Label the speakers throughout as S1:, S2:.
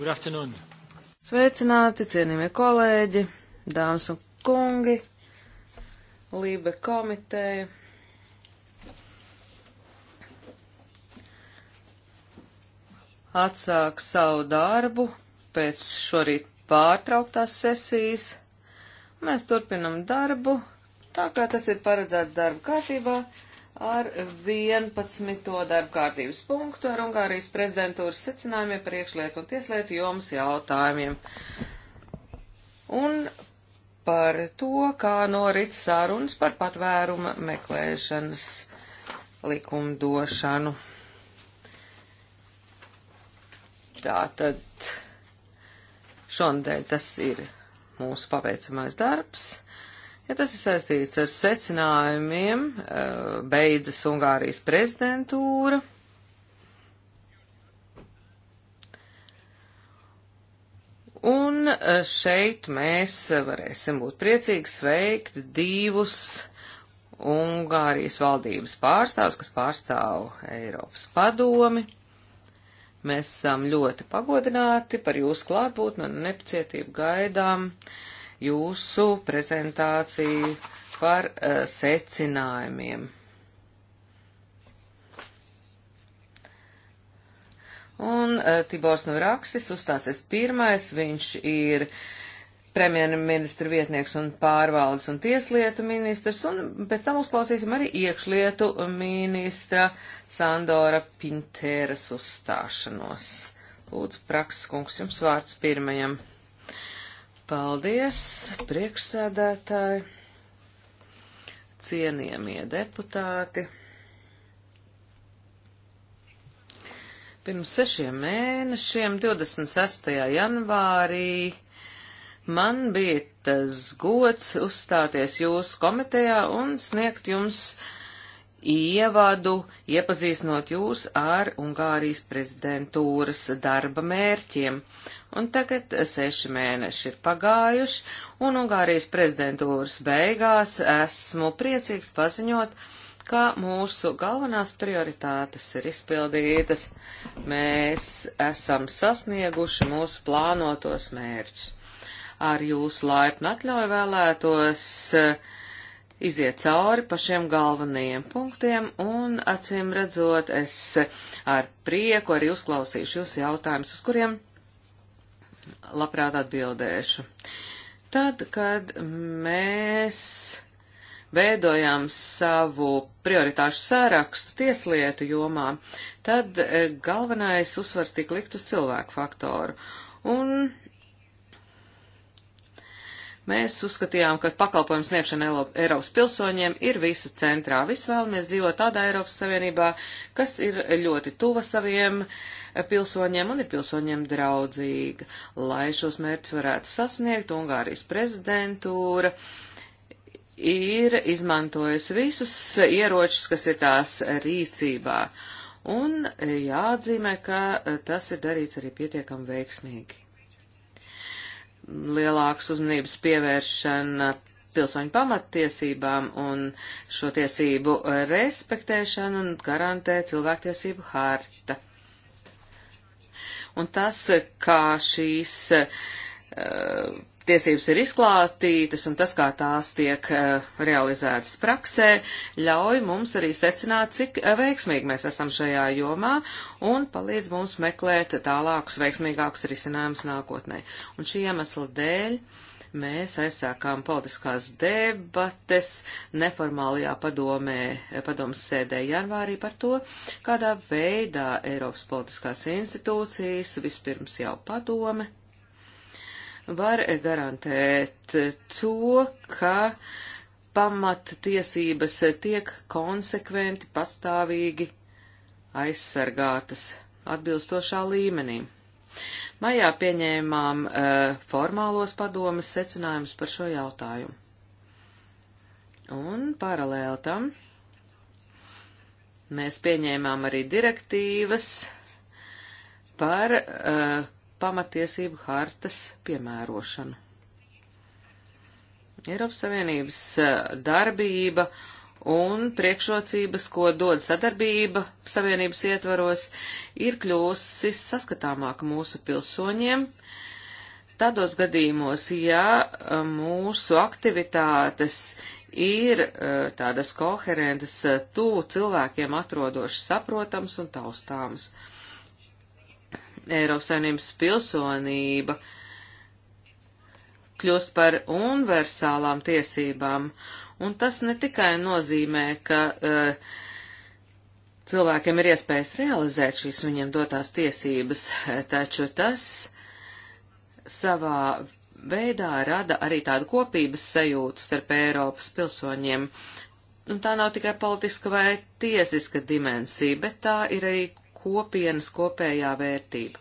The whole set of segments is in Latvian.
S1: Good afternoon. Sveicināti, cienījamie kolēģi, dāmas un kungi, Lībe komiteja. Atsāk savu darbu pēc šorīt pārtrauktās sesijas. Mēs turpinam darbu, tā kā tas ir paredzēts darba kārtībā ar 11. darbkārtības punktu ar Ungārijas prezidentūras secinājumiem par iekšlietu un tieslietu jomas jautājumiem. Un par to, kā norit sārunas par patvēruma meklēšanas likumdošanu. Tātad šonadēļ tas ir mūsu paveicamais darbs. Ja tas ir saistīts ar secinājumiem, eh, beidzas Ungārijas prezidentūra. Un eh, šeit mēs varēsim būt priecīgi sveikt divus Ungārijas valdības pārstāvus, kas pārstāv Eiropas padomi. Mēs esam ļoti pagodināti par jūsu klātbūtni un nepacietību gaidām uh, jūsu prezentāciju par uh, secinājumiem. Un uh, Tibors Navraksis uzstāsies pirmais, viņš ir premjerministra vietnieks un pārvaldes un tieslietu ministrs, un pēc tam uzklausīsim arī iekšlietu ministra Sandora Pinteras uzstāšanos. Lūdzu, Praks kungs, jums vārds pirmajam. Paldies, priekšsēdētāji, cienījamie deputāti. Pirms sešiem mēnešiem, 26. janvārī, man bija tas gods uzstāties jūsu komitejā un sniegt jums uh, ievadu, iepazīstinot jūs ar Ungārijas prezidentūras darba mērķiem. Un tagad seši mēneši ir pagājuši, un Ungārijas prezidentūras beigās esmu priecīgs paziņot, ka mūsu galvenās prioritātes ir izpildītas. Mēs esam sasnieguši mūsu plānotos mērķus. Ar jūsu laipnu atļauju vēlētos uh, iziet cauri pašiem galvenajiem punktiem, un acīm redzot, es ar prieku arī uzklausīšu jūsu jautājumus, uz kuriem labprāt atbildēšu. Tad, kad mēs veidojām savu prioritāšu sārakstu tieslietu jomā, tad eh, galvenais uzsvars tika likt uz cilvēku faktoru. Un Mēs uzskatījām, ka pakalpojums sniegšana Eiropas pilsoņiem ir visa centrā. Visi vēlamies dzīvot tādā Eiropas Savienībā, kas ir ļoti tuva saviem eh, pilsoņiem un ir pilsoņiem draudzīga. Lai šos mērķus varētu sasniegt, Ungārijas prezidentūra ir izmantojusi visus ieročus, kas ir tās rīcībā. Un jāatzīmē, ka eh, tas ir darīts arī pietiekami veiksmīgi lielāks uzmanības pievēršana pilsoņu pamattiesībām un šo tiesību respektēšanu un garantē cilvēktiesību harta. Un tas, kā šīs uh, tiesības ir izklāstītas un tas, kā tās tiek uh, realizētas praksē, ļauj mums arī secināt, cik uh, veiksmīgi mēs esam šajā jomā un palīdz mums meklēt tālākus veiksmīgākus risinājumus nākotnē. Un šī iemesla dēļ mēs aizsākām politiskās debates neformālajā padomē, padomas sēdē janvārī par to, kādā veidā Eiropas politiskās institūcijas, vispirms jau padome, var garantēt to, ka pamattiesības tiek konsekventi, pastāvīgi aizsargātas atbilstošā līmenī. Maijā pieņēmām e, formālos padomas secinājumus par šo jautājumu. Un paralēli tam mēs pieņēmām arī direktīvas par uh, e, pamatiesību hartas piemērošanu. Eiropas Savienības eh, darbība un priekšrocības, ko dod sadarbība Savienības ietvaros, ir kļūsi saskatāmāka mūsu pilsoņiem. Tādos gadījumos, ja eh, mūsu aktivitātes ir eh, tādas koherentas, tuvu cilvēkiem atrodošas, saprotams un taustāms. Eiropas saimnības pilsonība kļūst par universālām tiesībām, un tas ne tikai nozīmē, ka uh, cilvēkiem ir iespējas realizēt šīs viņiem dotās tiesības, eh, taču tas savā veidā rada arī tādu kopības sajūtu starp Eiropas pilsoņiem. Un tā nav tikai politiska vai tiesiska dimensija, bet tā ir arī kopienas kopējā vērtība.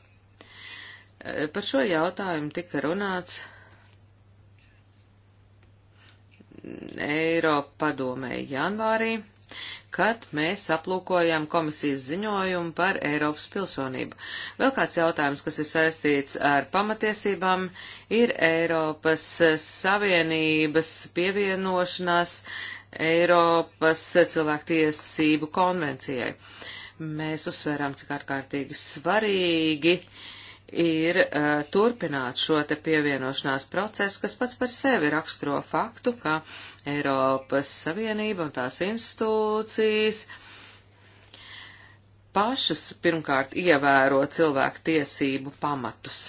S1: Eh, par šo jautājumu tika runāts Eiropa padomē janvārī, kad mēs aplūkojām komisijas ziņojumu par Eiropas pilsonību. Vēl kāds jautājums, kas ir saistīts ar pamatiesībām, ir Eiropas Savienības pievienošanās Eiropas cilvēktiesību konvencijai. Uh, Mēs uzsvērām, cik ārkārtīgi svarīgi ir uh, turpināt šo te pievienošanās procesu, kas pats par sevi raksturo faktu, ka Eiropas Savienība un tās institūcijas pašas pirmkārt ievēro cilvēku tiesību pamatus.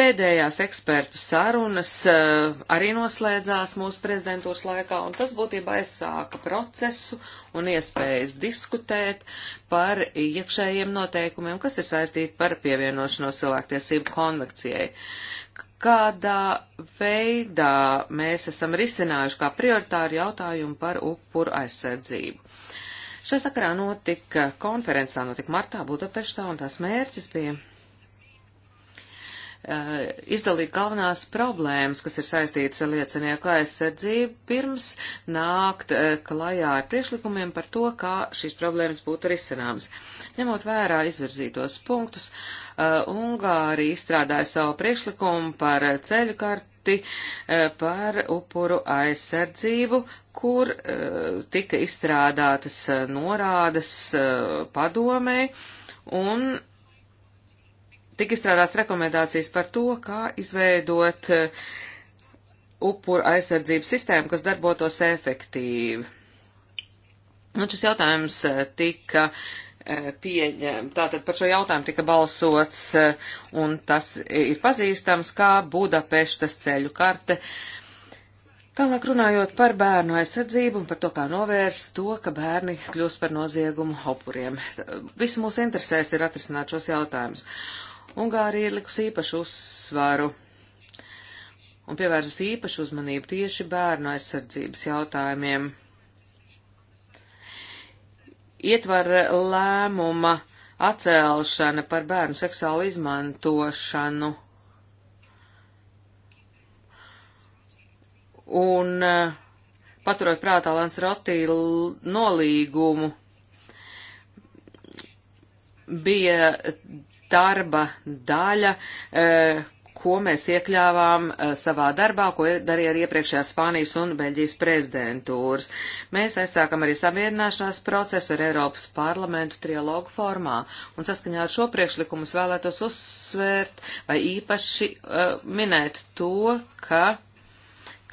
S1: Pēdējās ekspertu sarunas eh, arī noslēdzās mūsu prezidentūras laikā, un tas būtībā aizsāka procesu un iespējas diskutēt par iekšējiem noteikumiem, kas ir saistīti par pievienošanos cilvēktiesību konvekcijai kādā veidā mēs esam risinājuši kā prioritāru jautājumu par upuru aizsardzību. Šajā sakarā notika konferences, tā notika martā Budapeštā, un tās mērķis bija Eh, izdalīt galvenās problēmas, kas ir saistītas ar liecinieku aizsardzību, pirms nākt eh, klajā ar priekšlikumiem par to, kā šīs problēmas būtu risināmas. Ņemot vērā izvirzītos punktus, eh, Ungārija izstrādāja savu priekšlikumu par ceļu karti par upuru aizsardzību, kur tika izstrādātas norādes padomē, un Tik izstrādāts rekomendācijas par to, kā izveidot eh, upura aizsardzības sistēmu, kas darbotos efektīvi. Un nu, šis jautājums eh, tika eh, pieņem, tātad par šo jautājumu tika balsots, un tas ir pazīstams kā Budapeštas ceļu karte. Tālāk runājot par bērnu aizsardzību un par to, kā novērst to, ka bērni kļūst par noziegumu hopuriem. Visu mūsu interesēs ir atrisināt šos jautājumus. Ungārija ir likusi īpašu uzsvaru un pievērsus īpašu uzmanību tieši bērnu aizsardzības jautājumiem. Ietver lēmuma atcelšana par bērnu seksuālu izmantošanu. Un eh, paturot prātā Lansrotī nolīgumu, bija darba daļa, e, ko mēs iekļāvām e, savā darbā, ko darīja arī iepriekšējās Spānijas un Beļģijas prezidentūras. Mēs aizsākam arī samierināšanās procesu ar Eiropas parlamentu trialogu formā, un saskaņā ar šo priekšlikumu es vēlētos uzsvērt vai īpaši uh, minēt to, ka,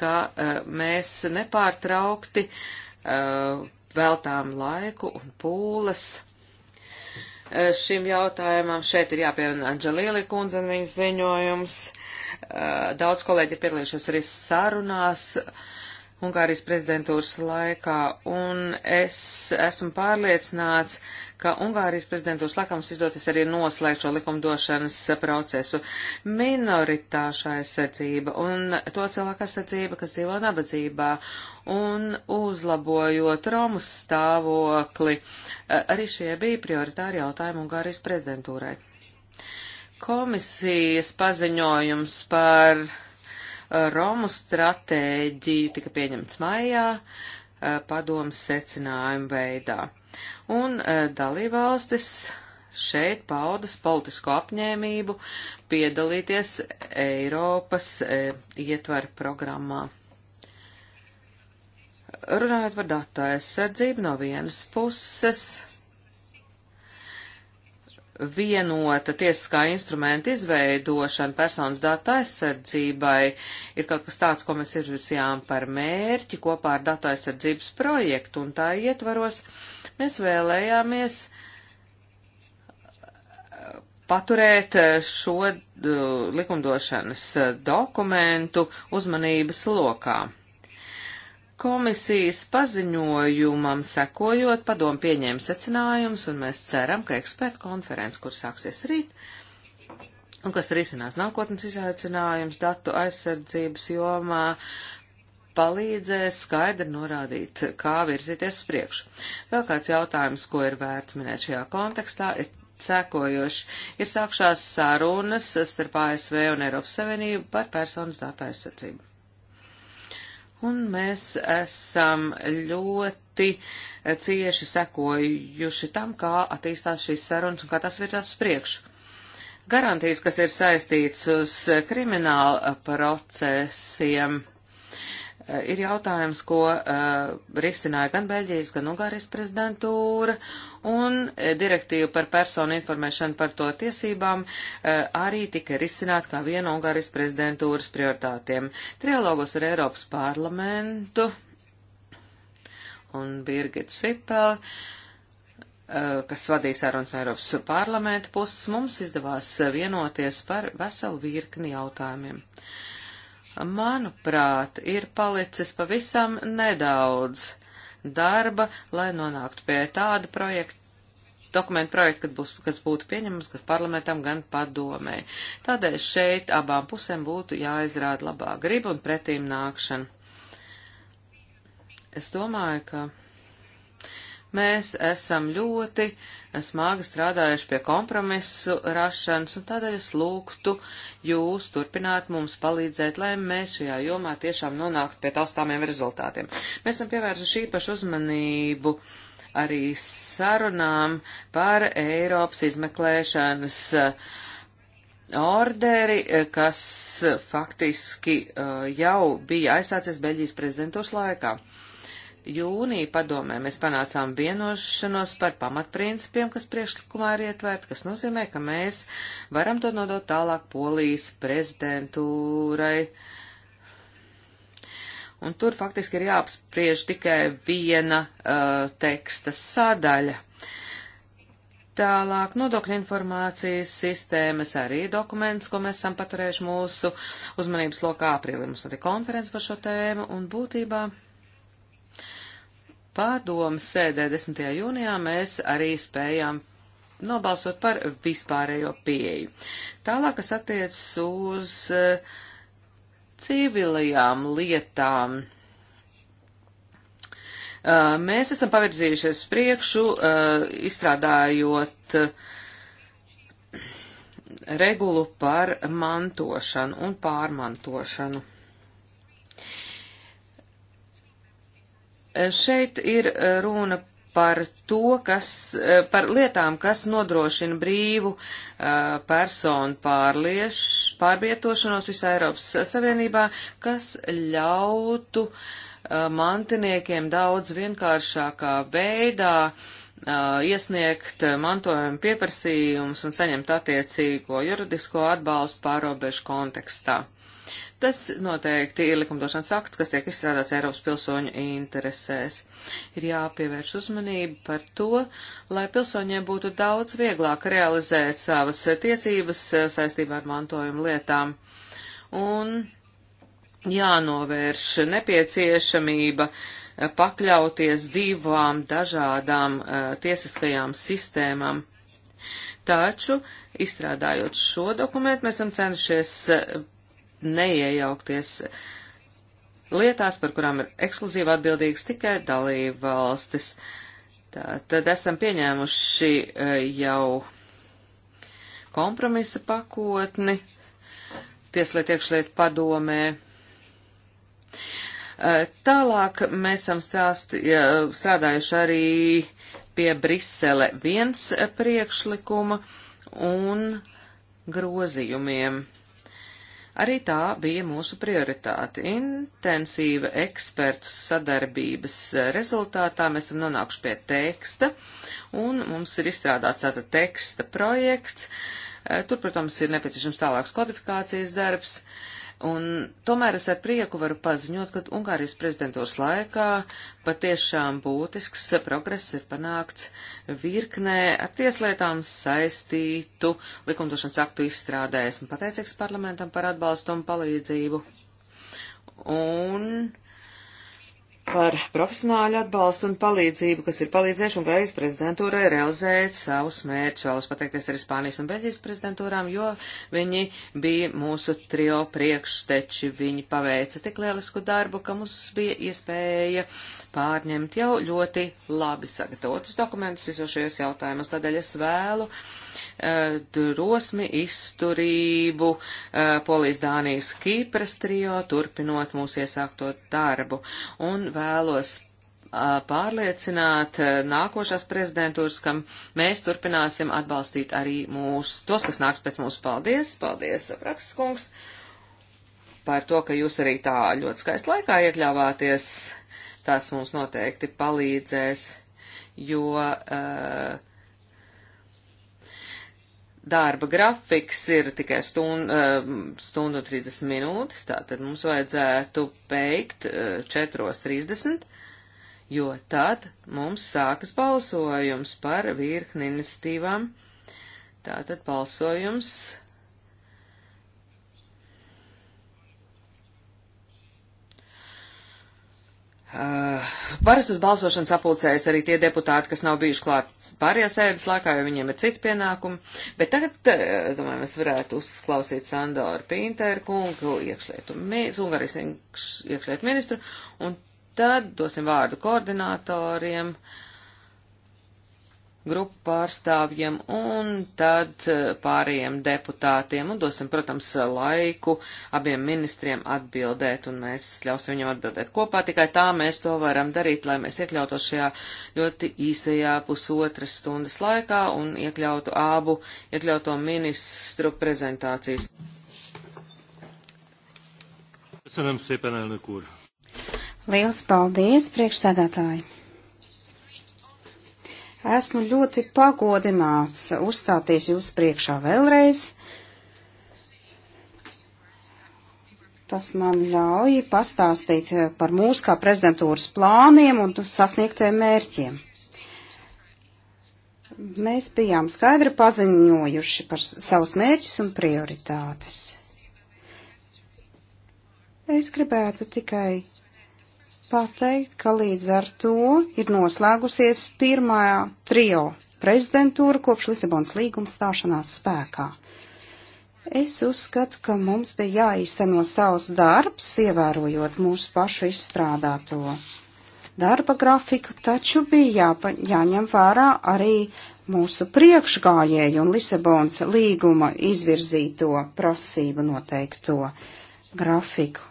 S1: ka uh, mēs nepārtraukti uh, veltām laiku un pūles Eh, šim jautājumam. Šeit ir jāpiemina Anģelīli kundze un viņas ziņojums. Eh, daudz kolēģi ir piedalījušies arī sarunās Ungārijas prezidentūras laikā, un es esmu pārliecināts, ka Ungārijas prezidentūras laikams izdoties arī noslēgt šo likumdošanas procesu. Minoritāšu aizsardzība un to cilvēku aizsardzība, kas dzīvo nabadzībā un uzlabojot Romas stāvokli. Arī šie bija prioritāri jautājumi Ungārijas prezidentūrai. Komisijas paziņojums par uh, Romu stratēģiju tika pieņemts maijā uh, padomas secinājumu veidā. Un eh, dalībvalstis šeit paudas politisko apņēmību piedalīties Eiropas e, eh, ietveru programmā. Runājot par datu aizsardzību no vienas puses, vienota tiesiskā instrumenta izveidošana personas datu aizsardzībai ir kaut kas tāds, ko mēs ir virsjām par mērķi kopā ar datu aizsardzības projektu, un tā ietvaros uh, Mēs vēlējāmies uh, paturēt uh, šo uh, likumdošanas dokumentu uzmanības lokā. Komisijas paziņojumam sekojot, padomu pieņēma secinājumus, un mēs ceram, ka ekspertu konferences, kur sāksies rīt, un kas risinās nākotnes izaicinājums datu aizsardzības jomā, uh, palīdzēs skaidri norādīt, kā virzīties uz priekšu. Vēl kāds jautājums, ko ir vērts minēt šajā kontekstā, ir sekojoši. Ir sākšās sarunas starp ASV un Eiropas Savienību par personas datu aizsardzību. Un mēs esam ļoti cieši sekojuši tam, kā attīstās šīs sarunas un kā tas virzās uz priekšu. Garantijas, kas ir saistīts uz krimināla procesiem Eh, ir jautājums, ko uh, risināja gan Beļģijas, gan Ungārijas prezidentūra, un eh, direktīva par personu informēšanu par to tiesībām uh, arī tika risināt kā viena Ungārijas prezidentūras prioritātiem. Trialogos ar Eiropas parlamentu un Birgit Sipel, uh, kas vadīs sarunas no Eiropas parlamenta puses, mums izdevās vienoties par veselu virkni jautājumiem. Uh, Manuprāt, ir palicis pavisam nedaudz darba, lai nonāktu pie tāda projekta, dokumentu projektu, kad būs, kas būtu pieņemams gan parlamentam, gan padomē. Tādēļ šeit abām pusēm būtu jāizrāda labā griba un pretīm nākšana. Es domāju, ka Mēs esam ļoti smagi strādājuši pie kompromisu rašanas, un tādēļ es lūgtu jūs turpināt mums palīdzēt, lai mēs šajā jomā tiešām nonāktu pie taustāmiem rezultātiem. Mēs esam pievērsuši īpašu uzmanību arī sarunām par Eiropas izmeklēšanas uh, orderi, eh, kas faktiski eh, jau bija aizsācies Beļģijas prezidentūras laikā jūnija padomē mēs panācām vienošanos par pamatprincipiem, kas priekšlikumā ir ietvērt, kas nozīmē, ka mēs varam to nodot tālāk Polijas prezidentūrai. Un tur faktiski ir jāapspriež tikai viena uh, teksta sadaļa. Tālāk nodokļu informācijas sistēmas arī dokuments, ko mēs esam paturējuši mūsu uzmanības lokā aprīlī. Mums notika konferences par šo tēmu un būtībā. Pārdomu sēdē 10. jūnijā mēs arī spējām nobalsot par vispārējo pieeju. Tālāk, kas attiecas uz eh, civilajām lietām. Eh, mēs esam pavirzījušies priekšu, eh, izstrādājot regulu par mantošanu un pārmantošanu. Šeit ir eh, runa par to, kas, eh, par lietām, kas nodrošina brīvu eh, personu pārlieš, pārvietošanos visā Eiropas Savienībā, kas ļautu mantiniekiem daudz vienkāršākā veidā iesniegt mantojuma pieprasījumus un saņemt attiecīgo juridisko atbalstu pārobežu kontekstā. Tas noteikti ir likumdošanas akts, kas tiek izstrādāts Eiropas pilsoņu interesēs. Ir jāpievērš uzmanība par to, lai pilsoņiem būtu daudz vieglāk realizēt savas tiesības eh, saistībā ar mantojumu lietām. Un jānovērš nepieciešamība eh, pakļauties divām dažādām uh, tiesiskajām sistēmām. Taču, izstrādājot šo dokumentu, mēs esam cenšies neiejaukties lietās, par kurām ir ekskluzīvi atbildīgas tikai dalība valstis. Tā, tad esam pieņēmuši eh, jau kompromisa pakotni Tieslietu iekšlietu padomē. Eh, tālāk mēs esam stāsti, strādājuši arī pie Brisele viens priekšlikuma un grozījumiem. Arī tā bija mūsu prioritāte. Intensīva ekspertu sadarbības eh, rezultātā mēs esam nonākuši pie teksta, un mums ir izstrādāts tāda teksta projekts. Eh, Tur, protams, ir nepieciešams tālāks kodifikācijas darbs. Uh, Un tomēr es ar prieku varu paziņot, ka Ungārijas prezidentūras laikā patiešām būtisks progress ir panākts virknē ar tieslietām saistītu likumdošanas aktu izstrādē. Esmu pateicīgs parlamentam par atbalstu un palīdzību. Un par profesionāļu atbalstu un palīdzību, kas ir palīdzējuši un gaidas prezidentūrai realizēt savus mērķus. Vēlos pateikties arī Spānijas un Beļģijas prezidentūrām, jo viņi bija mūsu trio priekšteči. Viņi paveica tik lielisku darbu, ka mums bija iespēja pārņemt jau ļoti labi sagatavotus dokumentus visos šajos jautājumos. Tādēļ es vēlu. Uh, Eh, drosmi, izturību, eh, Polijas, Dānijas, Kīpras trijo, turpinot mūsu iesākto darbu. Un vēlos eh, pārliecināt nākošās prezidentūras, kam mēs turpināsim atbalstīt arī mūsu, tos, kas nāks pēc mūsu paldies, paldies, Prakses kungs, par to, ka jūs arī tā ļoti skaisti laikā iekļāvāties. Tas mums noteikti palīdzēs, jo uh, darba grafiks ir tikai eh, stundu, stundu 30 minūtes, tātad mums vajadzētu beigt 4.30, eh, jo tad mums sākas balsojums par virkni iniciatīvām. Tātad balsojums Uh, parastas balsošanas apulcējas arī tie deputāti, kas nav bijuši klāt pārējā sēdes laikā, jo viņiem ir citi pienākumi, bet tagad, uh, domāju, mēs varētu uzklausīt Sandoru Pinteru kungu, iekšlietu, Ungarijas iekšlietu ministru, un tad dosim vārdu koordinatoriem. Uh, grupu pārstāvjiem un tad eh, pārējiem deputātiem un dosim, protams, laiku abiem ministriem atbildēt un mēs ļausim viņam atbildēt kopā. Tikai tā mēs to varam darīt, lai mēs iekļautos šajā ļoti īsajā pusotras stundas laikā un iekļautu abu iekļauto ministru prezentācijas. Köszönöm szépen, elnök úr!
S2: Liels paldies, priekšsēdētāji! Esmu ļoti pagodināts uzstāties jūs priekšā vēlreiz. Tas man ļauj pastāstīt par mūsu kā prezidentūras plāniem un sasniegtiem mērķiem. Mēs bijām skaidri paziņojuši par savus mērķus un prioritātes. Es gribētu tikai pateikt, ka līdz ar to ir noslēgusies pirmā trio prezidentūra kopš Lisabonas līguma stāšanās spēkā. Es uzskatu, ka mums bija jāīsteno savs darbs, ievērojot mūsu pašu izstrādāto darba grafiku, taču bija jāpa, jāņem vērā arī mūsu priekšgājēju un Lisabonas līguma izvirzīto prasību noteikto grafiku.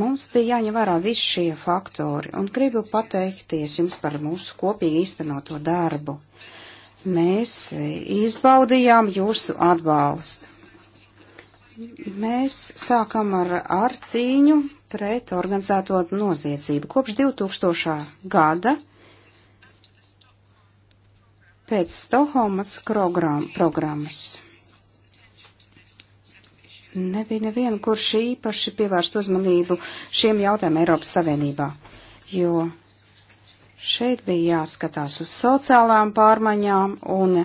S2: Mums bija jāņem vērā visi šie faktori, un gribu pateikties jums par mūsu kopīgi īstenoto darbu. Mēs e, izbaudījām jūsu atbalstu. Mēs sākam ar, ar cīņu pret organizēto noziedzību. Kopš 2000. gada pēc Stokholmas programmas nebija neviena, kurš īpaši pievērst uzmanību šiem jautājumiem Eiropas Savienībā, jo šeit bija jāskatās uz sociālām pārmaiņām un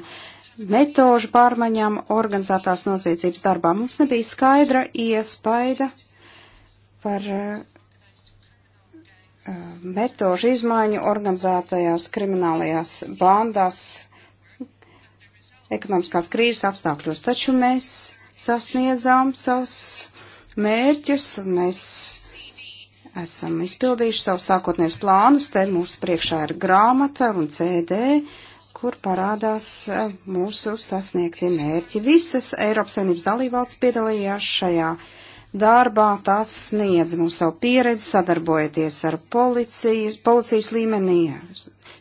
S2: metožu pārmaiņām organizētās noziedzības darbā. Mums nebija skaidra iespaida par eh, metožu izmaiņu organizētajās kriminālajās bandās ekonomiskās krīzes apstākļos. Taču mēs sasniedzām savus mērķus, mēs esam izpildījuši savus sākotnējos plānus, te mūsu priekšā ir grāmata un CD, kur parādās eh, mūsu sasniegtie mērķi. Visas Eiropas Savienības dalībvalsts piedalījās šajā uh, darbā, tās sniedz mums savu pieredzi, sadarbojoties ar policijas, policijas līmenī,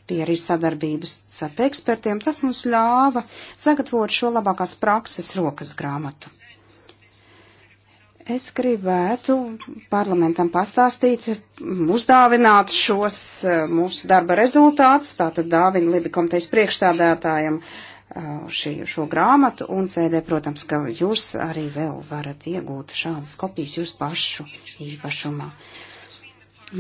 S2: pie arī sadarbības starp ekspertiem. Tas mums ļāva sagatavot šo labākās prakses rokas grāmatu. Es gribētu parlamentam pastāstīt, uzdāvināt šos eh, mūsu darba rezultātus, tātad dāvinu Libi komitejas priekšstādētājiem uh, Uh, šī, šo grāmatu un CD, protams, ka jūs arī vēl varat iegūt šādas kopijas jūs pašu īpašumā.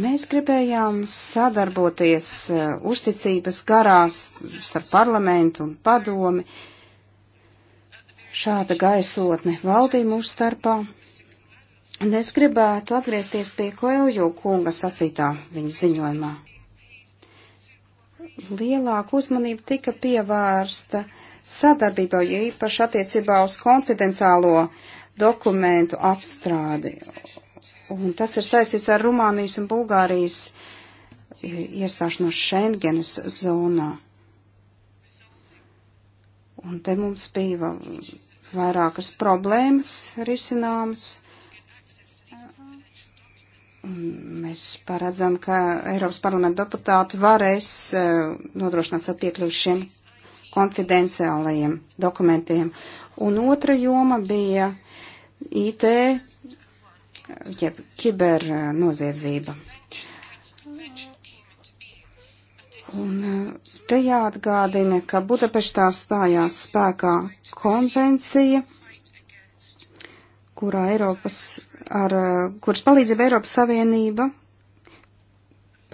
S2: Mēs gribējām sadarboties uh, uzticības garās starp parlamentu un padomi. Šāda gaisotne valdīja mūsu starpā. Un es gribētu atgriezties pie Koeljo kunga sacītā viņa ziņojumā lielāka uzmanība tika pievērsta sadarbībā, jo īpaši attiecībā uz konfidenciālo dokumentu apstrādi. Un tas ir saistīts ar Rumānijas un Bulgārijas iestāšanos Schengenes zonā. Un te mums bija vairākas problēmas risināmas. Mm, mēs paredzam, ka Eiropas parlamenta deputāti varēs e, nodrošināt savu piekļuvu šiem konfidenciālajiem dokumentiem. Un otra joma bija IT, jeb kibernoziedzība. E, Un e, te jāatgādina, ka Budapeštā stājās spēkā konvencija, kurā Eiropas ar kuras palīdzību Eiropas Savienība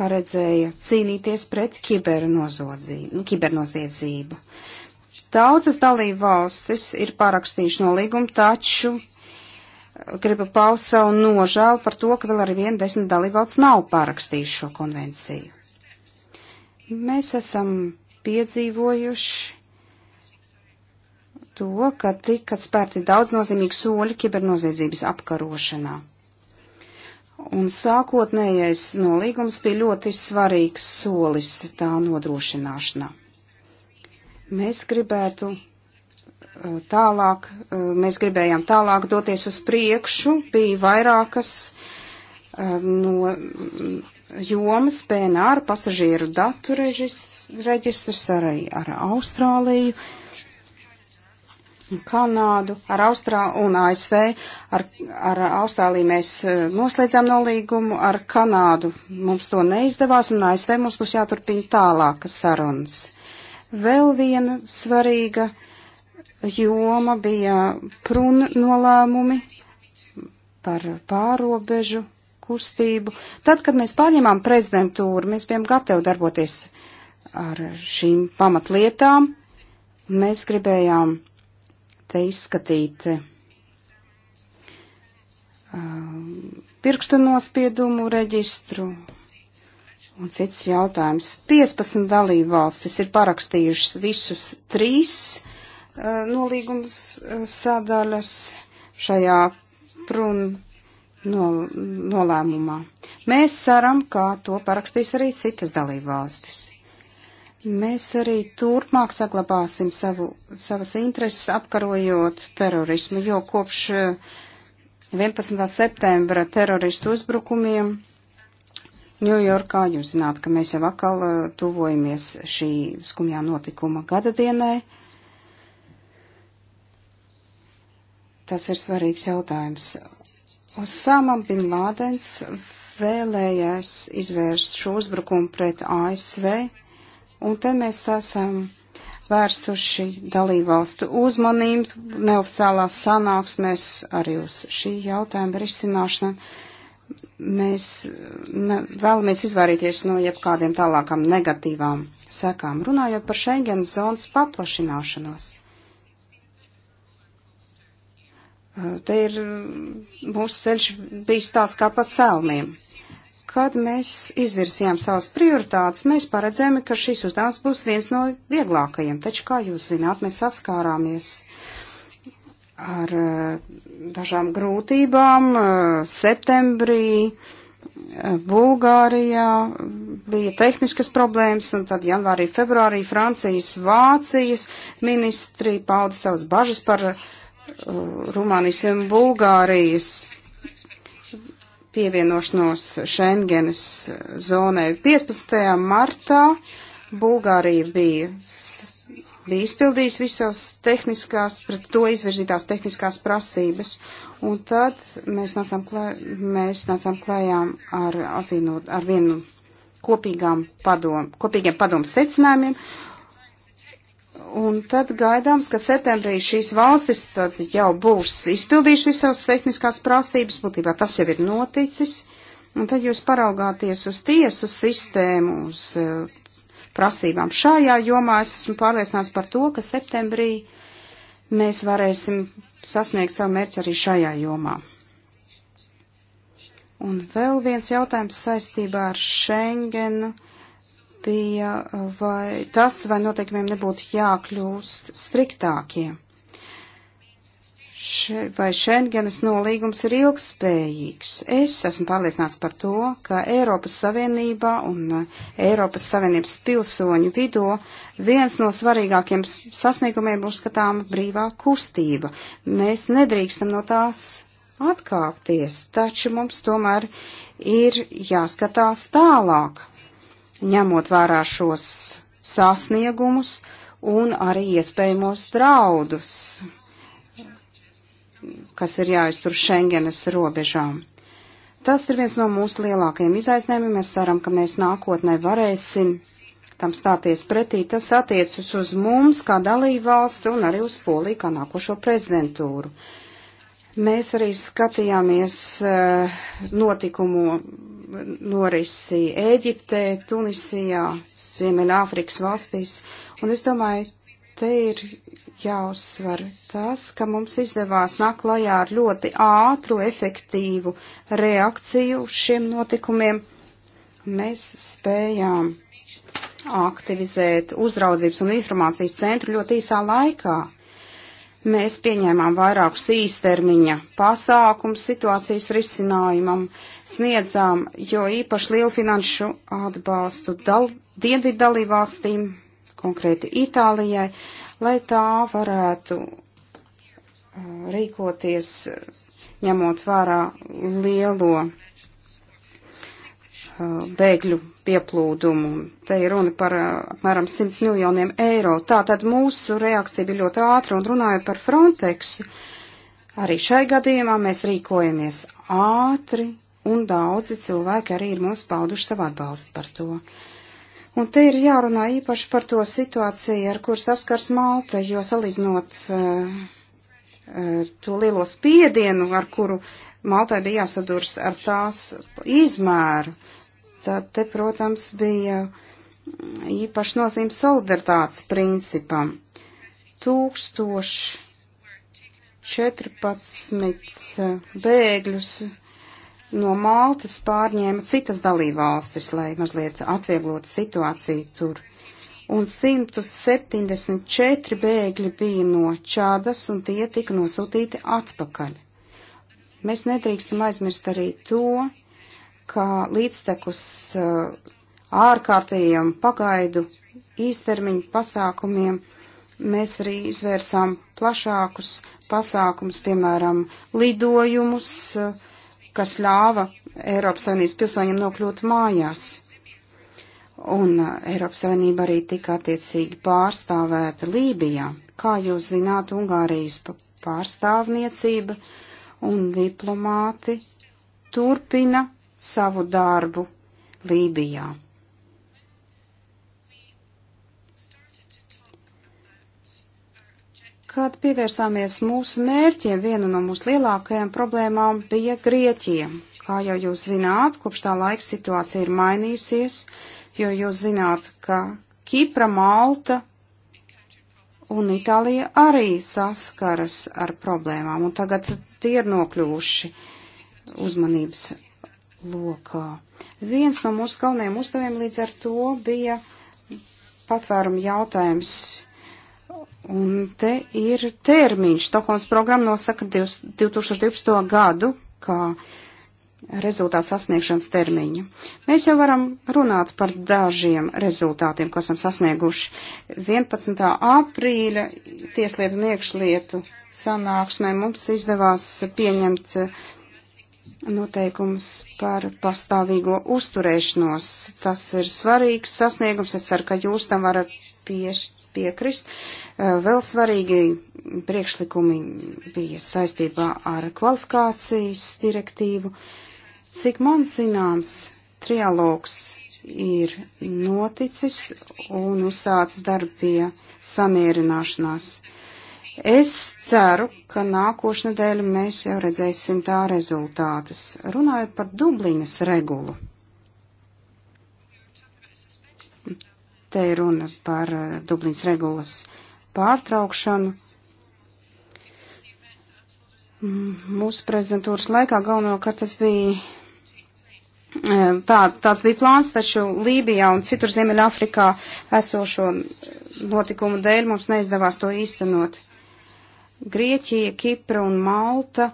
S2: paredzēja cīnīties pret kibernoziedzību. Daudzas dalību valstis ir parakstījuši nolīgumu, taču gribu paust savu nožēlu par to, ka vēl ar vienu desmit dalību valsts nav parakstījuši šo konvenciju. Mēs esam piedzīvojuši to, ka tika spērti daudz nozīmīgi soļi kibernoziedzības apkarošanā. Un sākotnējais nolīgums bija ļoti svarīgs solis tā nodrošināšanā. Mēs gribētu uh, tālāk, uh, mēs gribējām tālāk doties uz priekšu, bija vairākas uh, no mm, jomas PNR pasažieru datu reģistrs arī ar Austrāliju. Uh, Kanādu, ar Austrāliju un ASV. Ar, ar Austrāliju mēs eh, noslēdzām nolīgumu, ar Kanādu mums to neizdevās, un ASV mums būs jāturpina tālākas sarunas. Vēl viena svarīga joma bija prun nolēmumi par pārobežu kustību. Tad, kad mēs pārņemām prezidentūru, mēs bijām gatavi darboties ar šīm pamatlietām. Mēs gribējām te izskatīt um, pirkstu nospiedumu reģistru un cits jautājums. 15 dalību valstis ir parakstījušas visus trīs uh, nolīgums uh, sadaļas šajā prun nol, nolēmumā. Mēs ceram, ka to parakstīs arī citas dalību valstis. Mēs arī turpmāk saglabāsim savu, savas intereses apkarojot terorismu, jo kopš 11. Eh, septembra teroristu uzbrukumiem Ņujorkā jūs zināt, ka mēs jau atkal eh, tuvojamies šī skumjā notikuma gadadienai. Tas ir svarīgs jautājums. Osama bin Lādens vēlējās izvērst šo uzbrukumu pret ASV Un te mēs esam vērsuši dalībvalstu uzmanību neoficiālās sanāksmēs arī uz šī jautājuma risināšanu. Mēs ne, vēlamies izvairīties no jebkādiem tālākam negatīvām sekām, runājot par Schengen zonas paplašināšanos. Te ir mūsu ceļš bijis tāds kā pa celmiem. Kad mēs izvirsījām savas prioritātes, mēs paredzējām, ka šis uzdevums būs viens no vieglākajiem, taču, kā jūs zināt, mēs saskārāmies ar eh, dažām grūtībām. Eh, septembrī eh, Bulgārijā bija tehniskas problēmas, un tad janvārī, februārī Francijas, Vācijas ministri pauda savas bažas par Rumānijas un Bulgārijas pievienošanos Schengenes zonai. 15. martā Bulgārija bija, bija izpildījusi visas tehniskās, pret to izvirzītās tehniskās prasības, un tad mēs nācām, klē, mēs nācām klējām ar, ar, vienu, ar vienu kopīgām padom, kopīgiem padomu secinājumiem, Un tad gaidāms, ka septembrī šīs valstis tad jau būs izpildījuši visas tehniskās prasības, būtībā tas jau ir noticis. Un tad jūs paraugāties uz tiesu sistēmu, uz uh, prasībām šajā jomā. Es esmu pārliecināts par to, ka septembrī mēs varēsim sasniegt savu mērķi arī šajā jomā. Un vēl viens jautājums saistībā ar Schengenu bija vai tas, vai noteikumiem nebūtu jākļūst striktākiem. Še, vai Schengenas nolīgums ir ilgspējīgs? Es esmu pārliecināts par to, ka Eiropas Savienībā un eh, Eiropas Savienības pilsoņu vidū viens no svarīgākiem sasniegumiem būs skatām brīvā kustība. Mēs nedrīkstam no tās atkāpties, taču mums tomēr ir jāskatās tālāk ņemot vērā šos sasniegumus un arī iespējamos draudus, kas ir jāiztur Schengenes robežām. Tas ir viens no mūsu lielākajiem izaicinājumiem. Mēs ceram, ka mēs nākotnē varēsim tam stāties pretī. Tas attiecas uz mums kā dalību valsti un arī uz Poliju kā nākošo prezidentūru. Uh, Mēs arī skatījāmies eh, notikumu norisi Ēģiptē, Tunisijā, Ziemeļāfrikas valstīs, un es domāju, te ir jāuzsver tas, ka mums izdevās nāk klajā ar ļoti ātru, efektīvu reakciju uz šiem notikumiem. Mēs spējām aktivizēt uzraudzības un informācijas centru ļoti īsā laikā Mēs pieņēmām vairākus īstermiņa pasākums situācijas risinājumam, sniedzām jo īpaši lielu finanšu atbalstu dal dienvidu dalībvalstīm, konkrēti Itālijai, lai tā varētu uh, rīkoties ņemot vērā lielo uh, bēgļu pieplūdumu. Te ir runa par uh, apmēram 100 miljoniem eiro. Tātad mūsu reakcija bija ļoti ātra un runājot par Frontex. Arī šai gadījumā mēs rīkojamies ātri un daudzi cilvēki arī ir mums pauduši savu atbalstu par to. Un te ir jārunā īpaši par to situāciju, ar kur saskars Malta, jo salīdzinot uh, uh, to lielo spiedienu, ar kuru Maltai bija jāsadurs ar tās izmēru, uh, Tad te, protams, bija īpaši nozīme solidaritātes principam. 1014 bēgļus no Maltas pārņēma citas dalībvalstis, lai mazliet atvieglotu situāciju tur. Un 174 bēgļi bija no Čādas, un tie tika nosūtīti atpakaļ. Mēs nedrīkstam aizmirst arī to, kā līdztekus uh, ārkārtējiem pagaidu īstermiņu pasākumiem mēs arī izvērsām plašākus pasākums, piemēram, lidojumus, uh, kas ļāva Eiropas Savienības pilsoņiem nokļūt mājās. Un uh, Eiropas Savienība arī tika attiecīgi pārstāvēta Lībijā. Kā jūs zināt, Ungārijas pārstāvniecība un diplomāti turpina savu darbu Lībijā. Kad pievērsāmies mūsu mērķiem, viena no mūsu lielākajām problēmām bija Grieķija. Kā jau jūs zināt, kopš tā laika situācija ir mainījusies, jo jūs zināt, ka Kipra, Malta un Itālija arī saskaras ar problēmām, un tagad tie ir nokļuvuši uzmanības lokā. Viens no mūsu galvenajiem uzdevumiem līdz ar to bija patvērumu jautājums. Un te ir termiņš. Stokholmas programma nosaka 2012. gadu kā rezultātu sasniegšanas termiņu. Mēs jau varam runāt par dažiem rezultātiem, ko esam sasnieguši. 11. aprīļa tieslietu un iekšlietu sanāksmē mums izdevās pieņemt uh, noteikums par pastāvīgo uzturēšanos. Tas ir svarīgs sasniegums. Es ceru, ka jūs tam varat pieš, piekrist. Vēl svarīgi priekšlikumi bija saistībā ar kvalifikācijas direktīvu. Cik man zināms, trialogs ir noticis un uzsācis darbi pie samierināšanās Es ceru, ka nākošu nedēļu mēs jau redzēsim tā rezultātus. Runājot par Dublinas regulu. Te ir runa par eh, Dublinas regulas pārtraukšanu. Mūsu prezidentūras laikā galvenokārt tas bija eh, tā, tāds bija plāns, taču Lībijā un citur Ziemeļāfrikā esošo notikumu dēļ mums neizdevās to īstenot. Grieķija, Kipra un Malta.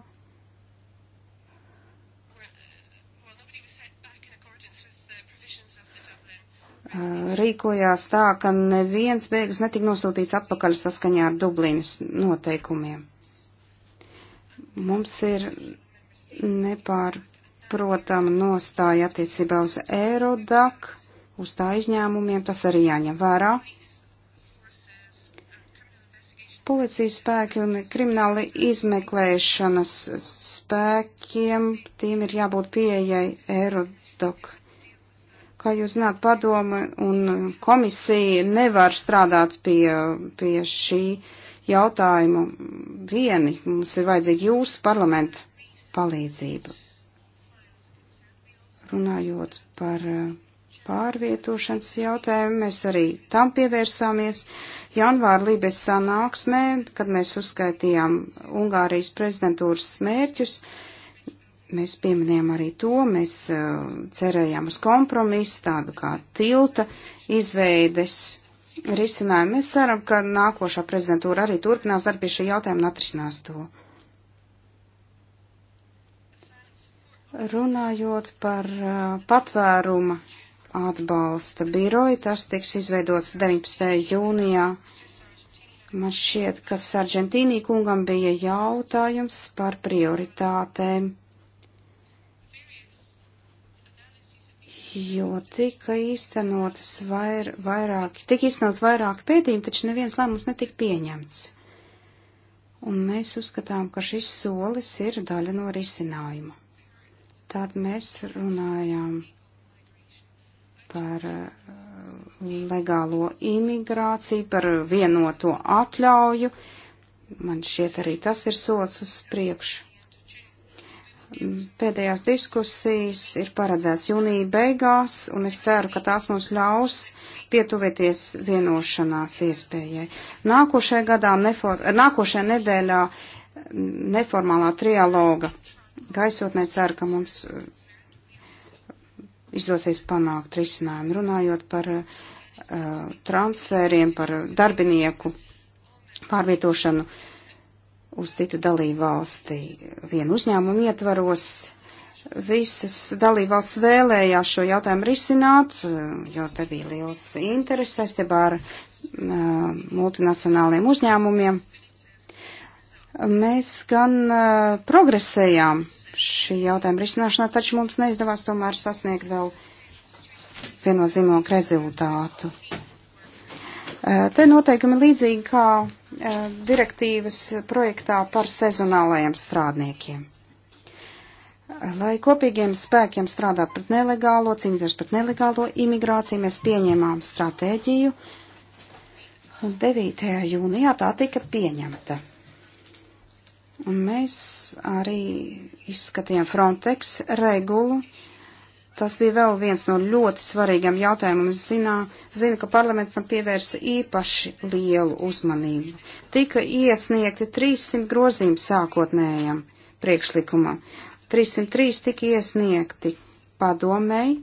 S2: Uh, rīkojās tā, ka neviens beigas netika nosūtīts atpakaļ saskaņā ar Dublinas noteikumiem. Mums ir nepārprotama nostāja attiecībā uz Eirodak, uz tā izņēmumiem, tas arī jāņem vērā. Policijas spēki un krimināli izmeklēšanas spēkiem, tiem ir jābūt pieejai Eirodok. Kā jūs zināt, padoma un komisija nevar strādāt pie, pie šī jautājuma vieni. Mums ir vajadzīga jūsu parlamenta palīdzība. Runājot par uh, pārvietošanas jautājumu. Mēs arī tam pievērsāmies janvāra Lībes sanāksmē, kad mēs uzskaitījām Ungārijas prezidentūras mērķus. Mēs pieminējām arī to, mēs uh, cerējām uz kompromisu, tādu kā tilta izveides risinājumu. Mēs ceram, ka nākošā prezidentūra arī turpinās darbu pie šī jautājuma un atrisinās to. runājot par uh, patvēruma atbalsta biroju. Tas tiks izveidots 19. jūnijā. Man šķiet, ka Sargentīnī kungam bija jautājums par prioritātēm, jo tika īstenotas vair, vairāki, tika īstenot vairāki pētījumi, taču neviens lēmums netika pieņemts. Un mēs uzskatām, ka šis solis ir daļa no risinājuma. Tad mēs runājām par eh, legālo imigrāciju, par vienoto atļauju. Man šķiet arī tas ir solis uz priekšu. Pēdējās diskusijas ir paredzēts jūnija beigās, un es ceru, ka tās mums ļaus pietuvieties vienošanās iespējai. Nākošajā gadā, nefor, nākošajā nedēļā neformālā trialoga gaisotnē ceru, ka mums izdosies panākt risinājumu. Runājot par uh, transfēriem, par darbinieku pārvietošanu uz citu dalību valstī vienu uzņēmumu ietvaros, visas dalībvalsts vēlējās šo jautājumu risināt, uh, jo te bija liels interesi saistībā ar uh, multinacionāliem uzņēmumiem. Mēs gan uh, progresējām šī jautājuma risināšanā, taču mums neizdevās tomēr sasniegt vēl viennozīmīgu rezultātu. Uh, te noteikumi līdzīgi kā uh, direktīvas projektā par sezonālajiem strādniekiem. Lai kopīgiem spēkiem strādāt pret nelegālo, cīnīties pret nelegālo imigrāciju, mēs pieņēmām stratēģiju, un 9. jūnijā tā tika pieņemta. Un mēs arī izskatījām Frontex regulu. Tas bija vēl viens no ļoti svarīgiem jautājumiem. Es zinā, zinu, ka parlaments tam pievērsa īpaši lielu uzmanību. Tika iesniegti 300 grozījumi sākotnējam priekšlikumam. 303 tika iesniegti padomēji,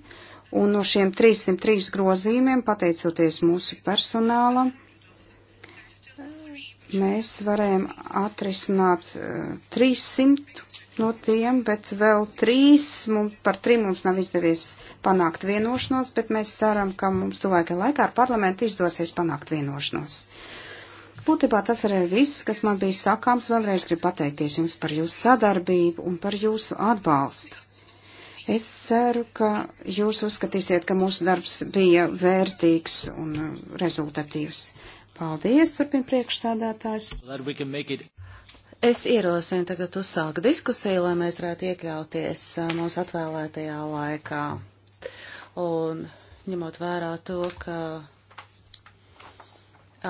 S2: un no šiem 303 grozījumiem, pateicoties mūsu personālam, mēs varējām atrisināt uh, e, 300 no tiem, bet vēl trīs, mums, par trim mums nav izdevies panākt vienošanos, bet mēs ceram, ka mums tuvākajā laikā ar parlamentu izdosies panākt vienošanos. Būtībā tas arī ir viss, kas man bija sakāms. Vēlreiz gribu pateikties jums par jūsu sadarbību un par jūsu atbalstu. Es ceru, ka jūs uzskatīsiet, ka mūsu darbs bija vērtīgs un rezultatīvs.
S3: Paldies, turpin priekšsādātājs. Es ierosinu tagad uzsākt diskusiju, lai mēs varētu iekļauties uh, mūsu atvēlētajā laikā. Un ņemot vērā to, ka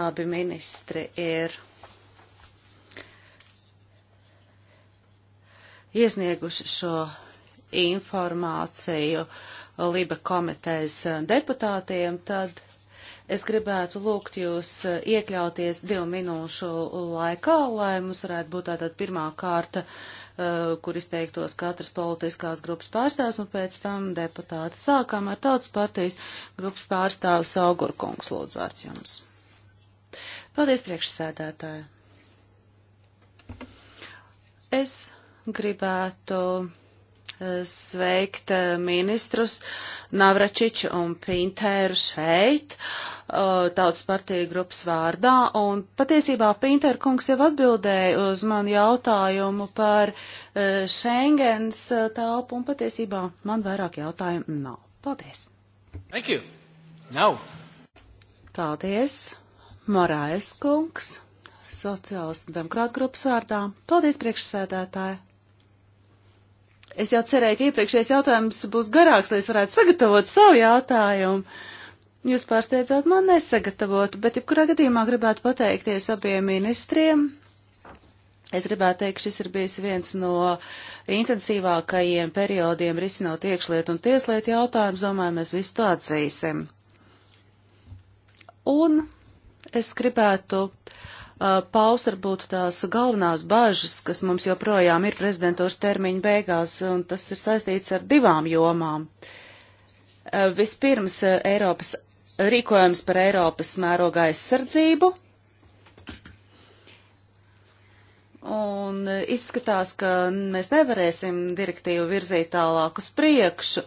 S3: abi ministri ir iesnieguši šo informāciju Liba komitejas uh, deputātiem, tad Es gribētu lūgt jūs e, iekļauties divu minūšu laikā, lai mums varētu būt tātad pirmā kārta, e, kur izteiktos katras politiskās grupas pārstāvs, un pēc tam deputāti sākām ar tautas partijas grupas pārstāvis Augurkungs lūdzu vārds jums. Paldies, priekšsēdētāji! Es gribētu sveikt eh, ministrus Navračiču un Pinteru šeit, eh, Tautas partija grupas vārdā. Un patiesībā Pinter kungs jau atbildēja uz manu jautājumu par eh, Schengens telpu, un patiesībā man vairāk jautājumu nav. Paldies! Thank you! Now! Paldies, Morais kungs, sociālistu demokrātu grupas vārdā. Paldies, priekšsēdētāji! Es jau cerēju, ka iepriekšējais jautājums būs garāks, lai es varētu sagatavot savu jautājumu. Jūs pārsteidzāt man nesagatavot, bet jebkurā gadījumā gribētu pateikties abiem ministriem. Es gribētu teikt, šis ir bijis viens no intensīvākajiem periodiem risinot iekšlietu un tieslietu jautājumus. Domāju, mēs visu to atzīsim. Un es gribētu uh, Uh, paust varbūt tās galvenās bažas, kas mums joprojām ir prezidentūras termiņa beigās, un tas ir saistīts ar divām jomām. Uh, vispirms uh, Eiropas rīkojums par Eiropas mērogā aizsardzību. Un izskatās, ka mēs nevarēsim direktīvu virzīt tālāk uz priekšu.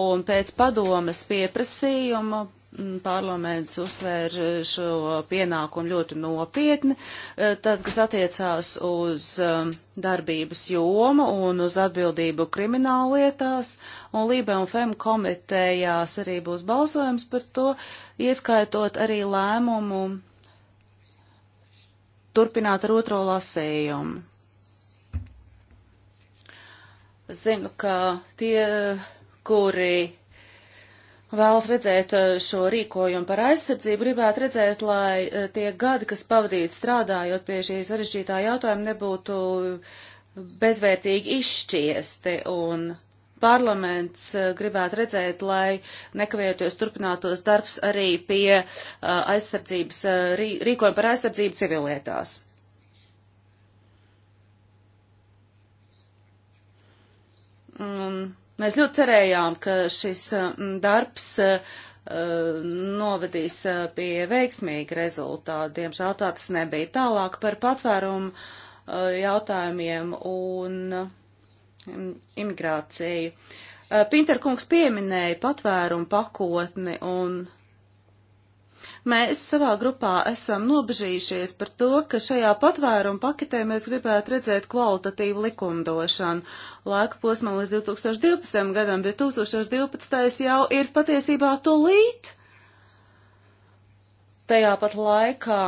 S3: Un pēc padomas pieprasījuma Mm, parlaments uztvēra eh, šo pienākumu ļoti nopietni, eh, tad, kas attiecās uz eh, darbības jomu un uz atbildību krimināllietās, un Lībe un Fem komitejās arī būs balsojums par to, ieskaitot arī lēmumu turpināt ar otro lasējumu. Zinu, ka tie, kuri vēlas redzēt eh, šo rīkojumu par aizsardzību, gribētu redzēt, lai eh, tie gadi, kas pavadīti strādājot pie šī sarežģītā jautājuma, nebūtu bezvērtīgi izšķiesti un parlaments eh, gribētu redzēt, lai nekavējoties turpinātos darbs arī pie aizsardzības, rīkojuma par aizsardzību civilietās. Un Mēs ļoti cerējām, ka šis mm, darbs mm, novedīs mm, pie veiksmīga rezultāta. Diemžēl tā tas nebija. Tālāk par patvērumu jautājumiem un imigrāciju. Pinterkungs pieminēja patvērumu pakotni un Mēs savā grupā esam nobežījušies par to, ka šajā patvērumu paketē mēs gribētu redzēt kvalitatīvu likumdošanu. Laika posmā līdz 2012. gadam, bet 2012. jau ir patiesībā tūlīt. Tajā pat laikā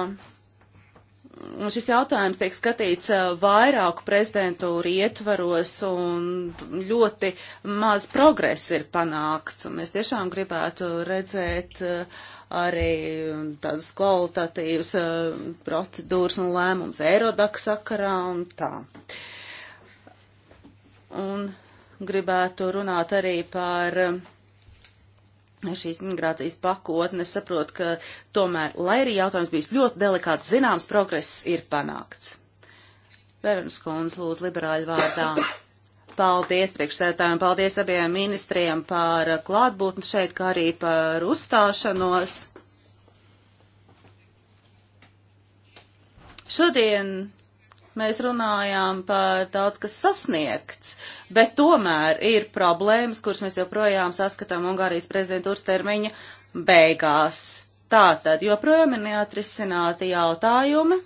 S3: šis jautājums tiek skatīts eh, vairāku prezidentūru ietvaros un ļoti maz progress ir panākts. Un mēs tiešām gribētu redzēt uh, arī um, tādas kvalitatīvas um, procedūras un lēmums Eirodak sakarā un tā. Un gribētu runāt arī par um, šīs migrācijas pakotni. Es saprotu, ka tomēr, lai arī jautājums bijis ļoti delikāts, zināms progress ir panākts. Pērns Kons lūdzu liberāļu vārdā. Paldies priekšsētājiem, paldies abiem ministriem par klātbūtni šeit, kā arī par uzstāšanos. Šodien mēs runājām par daudz kas sasniegts, bet tomēr ir problēmas, kuras mēs joprojām saskatām Ungārijas prezidentūras termiņa beigās. Tātad joprojām ir neatrisināti jautājumi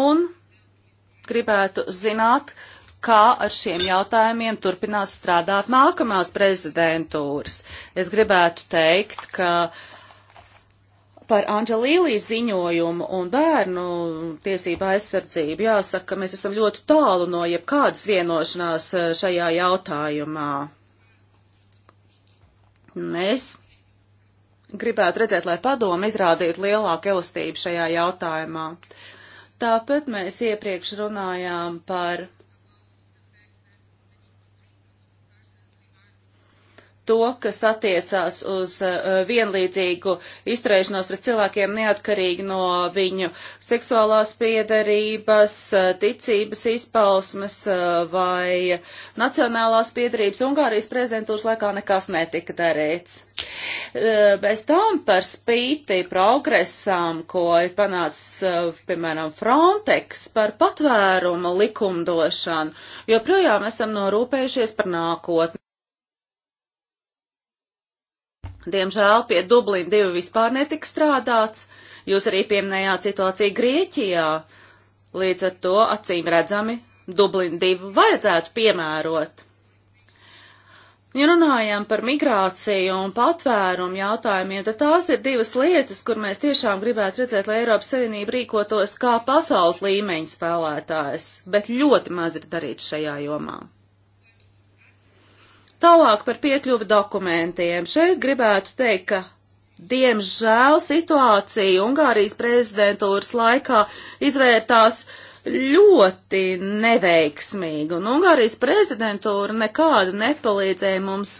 S3: un gribētu zināt, uh, kā ar šiem jautājumiem turpinās strādāt nākamās prezidentūras. Es gribētu teikt, ka par Anģelīlī ziņojumu un bērnu tiesību aizsardzību jāsaka, ka mēs esam ļoti tālu no jebkādas vienošanās eh, šajā jautājumā. Mēs gribētu redzēt, lai padomu izrādītu lielāku elastību šajā jautājumā. Tāpat mēs iepriekš runājām par to, kas attiecās uz eh, vienlīdzīgu izturēšanos pret cilvēkiem neatkarīgi no viņu seksuālās piedarības, eh, ticības izpausmes eh, vai nacionālās piedarības. Ungārijas prezidentūras laikā nekas netika darīts. Bez tam par spīti progresām, ko ir panācis, piemēram, Frontex par patvērumu likumdošanu, joprojām esam norūpējušies par nākotni. Diemžēl pie Dublina divi vispār netika strādāts. Jūs arī pieminējāt situāciju Grieķijā. Līdz ar to acīm redzami Dublina divu vajadzētu piemērot. Ja runājam par migrāciju un patvērumu jautājumiem, tad tās ir divas lietas, kur mēs tiešām gribētu redzēt, lai Eiropas Savienība rīkotos kā pasaules līmeņa spēlētājs, bet ļoti maz ir darīts šajā jomā. Tālāk par piekļuvi dokumentiem. Šeit gribētu teikt, ka Diemžēl situācija Ungārijas prezidentūras laikā izvērtās uh, ļoti neveiksmīga, un Ungārijas prezidentūra nekādu nepalīdzēja mums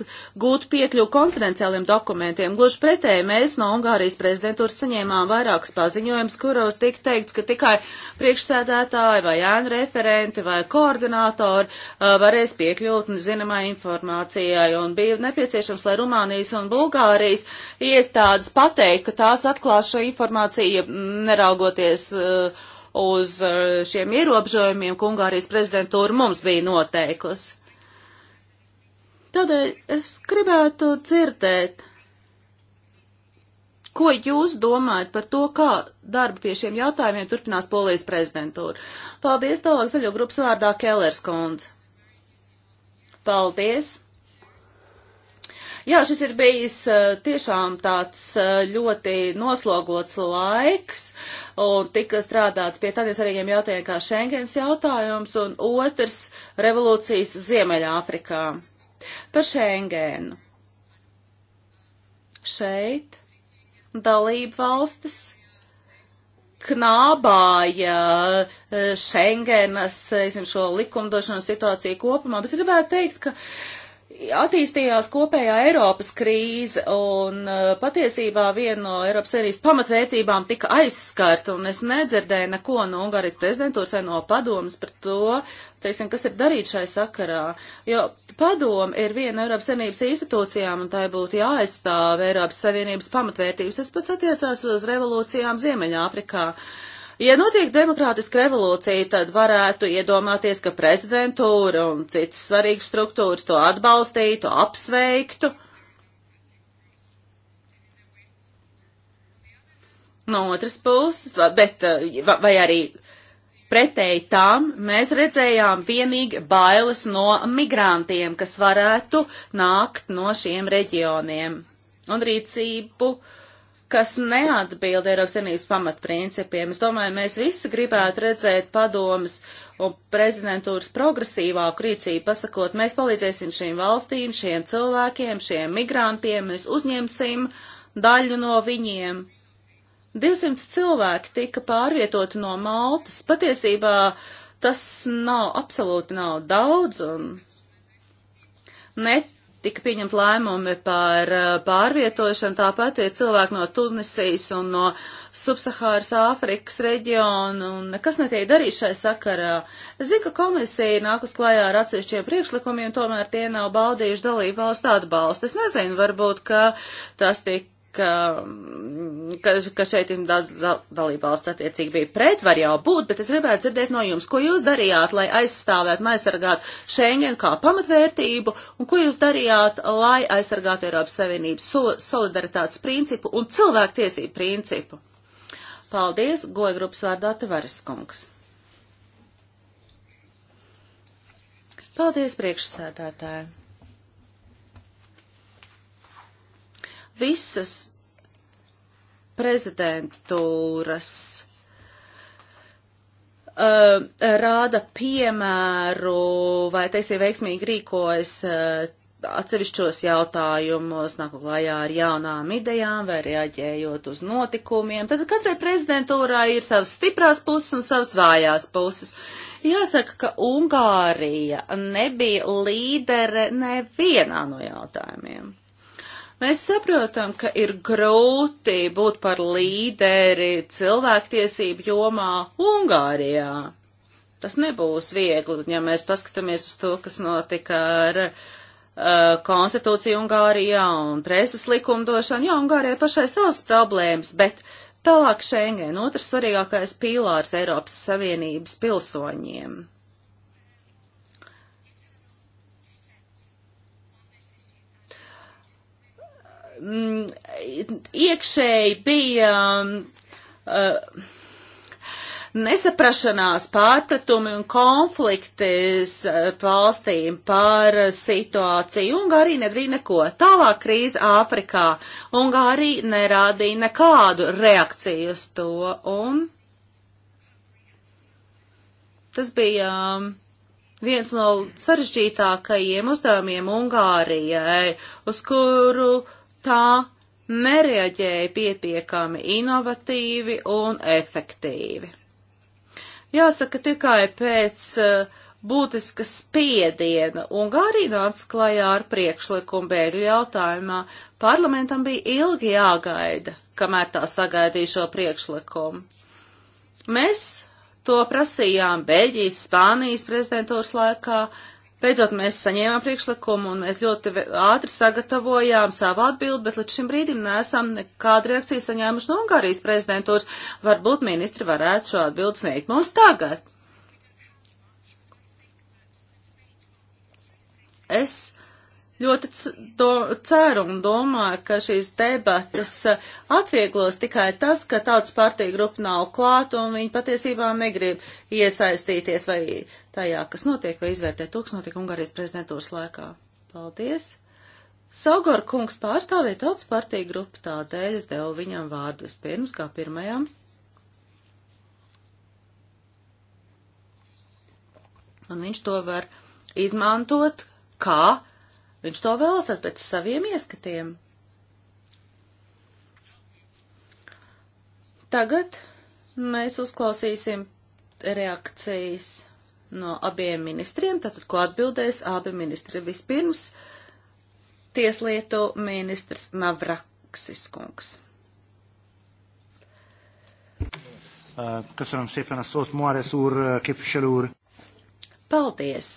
S3: gūt piekļuvu konfidenciāliem dokumentiem. Gluži pretēji, mēs no Ungārijas prezidentūras saņēmām vairākus paziņojumus, kuros tika teikts, ka tikai priekšsēdētāji vai ēnu referenti vai koordinātori uh, varēs piekļūt zināmai informācijai, un bija nepieciešams, lai Rumānijas un Bulgārijas iestādes pateikt, ka tās atklās šo informāciju, neraugoties uh, uz eh, šiem ierobežojumiem, ko Ungārijas prezidentūra mums bija noteikusi. Tādēļ es gribētu dzirdēt, ko jūs domājat par to, kā darba pie šiem jautājumiem turpinās Polijas prezidentūra. Paldies tālāk zaļo grupas vārdā Kellers kundze. Paldies! Jā, šis ir bijis eh, tiešām tāds eh, ļoti noslogots laiks un tika strādāts pie tādiem svarīgiem jautājumiem kā Schengens jautājums un otrs revolūcijas Ziemeļāfrikā. Par Schengenu. Šeit dalību valstis knābāja eh, Schengenas, es zinu, šo likumdošanas situāciju kopumā, bet gribētu teikt, ka attīstījās kopējā Eiropas krīze, un e, patiesībā viena no Eiropas Savienības pamatvērtībām tika aizskarta, un es nedzirdēju neko no Ungārijas prezidentūras vai no padomas par to, teiksim, kas ir darīts šai sakarā, jo padoma ir viena Eiropas Savienības institūcijām, un tai būtu jāaizstāv Eiropas Savienības pamatvērtības. Tas pats attiecās uz revolūcijām Ziemeļāfrikā. Uh, Ja notiek demokrātiska revolūcija, tad varētu iedomāties, ka prezidentūra un citas svarīgas struktūras to atbalstītu, apsveiktu. No otras puses, bet eh, vai arī pretēji tam, mēs redzējām vienīgi bailes no migrantiem, kas varētu nākt no šiem reģioniem un rīcību. Uh, kas neatbilda Eiropas Savienības pamatprincipiem. Es domāju, mēs visi gribētu redzēt padomas un prezidentūras progresīvāku rīcību, pasakot, mēs palīdzēsim šīm valstīm, šiem cilvēkiem, šiem migrantiem, mēs uzņemsim daļu no viņiem. 200 cilvēki tika pārvietoti no Maltas. Patiesībā tas nav absolūti nav daudz un net tika pieņemt lēmumi par eh, pārvietošanu. Tāpat ir cilvēki no Tunisijas un no Subsahāras Āfrikas reģiona, un nekas netiek darīts šai sakarā. Es zinu, ka komisija nāk uz klājā ar atsevišķiem priekšlikumiem, tomēr tie nav baudījuši dalību valstu atbalstu. Es nezinu, varbūt, ka tas tiek ka, ka, ka šeit ir daudz dalībvalsts attiecīgi bija pret, var jau būt, bet es gribētu dzirdēt no jums, ko jūs darījāt, lai aizstāvētu un aizsargātu Schengen kā pamatvērtību, un ko jūs darījāt, lai aizsargātu Eiropas Savienības sol solidaritātes principu un cilvēktiesību principu. Paldies, goja grupas vārdā Tavares kungs. Paldies, priekšsēdētāji! visas prezidentūras uh, rāda piemēru vai, teiksim, veiksmīgi rīkojas uh, atsevišķos jautājumos, nāk klajā ar jaunām idejām vai reaģējot uz notikumiem. Tad katrai prezidentūrai ir savas stiprās puses un savas vājās puses. Jāsaka, ka Ungārija nebija līdere nevienā no jautājumiem. Mēs saprotam, ka ir grūti būt par līderi cilvēktiesību jomā Ungārijā. Tas nebūs viegli, ja mēs paskatāmies uz to, kas notika ar uh, konstitūciju Ungārijā un preses likumdošanu. Jā, Ungārijai pašai savas problēmas, bet tālāk Schengen, otrs svarīgākais pīlārs Eiropas Savienības pilsoņiem. Mm, iekšēji bija mm, uh, nesaprašanās, pārpratumi un konflikti uh, valstīm par situāciju. Ungārija nedarīja neko. Tālāk krīze Āfrikā. Ungārija nerādīja nekādu reakciju uz to. Un tas bija mm, viens no sarežģītākajiem uzdevumiem Ungārijai, uz kuru tā nereaģēja pietiekami inovatīvi un efektīvi. Jāsaka, tikai pēc uh, būtiska spiediena un Gārī nāca klajā ar priekšlikumu bēgļu jautājumā. Parlamentam bija ilgi jāgaida, kamēr tā sagaidīja šo priekšlikumu. Mēs to prasījām Beļģijas, Spānijas prezidentūras laikā, uh, Beidzot, mēs saņēmām priekšlikumu un mēs ļoti ātri sagatavojām savu atbildi, bet līdz šim brīdim nesam nekādu reakciju saņēmuši no Ungārijas prezidentūras. Varbūt ministri varētu šo atbildi sniegt mums tagad. Es ļoti to ceru un domāju, ka šīs debatas uh, atvieglos tikai tas, ka tautas partija grupa nav klāt un viņi patiesībā negrib iesaistīties vai tajā, kas notiek, vai izvērtēt to, kas notiek Ungārijas prezidentūras laikā. Paldies! Saugor kungs pārstāvēja tautas partiju grupu, tādēļ es devu viņam vārdu vispirms kā pirmajam. Un viņš to var izmantot kā Viņš to vēlas pēc saviem ieskatiem. Tagad mēs uzklausīsim reakcijas no abiem ministriem, tātad ko atbildēs abi ministri vispirms - tieslietu ministrs Navraksis kungs. Köszönöm szépen a szót, Moares úr, képviselő úr. Paldies,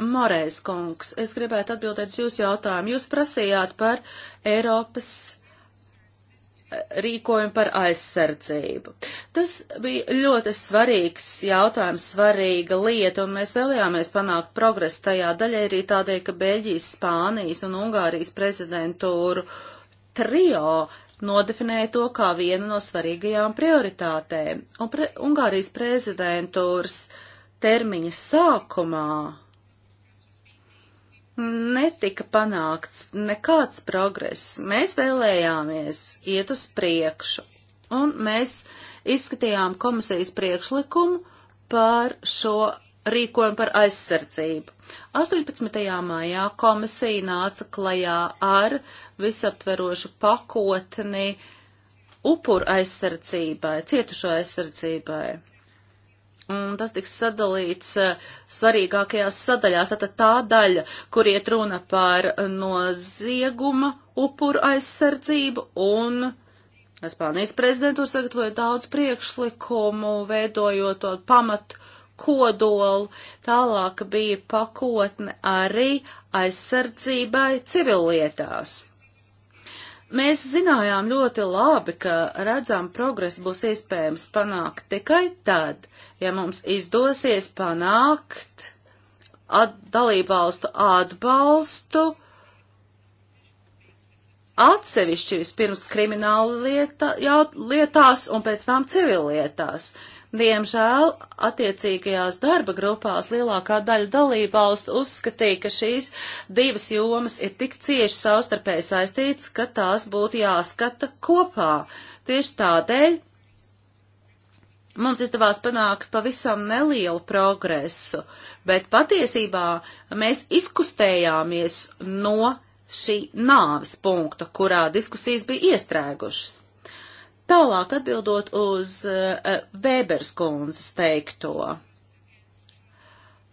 S3: Moreis kungs, es gribētu atbildēt uz jūsu jautājumu. Jūs prasījāt par Eiropas eh, rīkojumu par aizsardzību. Tas bija ļoti svarīgs jautājums, svarīga lieta, un mēs vēlējāmies panākt progresu tajā daļai arī tādēļ, ka Beļģijas, Spānijas un Ungārijas prezidentūru trio nodefinēja to kā vienu no svarīgajām prioritātēm. Un pre Ungārijas prezidentūras termiņa sākumā netika panākts nekāds progress. Mēs vēlējāmies iet uz priekšu, un mēs izskatījām komisijas priekšlikumu par šo rīkojumu par aizsardzību. 18. maijā komisija nāca klajā ar visaptverošu pakotni upuru aizsardzībai, cietušo aizsardzībai un tas tiks sadalīts eh, svarīgākajās sadaļās. Tātad tā daļa, kur iet runa par eh, nozieguma upuru aizsardzību un Spānijas prezidentūra sagatavoja daudz priekšlikumu, veidojot to pamatu kodolu. Tālāk bija pakotne arī aizsardzībai civilietās. Mēs zinājām ļoti labi, ka redzam progresu būs iespējams panākt tikai tad, ja mums izdosies panākt at dalībvalstu atbalstu atsevišķi vispirms krimināla lieta, jau, lietās un pēc tam civil lietās. Uh, Diemžēl attiecīgajās darba grupās lielākā daļa dalībvalstu uzskatīja, ka šīs divas jomas ir tik cieši savstarpēji saistītas, ka tās būtu jāskata kopā. Tieši tādēļ mums izdevās panākt pavisam nelielu progresu, bet patiesībā mēs izkustējāmies no šī nāves punkta, kurā diskusijas bija iestrēgušas. Tālāk atbildot uz eh, Vēbers kundzes teikto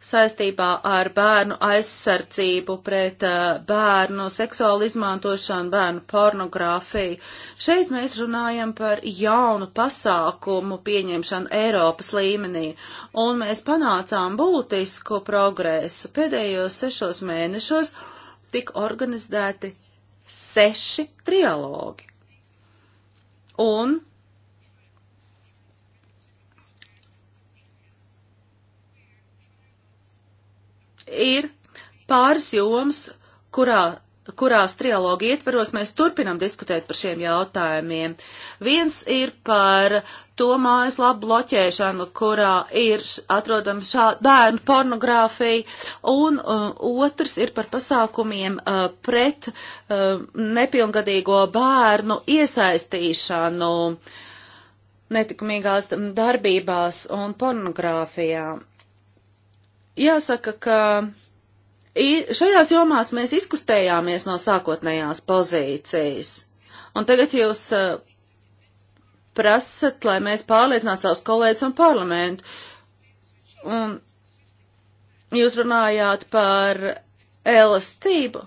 S3: saistībā ar bērnu aizsardzību pret eh, bērnu seksuālu izmantošanu, bērnu pornogrāfiju. Šeit mēs runājam par jaunu pasākumu pieņemšanu Eiropas līmenī, un mēs panācām būtisku progresu. Pēdējos sešos mēnešos tika organizēti seši trialogi. Un ir pāris joms, kurā kurās trialoga ietveros mēs turpinam diskutēt par šiem jautājumiem. Viens ir par to mājaslapu bloķēšanu, kurā ir atrodama šāda bērnu pornogrāfija, un uh, otrs ir par pasākumiem uh, pret uh, nepilngadīgo bērnu iesaistīšanu netikumīgās darbībās un pornogrāfijā. Jāsaka, ka šajās jomās mēs izkustējāmies no sākotnējās pozīcijas. Un tagad jūs eh, prasat, lai mēs pārliecinātu savus kolēģus un parlamentu. Un jūs runājāt par elastību.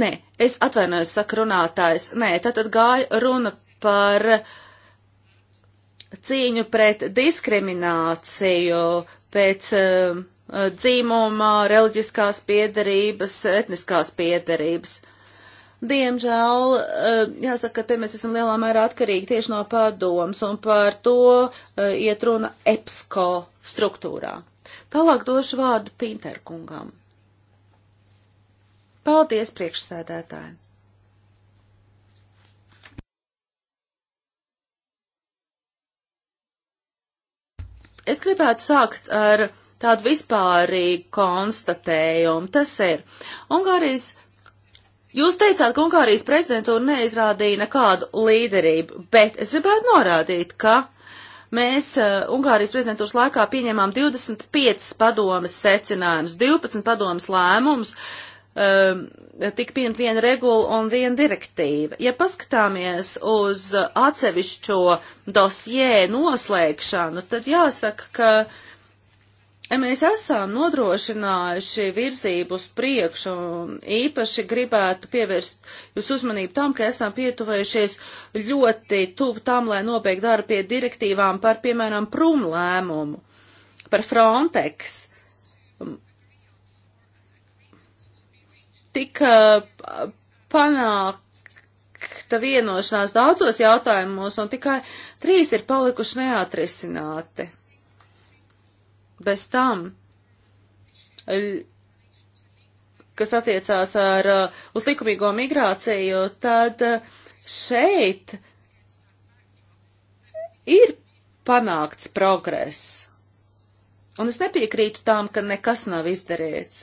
S3: Nē, es atvainojos, saka runātājs. Nē, tad gāja runa par cīņu pret diskrimināciju pēc uh, Eh, dzīmuma, reliģiskās piedarības, etniskās piedarības. Diemžēl, eh, jāsaka, te mēs esam lielā mērā atkarīgi tieši no padoms, un par to eh, iet runa EPSCO struktūrā. Tālāk došu vārdu Pinterkungam. Paldies priekšsēdētājiem! Es gribētu sākt ar tādu vispārīgu konstatējumu. Tas ir Ungārijas. Jūs teicāt, ka Ungārijas prezidentūra neizrādīja nekādu līderību, bet es gribētu norādīt, ka mēs uh, Ungārijas prezidentūras laikā pieņēmām 25 padomas secinājumus, 12 padomas lēmumus, um, eh, tika pieņemta viena regula un viena direktīva. Ja paskatāmies uz atsevišķo dosjē noslēgšanu, tad jāsaka, ka Mēs esam nodrošinājuši virzību uz priekšu un īpaši gribētu pievērst jūs uzmanību tam, ka esam pietuvējušies ļoti tuvu tam, lai nobeigtu darbu pie direktīvām par, piemēram, prum lēmumu, par Frontex. Tika uh, panākta vienošanās daudzos jautājumos, un tikai trīs ir palikuši neatrisināti. Bez tam, kas attiecās ar, uh, uz likumīgo migrāciju, tad uh, šeit ir panākts progress. Un es nepiekrītu tām, ka nekas nav izdarīts.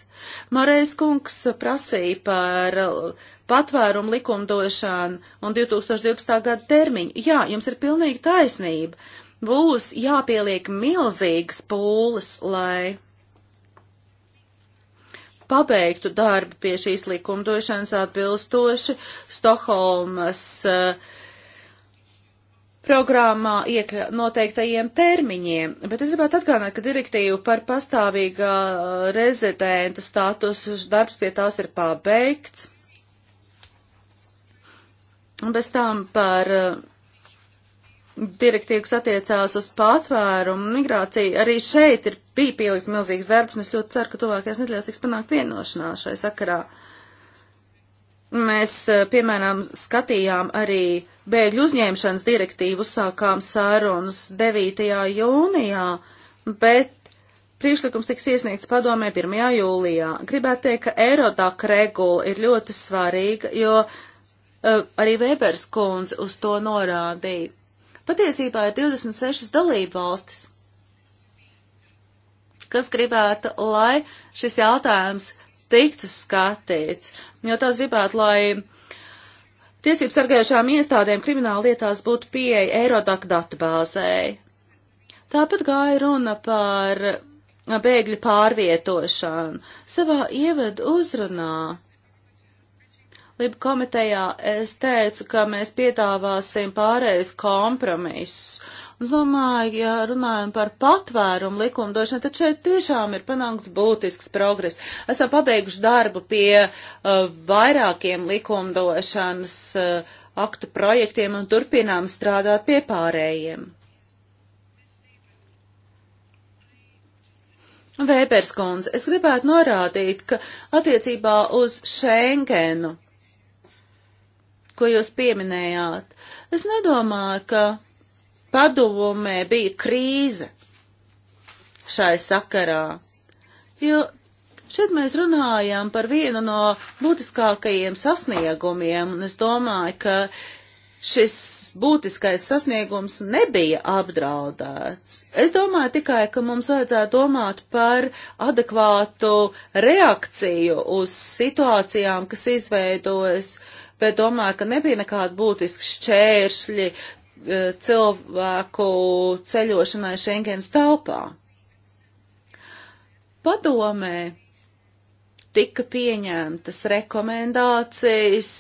S3: Marais kungs prasīja par uh, patvērumu likumdošanu un 2012. gada termiņu. Jā, jums ir pilnīgi taisnība būs jāpieliek milzīgas pūles, lai pabeigtu darbu pie šīs likumdošanas atbilstoši Stokholmas uh, programmā iekļa noteiktajiem termiņiem, bet es gribētu atgādināt, ka direktīva par pastāvīgā eh, rezidenta statusu darbs pie tās ir pabeigts. Un bez tam par uh, direktīva, kas attiecās uz patvērumu migrāciju, arī šeit ir bija pieliks milzīgs darbs, un es ļoti ceru, ka tuvākajās nedēļās tiks panākt vienošanās šai sakarā. Mēs, e, piemēram, skatījām arī bēgļu uzņemšanas direktīvu, sākām sarunas 9. jūnijā, bet Priekšlikums tiks iesniegts padomē 1. jūlijā. Gribētu teikt, ka Eirodak regula ir ļoti svarīga, jo uh, arī Vēbers kundze uz to norādīja. Patiesībā ir 26 dalība valstis, kas gribētu, lai šis jautājums tiktu skatīts, jo tās gribētu, lai tiesību sargājušām iestādēm krimināla lietās būtu pieeja Eirodak datubāzei. Tāpat gāja runa par bēgļu pārvietošanu. Savā ievadu uzrunā Liba komitejā es teicu, ka mēs piedāvāsim pārējais kompromiss. Un domāju, ja runājam par patvērumu likumdošanu, tad šeit tiešām ir panākts būtisks progress. Esam pabeiguši darbu pie uh, vairākiem likumdošanas uh, aktu projektiem un turpinām strādāt pie pārējiem. Vēperskundze, es gribētu norādīt, ka attiecībā uz Schengenu ko jūs pieminējāt. Es nedomāju, ka padomē bija krīze šai sakarā, jo šeit mēs runājam par vienu no būtiskākajiem sasniegumiem, un es domāju, ka šis būtiskais sasniegums nebija apdraudēts. Es domāju tikai, ka mums vajadzētu domāt par adekvātu reakciju uz situācijām, kas izveidojas, bet domāju, ka nebija nekāda būtiska šķēršļi e, cilvēku ceļošanai Schengens telpā. Padomē tika pieņemtas rekomendācijas,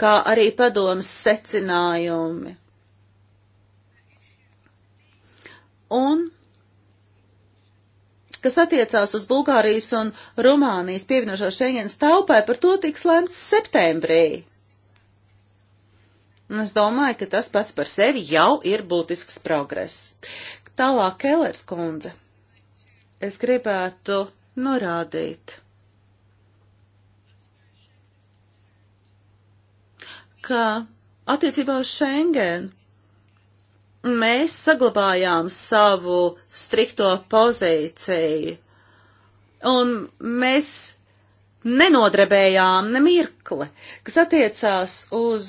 S3: kā arī padomas secinājumi. Un kas attiecās uz Bulgārijas un Rumānijas pievienošo Schengens telpai, par to tiks lemts septembrī. Un es domāju, ka tas pats par sevi jau ir būtisks progress. Tālāk, Kēlers kundze, es gribētu norādīt, ka attiecībā uz Schengenu mēs saglabājām savu strikto pozīciju, un mēs nenodrebējām nemirkli, kas attiecās uz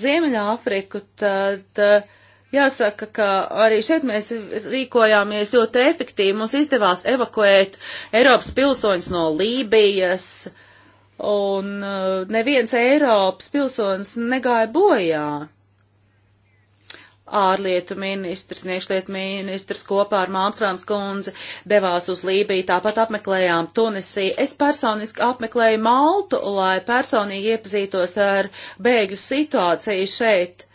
S3: Ziemeļāfriku, tad eh, jāsaka, ka arī šeit mēs rīkojāmies ļoti efektīvi. Mums izdevās evakuēt Eiropas pilsoņus no Lībijas, un eh, neviens Eiropas pilsonis negāja bojā ārlietu ministrs un iekšlietu ministrs kopā ar Māmstrāns kundzi devās uz Lībiju, tāpat apmeklējām Tunisiju. Es personiski apmeklēju Maltu, lai personīgi iepazītos ar bēgļu situāciju šeit.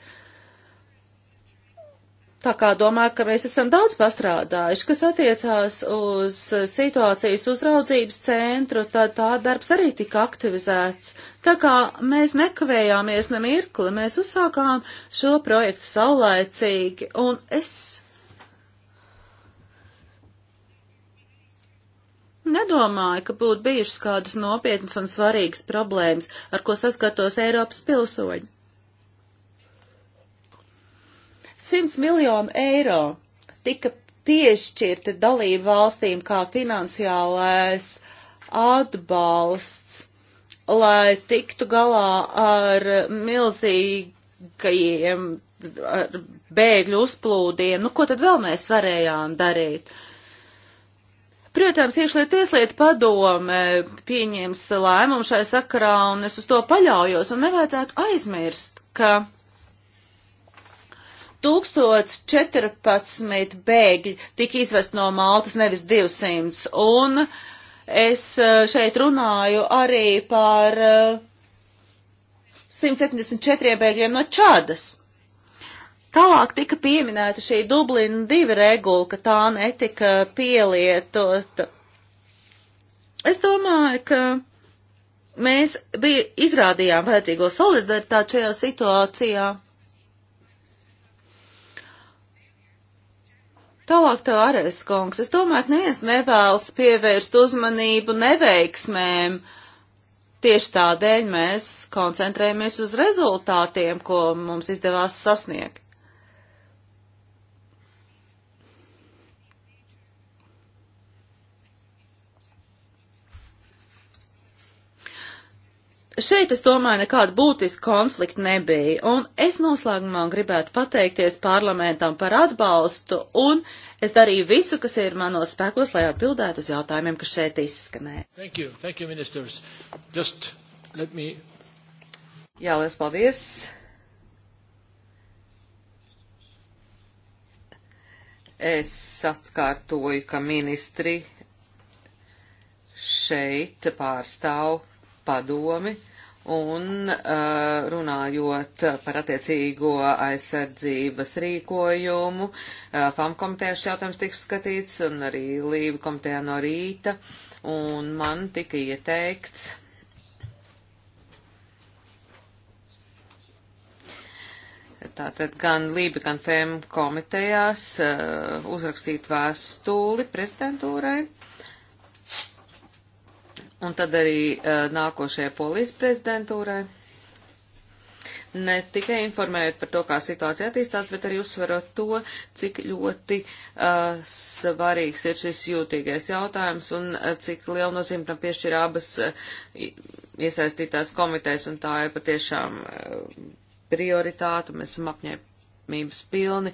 S3: Tā kā domāju, ka mēs esam daudz pastrādājuši, kas attiecās uz situācijas uzraudzības centru, tad tā darbs arī tika aktivizēts. Tā kā mēs nekavējāmies ne mirkli, mēs uzsākām šo projektu saulēcīgi, un es Nedomāju, ka būtu bijušas kādas nopietnas un svarīgas problēmas, ar ko saskatos Eiropas pilsoņi. 100 miljonu eiro tika piešķirti dalību valstīm kā finansiālais atbalsts lai tiktu galā ar milzīgajiem ar bēgļu uzplūdiem. Nu, ko tad vēl mēs varējām darīt? Protams, iekšliet tieslietu padome pieņems lēmumu šai sakarā, un es uz to paļaujos, un nevajadzētu aizmirst, ka 1014 bēgļi tika izvest no Maltas, nevis 200, un uh, Es eh, šeit runāju arī par 174 eh, bēgļiem no Čādas. Tālāk tika pieminēta šī Dublina divi regula, ka tā netika pielietota. Es domāju, ka mēs bija, izrādījām vajadzīgo solidaritāti šajā situācijā. Tālāk tā arēs kungs. Es domāju, ka neviens nevēlas pievērst uzmanību neveiksmēm. Tieši tādēļ mēs koncentrējamies uz rezultātiem, ko mums izdevās sasniegt. Šeit, es domāju, nekāda būtiska konflikta nebija, un es noslēgumā gribētu pateikties parlamentam par atbalstu, un es darīju visu, kas ir manos spēkos, lai atbildētu uz jautājumiem, kas šeit izskanēja.
S1: Thank you, thank you, ministers. Just let me.
S3: Jā, liels paldies.
S1: Es atkārtoju, ka ministri šeit pārstāv padomi Un eh, runājot par attiecīgo aizsardzības rīkojumu, eh, FAM komitejā šis jautājums tiks skatīts un arī Līva komitejā no rīta. Un man tika ieteikts tātad gan Lība, gan FEM komitejās uh, uzrakstīt vēstuli prezidentūrai un tad arī uh, nākošajai polijas prezidentūrai. Ne tikai informējot par to, kā situācija attīstās, bet arī uzsverot to, cik ļoti uh, svarīgs ir šis jūtīgais jautājums un uh, cik lielu nozīmi tam piešķir abas uh, iesaistītās komitejas, un tā ir patiešām uh, prioritāte. Mēs esam apņēmības pilni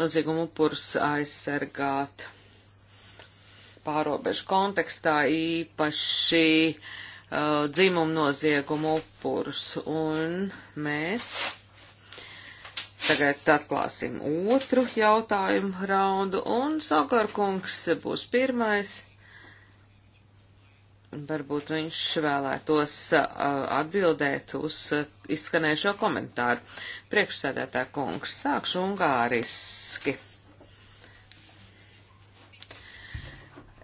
S1: noziegumu upurus aizsargāt pārobežu kontekstā īpaši uh, dzimumu noziegumu upurus. Un mēs tagad atklāsim otru jautājumu raundu, un Sagarkungs būs pirmais. Varbūt viņš vēlētos uh, atbildēt uz uh, izskanējušo komentāru. Priekšsēdētā kungs sākšu ungāriski.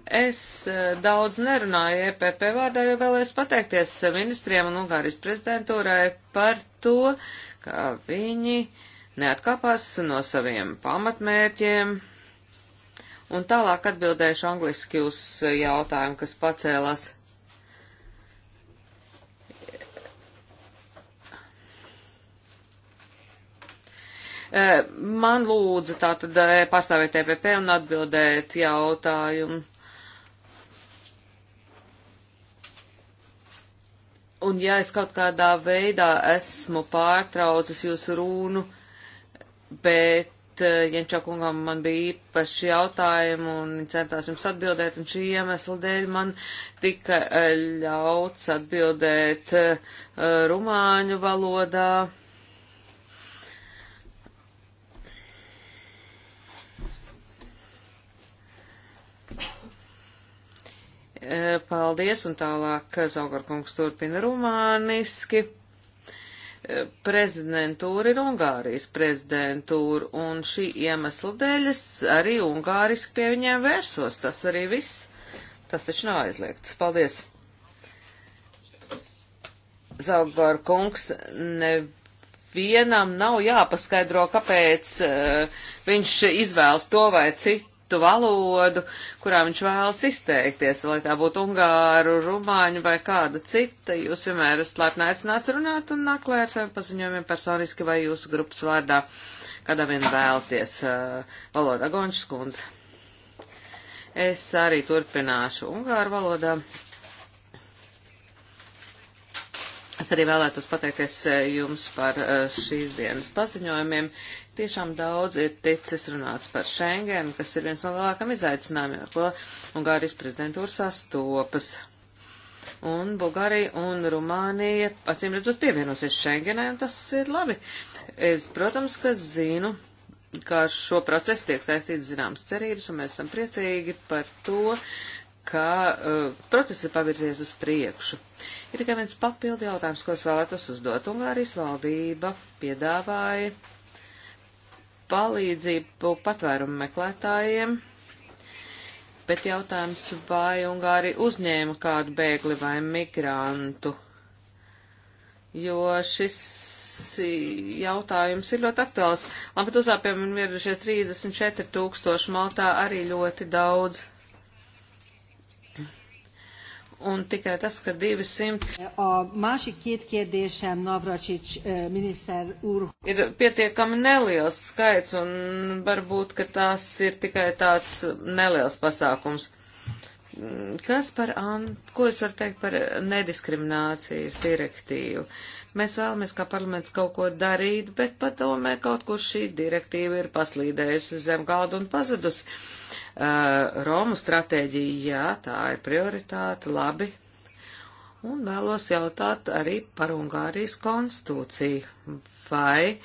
S1: Es eh, daudz nerunāju EPP vārdā, jo vēlēs pateikties ministriem un Ungārijas prezidentūrai par to, ka viņi neatkāpās no saviem pamatmērķiem. Un tālāk atbildēšu angliski uz jautājumu, kas pacēlās. Eh, man lūdza tātad eh, pastāvēt EPP un atbildēt jautājumu Un ja es kaut kādā veidā esmu pārtraucis jūsu runu, bet eh, Jančakungam man bija īpaši jautājumi un centās jums atbildēt, un šī iemesla dēļ man tika eh, ļauts atbildēt eh, rumāņu valodā. E, paldies, un tālāk Zaugarkungs turpina rumāniski. E, prezidentūra ir Ungārijas prezidentūra, un šī iemesla dēļ es arī ungāriski pie viņiem vērsos. Tas arī viss. Tas taču nav aizliegts. Paldies. Zaugarkungs nevienu vienam nav jāpaskaidro, kāpēc uh, viņš izvēlas to vai citu citu valodu, kurā viņš vēlas izteikties, lai tā būtu ungāru, rumāņu vai kāda cita. Jūs vienmēr esat laipni aicināts runāt un naklē ar saviem paziņojumiem personiski vai jūsu grupas vārdā, kādā vien vēlties uh, valodā Gončs kundze. Es arī turpināšu ungāru valodā. Es arī vēlētos pateikties uh, jums par uh, šīs dienas paziņojumiem. Tiešām daudz ir ticis runāts par Schengen, kas ir viens no lielākam izaicinājumiem, ar ko Ungārijas prezidentūra sastopas. Un Bulgārija un Rumānija, acīm redzot, pievienosies Schengenai, un tas ir labi. Es, protams, ka zinu, ka ar šo procesu tiek saistīts zināmas cerības, un mēs esam priecīgi par to, ka uh, process ir pavirzies uz priekšu. Ir tikai viens papildu jautājums, ko es vēlētos uzdot. Ungārijas valdība piedāvāja palīdzību patvērumu meklētājiem, bet jautājums, vai Ungārija uzņēma kādu bēgli vai migrantu, jo šis jautājums ir ļoti aktuāls. Lampedūzā, piemēram, ieradušies 34 tūkstoši, Maltā arī ļoti daudz un tikai tas, ka 200. A másik két kérdésem
S3: Navracsics miniszter úr.
S1: Ir pietiekami neliels skaits un varbūt, ka tas ir tikai tāds neliels pasākums. Kas par, ko es varu teikt par nediskriminācijas direktīvu? Mēs vēlamies, kā parlaments kaut ko darīt, bet padomē kaut kur šī direktīva ir paslīdējusi zem galdu un pazudusi Eh, Romu stratēģiju, jā, tā ir prioritāte, labi. Un vēlos jautāt arī par Ungārijas konstitūciju. Vai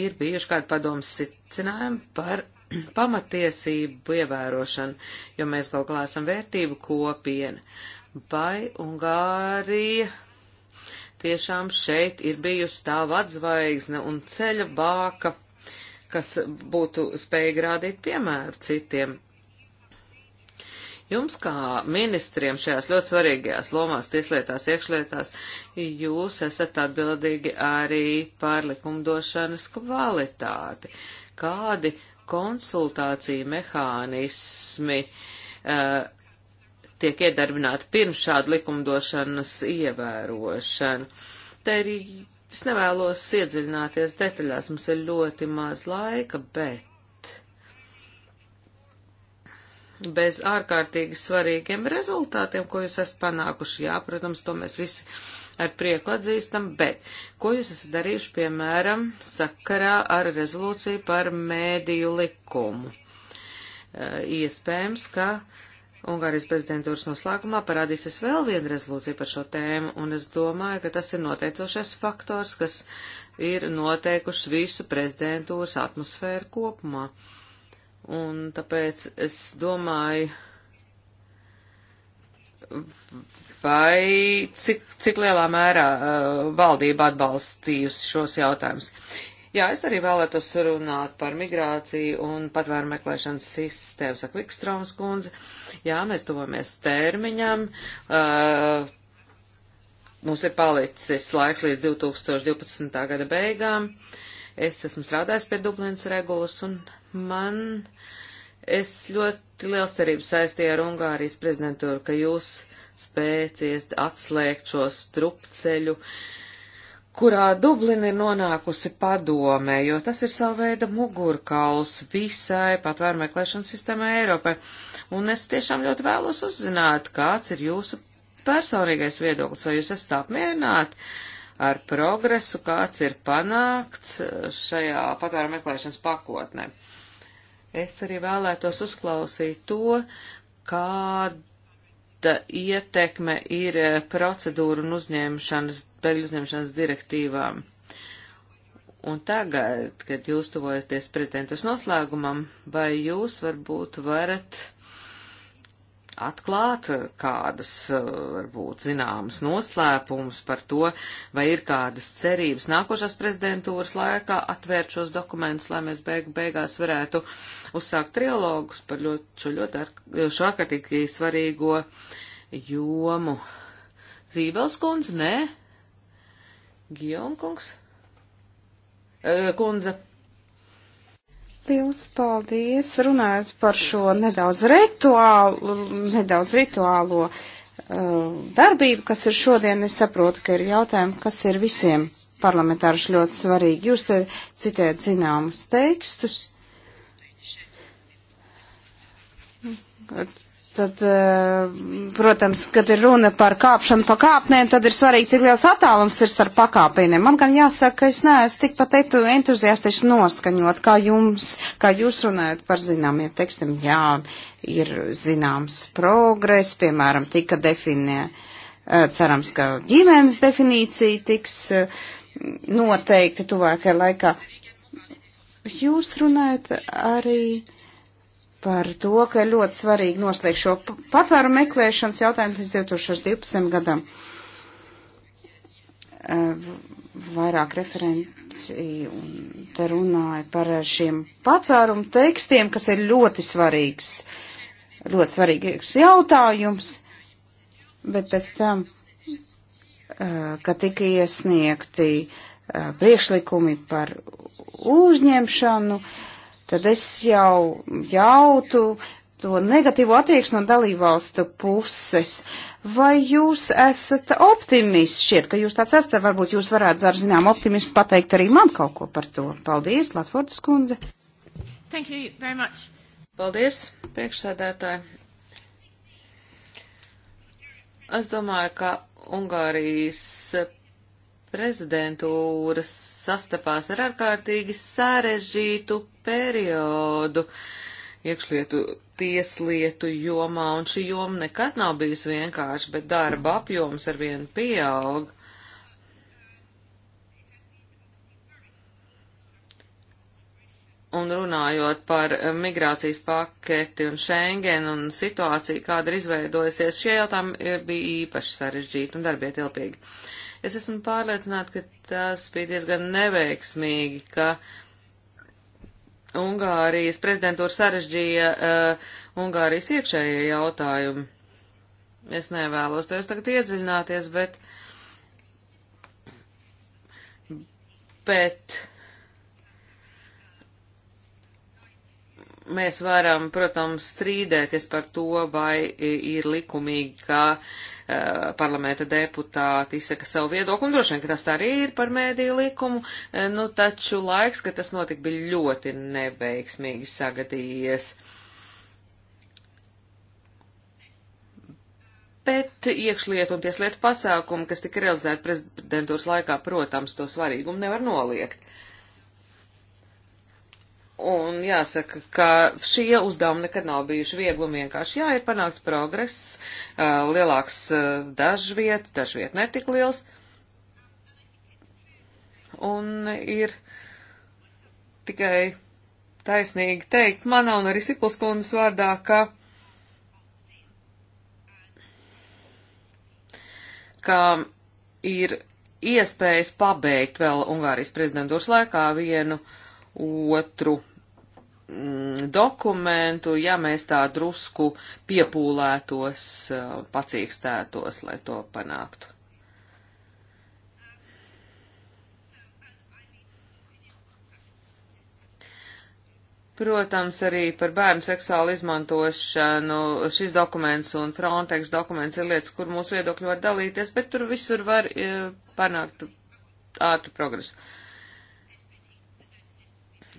S1: ir bijuši kādi padomas sicinājumi par pamatiesību ievērošanu, jo mēs galu galā esam vērtību kopiena? Vai Ungārija tiešām šeit ir bijusi tā vadzvaigzne un ceļa bāka, kas būtu spēja rādīt piemēru citiem? Jums kā ministriem šajās ļoti svarīgajās lomās, tieslietās, iekšlietās, jūs esat atbildīgi arī par likumdošanas kvalitāti. Kādi konsultāciju mehānismi uh, tiek iedarbināti pirms šāda likumdošanas ievērošana? Te ir, es nevēlos iedziļināties detaļās, mums ir ļoti maz laika, bet bez ārkārtīgi svarīgiem rezultātiem, ko jūs esat panākuši. Jā, protams, to mēs visi ar prieku atzīstam, bet ko jūs esat darījuši, piemēram, sakarā ar rezolūciju par mēdīju likumu? E, iespējams, ka Ungārijas prezidentūras noslēgumā parādīsies vēl viena rezolūcija par šo tēmu, un es domāju, ka tas ir noteicošais faktors, kas ir noteikuši visu prezidentūras atmosfēru kopumā. Uh, Un tāpēc es domāju, vai cik, cik lielā mērā uh, valdība atbalstījusi šos jautājumus. Jā, es arī vēlētos runāt par migrāciju un patvēru meklēšanas sistēmu, saka Vikstroms kundze. Jā, mēs tuvojamies termiņam. Uh, mums ir palicis laiks līdz 2012. gada beigām. Es esmu strādājis pie Dublinas regulas un Man es ļoti liels cerības saistīju ar Ungārijas prezidentūru, ka jūs spēcies atslēgt šo strupceļu, kurā Dublina ir nonākusi padomē, jo tas ir savu veidu mugurkauls visai patvērmeklēšanas sistēmai Eiropai. Un es tiešām ļoti vēlos uzzināt, kāds ir jūsu personīgais viedoklis, vai jūs esat apmierināti ar progresu, kāds ir panākts šajā patvēru meklēšanas pakotnē. Uh, Es arī vēlētos uzklausīt to, kāda ietekme ir eh, procedūru un uzņemšanas, bēgļu uzņemšanas direktīvām. Un tagad, kad jūs tuvojaties pretentus noslēgumam, vai jūs varbūt varat atklāt kādas, eh, varbūt, zināmas noslēpumus par to, vai ir kādas cerības nākošās prezidentūras laikā atvērt šos dokumentus, lai mēs beigu beigās varētu uzsākt trialogus par ļoti, šo ļoti šo ārkārtīgi svarīgo jomu. Zībelskundze, nē? Gijomkungs? E, eh, kundze. Liels
S2: paldies! Runājot par šo nedaudz rituālu, nedaudz rituālo uh, darbību, kas ir šodien, es saprotu, ka ir jautājumi, kas ir visiem parlamentārši ļoti svarīgi. Jūs te citējat zināmus tekstus. Tad, eh, protams, kad ir runa par kāpšanu pa kāpnēm, tad ir svarīgi, cik liels attālums ir starp pakāpieniem. Man gan jāsaka, ka es neesmu tikpat entuziastiski noskaņot, kā jums, kā jūs runājat par zināmiem tekstiem. Jā, ir zināms progress, piemēram, tika definē, eh, cerams, ka ģimenes definīcija tiks eh, noteikti tuvākajā laikā. Jūs runājat arī par to, ka ļoti svarīgi noslēgt šo patvēru meklēšanas jautājumu līdz 2012. gadam. Eh, vairāk referenti un te runāja par šiem patvērumu tekstiem, kas ir ļoti svarīgs, ļoti svarīgs jautājums, bet pēc tam, eh, ka tika iesniegti eh, priekšlikumi par uzņemšanu, uh, tad es jau jautu to negatīvo attieksmi no dalībvalstu puses. Vai jūs esat optimists? Šķiet, ka jūs tāds esat, varbūt jūs varētu ar zinām optimistu pateikt arī man kaut ko par to. Paldies, Latvordas kundze.
S3: Thank
S1: you very much. Paldies, priekšsēdētāji. Es domāju, ka Ungārijas prezidentūras sastapās ar ārkārtīgi sarežģītu periodu iekšlietu tieslietu jomā, un šī joma nekad nav bijusi vienkārši, bet darba apjoms ar vienu pieaug. Un runājot par migrācijas paketi un Schengen un situāciju, kāda ir izveidojusies, šie jautājumi bija īpaši sarežģīti un darbietilpīgi. Uh, Es esmu pārliecināta, ka tas bija diezgan neveiksmīgi, ka Ungārijas prezidentūra sarežģīja uh, Ungārijas iekšējie jautājumi. Es nevēlos tajos tagad iedziļināties, bet. Bet mēs varam, protams, strīdēties par to, vai ir likumīgi, ka uh, Eh, parlamenta deputāti izsaka savu viedokli, un droši vien, ka tas tā arī ir par mēdīju likumu, eh, nu taču laiks, ka tas notika, bija ļoti neveiksmīgi sagadījies. Bet iekšlietu un tieslietu pasākumi, kas tika realizēti prezidentūras laikā, protams, to svarīgumu nevar noliegt. Uh, Un jāsaka, ka šie uzdevumi nekad nav bijuši viegli un vienkārši. Jā, ir panākts progress, lielāks dažviet, dažviet netik liels. Un ir tikai taisnīgi teikt mana un arī Sipulskundas vārdā, ka, ka ir iespējas pabeigt vēl Ungārijas prezidentūras laikā vienu uh, otru mm, dokumentu, ja mēs tā drusku piepūlētos, pacīkstētos, lai to panāktu. Protams, arī par bērnu seksuālu izmantošanu šis dokuments un Frontex dokuments ir lietas, kur mūsu viedokļi var dalīties, bet tur visur var panākt ātru progresu.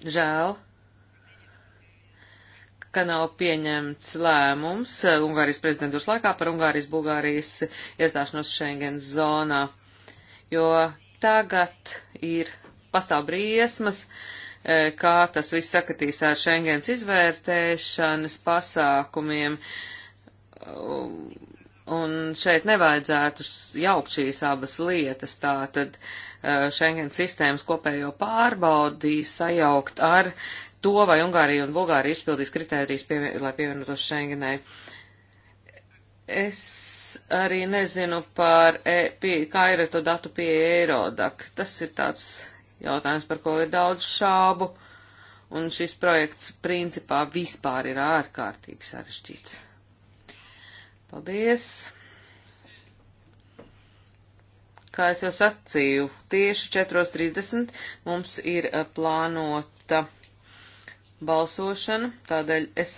S1: Žēl, ka nav pieņemts lēmums uh, Ungārijas prezidentūras laikā par Ungārijas Bulgārijas iestāšanos Schengen zonā, jo tagad ir pastāv briesmas, uh, kā tas viss sakatīs ar Schengens izvērtēšanas pasākumiem, un šeit nevajadzētu jaukt šīs abas lietas, tā tad uh, Eh, Schengen sistēmas kopējo pārbaudī sajaukt ar to, vai Ungārija un Bulgārija izpildīs kritērijas, pie, lai pievienotos Schengenai. Es arī nezinu par, e, pie, kā ir to datu pie Eirodak. Tas ir tāds jautājums, par ko ir daudz šābu, un šis projekts principā vispār ir ārkārtīgi sarežģīts. Paldies! Kā es jau sacīju, tieši 4.30 mums ir eh, plānota balsošana, tādēļ es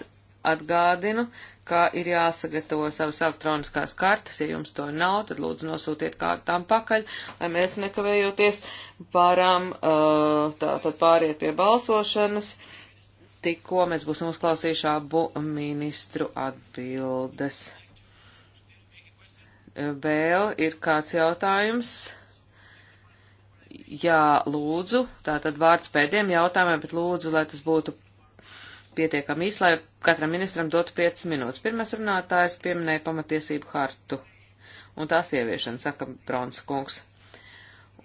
S1: atgādinu, kā ir jāsagatavo savas elektroniskās kartes. Ja jums to nav, tad lūdzu nosūtiet kādu tam pakaļ, lai mēs nekavējoties pārām, eh, tā, tad pāriet pie balsošanas. Tikko mēs būsim uzklausījuši abu ministru atbildes. Vēl ir kāds jautājums? Jā, lūdzu, tātad vārds pēdējiem jautājumiem, bet lūdzu, lai tas būtu pietiekami īs, lai katram ministram dotu 5 minūtes. Pirmais runātājs pieminēja pamatiesību hartu un tās ieviešana, saka Brons kungs.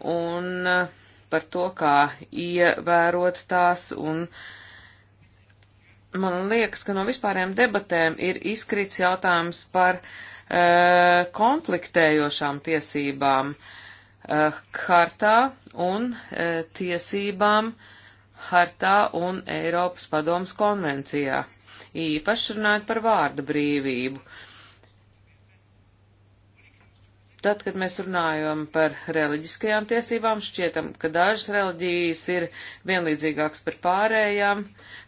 S1: Un eh, par to, kā ievērot tās un. Man liekas, ka no vispārējām debatēm ir izkrits jautājums par uh, Uh, konfliktējošām tiesībām uh, hartā un uh, tiesībām hartā un Eiropas padomas konvencijā, īpaši runājot par vārda brīvību. Tad, kad mēs runājam par reliģiskajām tiesībām, šķietam, ka dažas reliģijas ir vienlīdzīgākas par pārējām.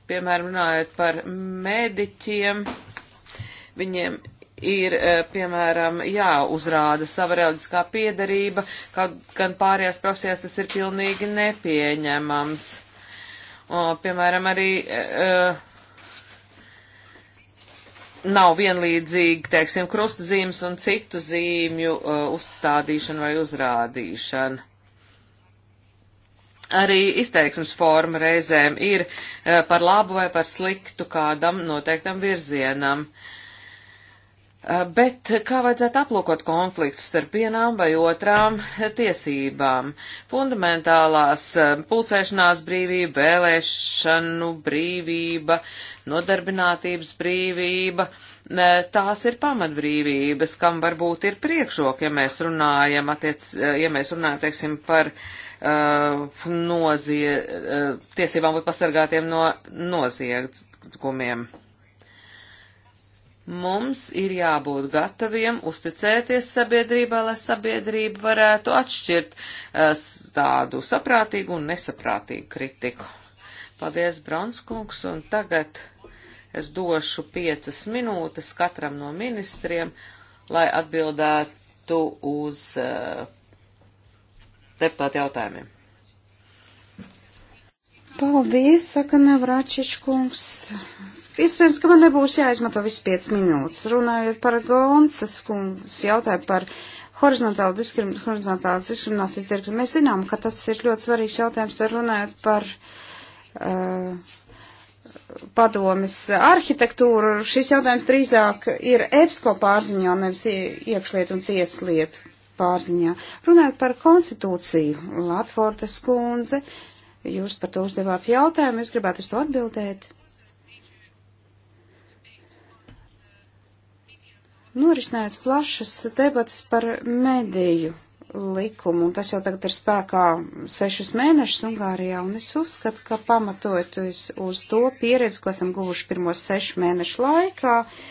S1: Piemēram, runājot par mediķiem, viņiem ir, e, piemēram, jāuzrāda sava reliģiskā piedarība, kaut gan pārējās profesijās tas ir pilnīgi nepieņemams. O, piemēram, arī uh, nav vienlīdzīgi, teiksim, krustazīmes un citu zīmju uh, uzstādīšana vai uzrādīšana. Arī izteiksmes forma reizēm ir uh, par labu vai par sliktu kādam noteiktam virzienam. Uh, Eh, bet kā vajadzētu aplūkot konfliktus starp vienām vai otrām tiesībām? Fundamentālās eh, pulcēšanās brīvība, vēlēšanu brīvība, nodarbinātības brīvība, eh, tās ir pamatbrīvības, kam varbūt ir priekšroka, ja mēs runājam, attiec, ja mēs runājam, teiksim, par uh, nozie, uh, tiesībām būt pasargātiem no noziegumiem. Mums ir jābūt gataviem uzticēties sabiedrībā, lai sabiedrība varētu atšķirt eh, tādu saprātīgu un nesaprātīgu kritiku. Paldies, Bronskungs, un tagad es došu piecas minūtes katram no ministriem, lai atbildētu uz eh, deputātu jautājumiem.
S2: Paldies, saka Navračič kungs. Iespējams, ka man nebūs jāizmanto viss 5 minūtes. Runājot par Gonsas kundzes jautājumu par horizontālu diskrim, horizontālas diskriminācijas direktīvu, mēs zinām, ka tas ir ļoti svarīgs jautājums, tad runājot par uh, padomis arhitektūru. Šis jautājums drīzāk ir EPSCO pārziņā, nevis iekšlietu un tieslietu pārziņā. Runājot par konstitūciju, Latvortas kundze Jūs par to uzdevāt jautājumu, es gribētu uz to atbildēt. Norisinājās plašas debatas par mediju likumu, un tas jau tagad ir spēkā sešus mēnešus Ungārijā, un es uzskatu, ka pamatojoties uz to pieredzi, ko esam guvuši pirmos sešu mēnešu laikā, uh,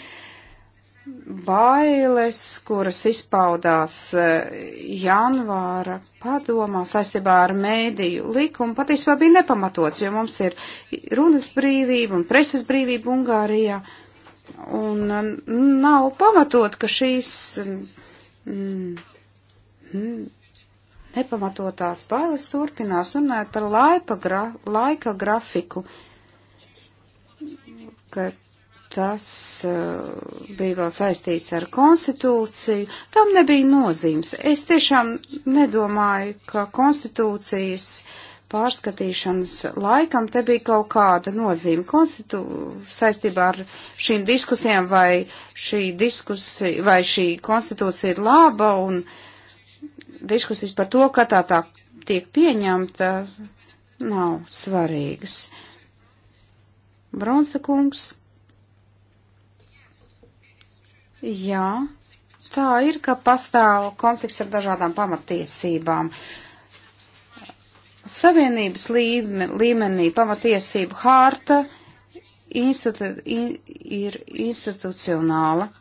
S2: bailes, kuras izpaudās eh, janvāra padomā saistībā ar mēdīju likumu, patiesībā bija nepamatots, jo mums ir runas brīvība un preses brīvība Ungārijā. Un nav pamatot, ka šīs mm, mm, nepamatotās bailes turpinās runāt par laipa gra, laika grafiku, ka tas uh, bija vēl saistīts ar konstitūciju, tam nebija nozīmes. Es tiešām nedomāju, ka konstitūcijas pārskatīšanas laikam te bija kaut kāda nozīme konstitū saistībā ar šīm diskusijām, vai šī, diskusija, vai šī konstitūcija ir laba un diskusijas par to, ka tā tā tiek pieņemta, nav svarīgas. Bronsa kungs. Jā, tā ir, ka pastāv konflikts ar dažādām pamatiesībām. Savienības līmenī pamatiesību hārta institu, in, ir institucionāla.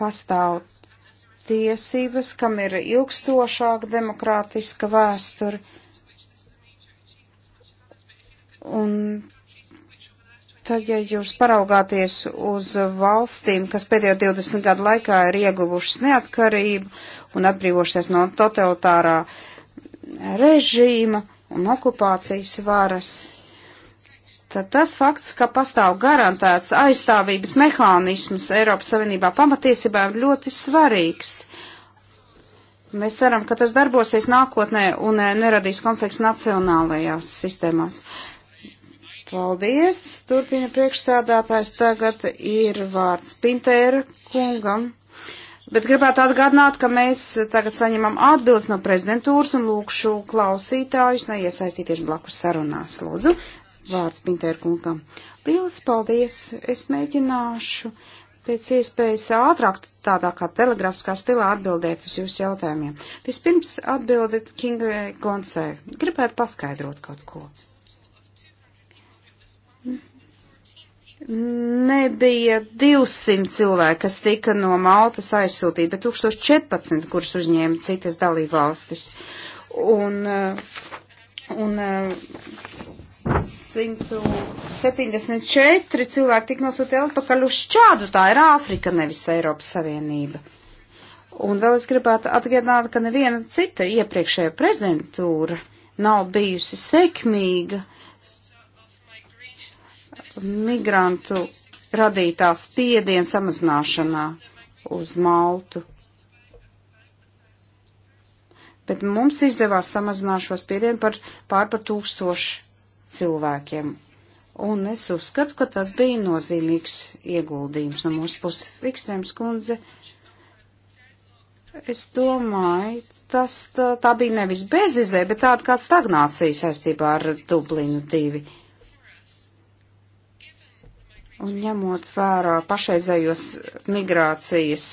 S2: Pastāv tiesības, kam ir ilgstošāka demokrātiska vēsture. Un Tad, ja jūs paraugāties uz valstīm, kas pēdējo 20 gadu laikā ir ieguvušas neatkarību un atbrīvošies no totalitārā režīma un okupācijas varas, tad tas fakts, ka pastāv garantēts aizstāvības mehānisms Eiropas Savienībā pamatiesībām ir ļoti svarīgs. Mēs ceram, ka tas darbosies nākotnē un neradīs konflikts nacionālajās sistēmās. Paldies! Turpina priekšsēdētājs tagad ir vārds Pintēra kungam. Bet gribētu atgādināt, ka mēs tagad saņemam atbildes no prezidentūras un lūkšu klausītājus neiesaistīties blakus sarunās. Lūdzu, vārds Pintēra kungam. Lielas paldies! Es mēģināšu pēc iespējas ātrāk tādā kā telegrafiskā stilā atbildēt uz jūsu jautājumiem. Vispirms atbildi Kingai Gonsai. Gribētu paskaidrot kaut ko. Uh, nebija 200 cilvēki, kas tika no Maltas aizsūtīti, bet 1014, kurus uzņēma citas dalībvalstis. Un, eh, un 174 eh, cilvēki tika nosūtīti atpakaļ uz Čādu, tā ir Āfrika, nevis Eiropas Savienība. Un vēl es gribētu atgādināt, ka neviena cita iepriekšējā prezentūra nav bijusi sekmīga migrantu radītā spiediena samazināšanā uz Maltu. Bet mums izdevās samazināt šo spiedienu par pār par tūkstošu cilvēkiem. Un es uzskatu, ka tas bija nozīmīgs ieguldījums no mūsu puses. Vikstrēms kundze, es domāju, tas tā, tā bija nevis bezizē, bet tāda kā stagnācija saistībā ar Dublinu divi. Uh, Un ņemot vērā pašreizējos migrācijas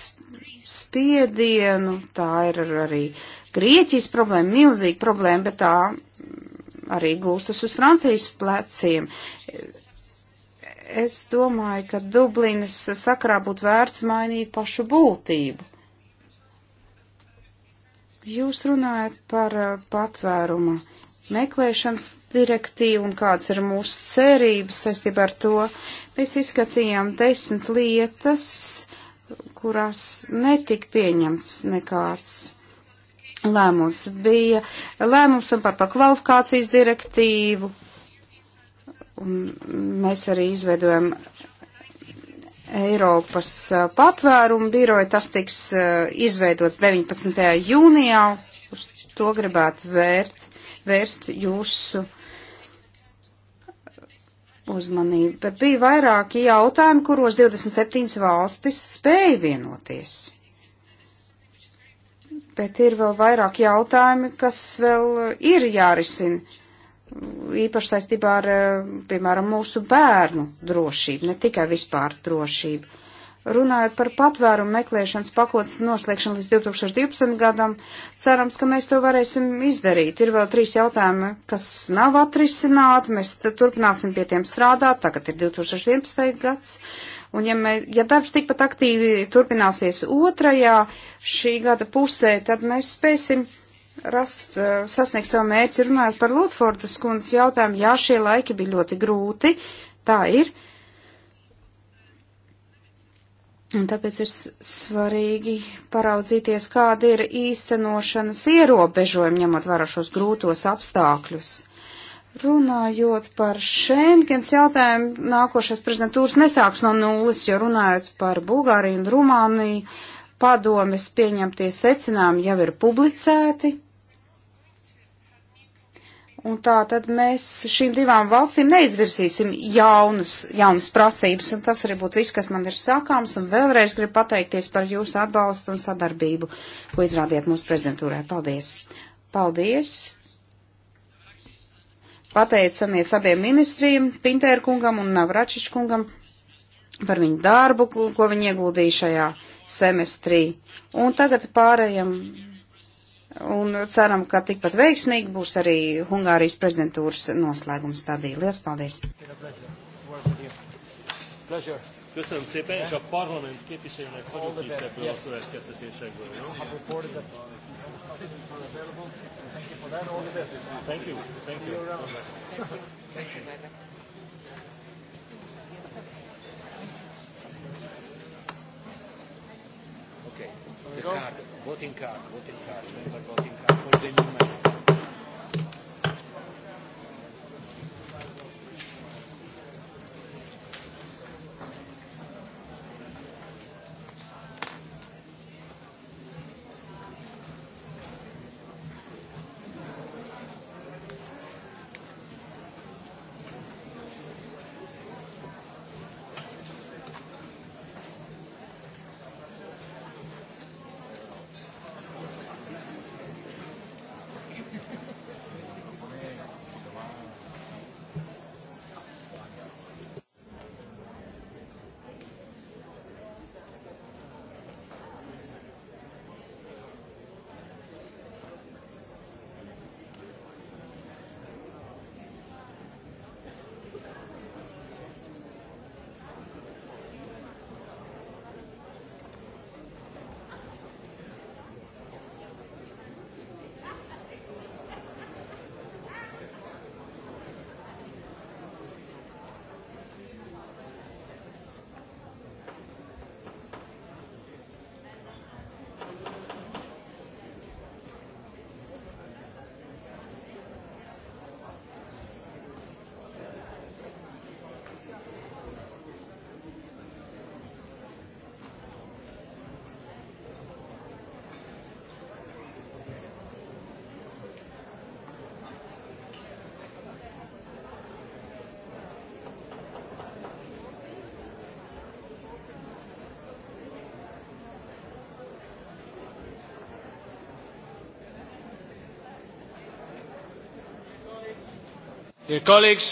S2: spiedienu, tā ir arī Grieķijas problēma, milzīga problēma, bet tā arī gūstas uz Francijas pleciem. Es domāju, ka Dublinas sakrā būtu vērts mainīt pašu būtību. Jūs runājat par uh, patvērumu meklēšanas direktīvu un kādas ir mūsu cerības saistībā ar to. Mēs izskatījām desmit lietas, kurās netika pieņemts nekāds lēmums. Bija lēmums par pakvalifikācijas direktīvu, un mēs arī izveidojam Eiropas patvērumu biroju. Tas tiks izveidots 19. jūnijā, uz to gribētu vērt vērst jūsu uzmanību. Bet bija vairāki jautājumi, kuros 27 valstis spēja vienoties. Bet ir vēl vairāk jautājumi, kas vēl ir jārisina. Īpaši saistībā ar, piemēram, mūsu bērnu drošību, ne tikai vispār drošību Runājot par patvērumu meklēšanas pakotnes noslēgšanu līdz 2012. gadam, cerams, ka mēs to varēsim izdarīt. Ir vēl trīs jautājumi, kas nav atrisināti, mēs turpināsim pie tiem strādāt, tagad ir 2011. gads. Un ja, mē, ja darbs tikpat aktīvi turpināsies otrajā šī gada pusē, tad mēs spēsim rast, eh, sasniegt savu mērķi runājot par Lotfordas kundzes jautājumu. Jā, šie laiki bija ļoti grūti, tā ir Un tāpēc ir svarīgi paraudzīties, kāda ir īstenošanas ierobežojumi, ņemot vērā šos grūtos apstākļus. Runājot par Schengens jautājumu, nākošais prezidentūras nesāks no nulles, jo runājot par Bulgāriju un Rumāniju, padomes pieņemtie secinājumi jau ir publicēti, Un tā tad mēs šīm divām valstīm neizvirsīsim jaunus, jaunas prasības, un tas arī būtu viss, kas man ir sākāms, un vēlreiz gribu pateikties par jūsu atbalstu un sadarbību, ko izrādiet mūsu prezentūrē. Paldies! Paldies! pateicamies abiem ministriem, Pintēra kungam un Navračiš kungam par viņu darbu, ko viņi ieguldīja šajā semestrī. Un tagad pārējam Un ceram, ka tikpat veiksmīgi būs arī Hungārijas prezidentūras noslēguma stadija. Lielas paldies!
S1: Köszönöm szépen, és a parlament képviselőnek hagyok itt ebből a következtetésekből. Thank you. Thank you. Thank you. Okay. The card. Voting card, voting card, member voting card for the new member.
S3: Dear colleagues,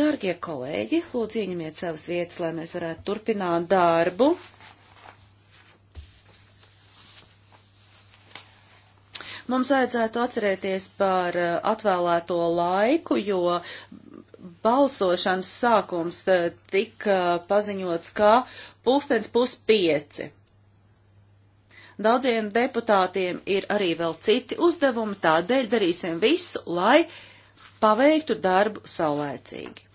S3: Dargie kolēģi, lūdzu ieņemiet savas vietas, lai mēs varētu turpināt darbu. Mums vajadzētu atcerēties par eh, atvēlēto laiku, jo balsošanas sākums eh, tika eh, paziņots kā pulkstens puspieci. Daudziem deputātiem ir arī vēl citi uzdevumi, tādēļ darīsim visu, lai paveiktu darbu saulēcīgi.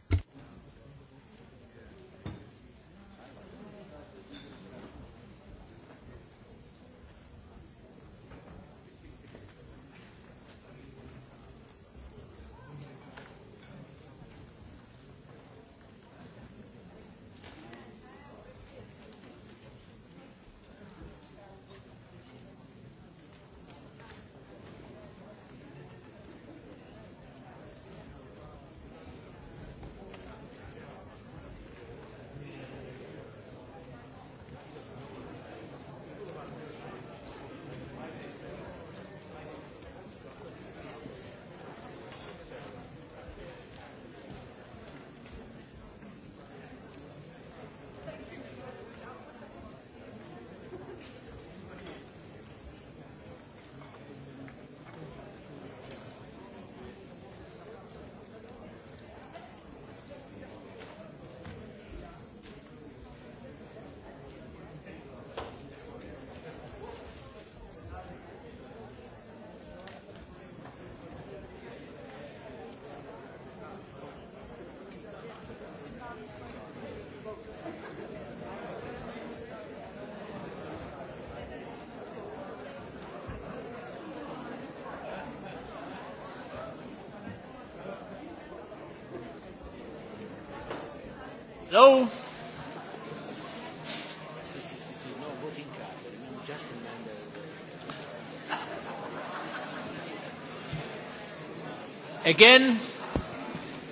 S1: Again,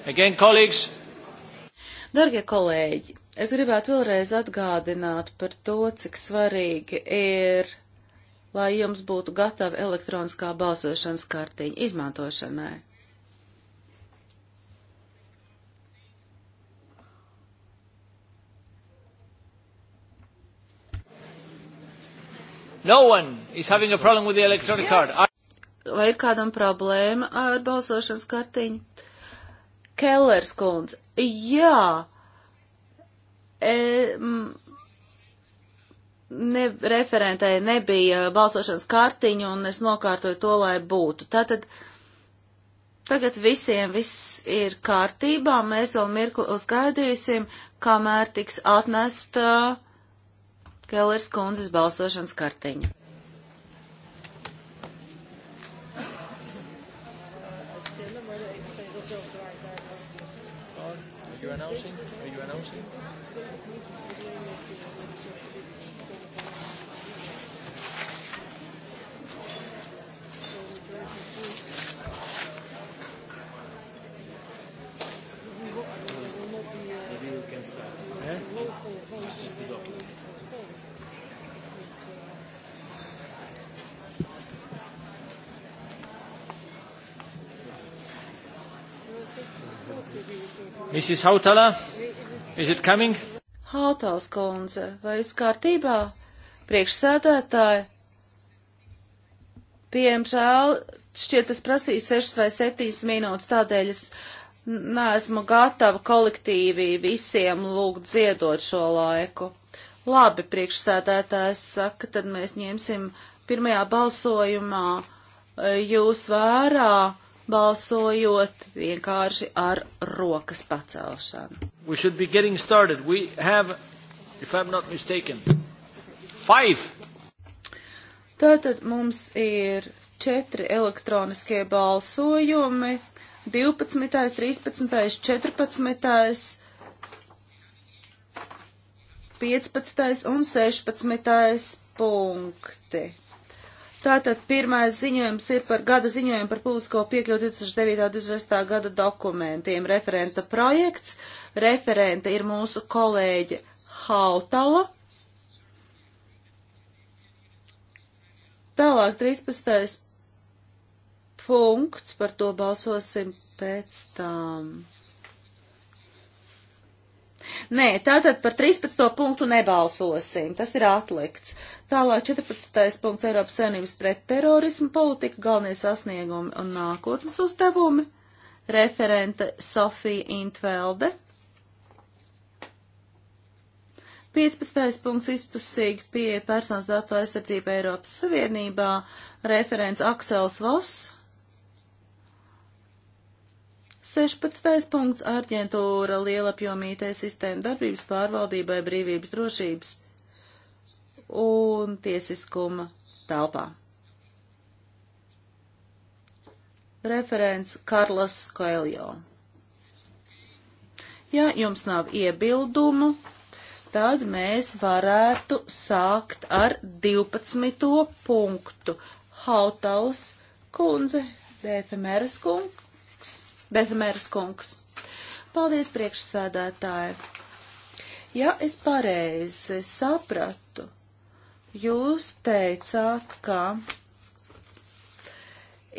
S1: again, colleagues.
S3: Dargie kolēģi, es gribētu vēlreiz atgādināt par to, cik svarīgi ir, lai jums būtu gatava elektroniskā balsošanas kartiņa izmantošanai.
S1: No one is having a problem with the electronic yes. card
S3: vai ir kādam problēma ar balsošanas kartiņu? Kellers kundze, jā, e, ne, referentē nebija balsošanas kartiņu un es nokārtoju to, lai būtu. Tātad tagad visiem viss ir kārtībā, mēs vēl mirkli uzgaidīsim, kamēr tiks atnesta Kellers kundzes balsošanas kartiņa.
S1: Mrs. Hautala, is it
S3: coming? Hautals kundze, vai viss kārtībā? Priekšsēdētāji, piemžēl, šķiet tas prasīs 6 vai 7 minūtes, tādēļ es neesmu gatava kolektīvi visiem lūgt ziedot šo laiku. Labi, priekšsēdētājs saka, tad mēs ņemsim pirmajā balsojumā eh, jūs vērā balsojot vienkārši ar rokas pacelšanu. Have, mistaken, Tātad mums ir četri elektroniskie balsojumi - 12., 13., 14. 15. un 16. punkti. Tātad pirmais ziņojums ir par gada ziņojumu par publisko piekļuvu 2009.-2006. gada dokumentiem. Referenta projekts. Referenta ir mūsu kolēģe Hautala. Tālāk 13. punkts, par to balsosim pēc tam. Nē, tātad par 13. punktu nebalsosim, tas ir atlikts. Tālāk 14. punkts Eiropas saimnības pretterorismu politika, galvenie sasniegumi un nākotnes uzdevumi. Referente Sofija Intvelde. 15. punkts izpusīgi pie personas datu aizsardzība Eiropas Savienībā, referents Aksels Voss. 16. punkts arģentūra lielapjomītē sistēma darbības pārvaldībai brīvības drošības un tiesiskuma telpā. Referents Karlas Koeljo. Ja jums nav iebildumu, tad mēs varētu sākt ar 12. punktu. Hautals kundze, Dēfemēras kungs, Dēfemēras kungs. Paldies priekšsēdētāji. Ja es pareizi sapratu, Jūs teicāt, ka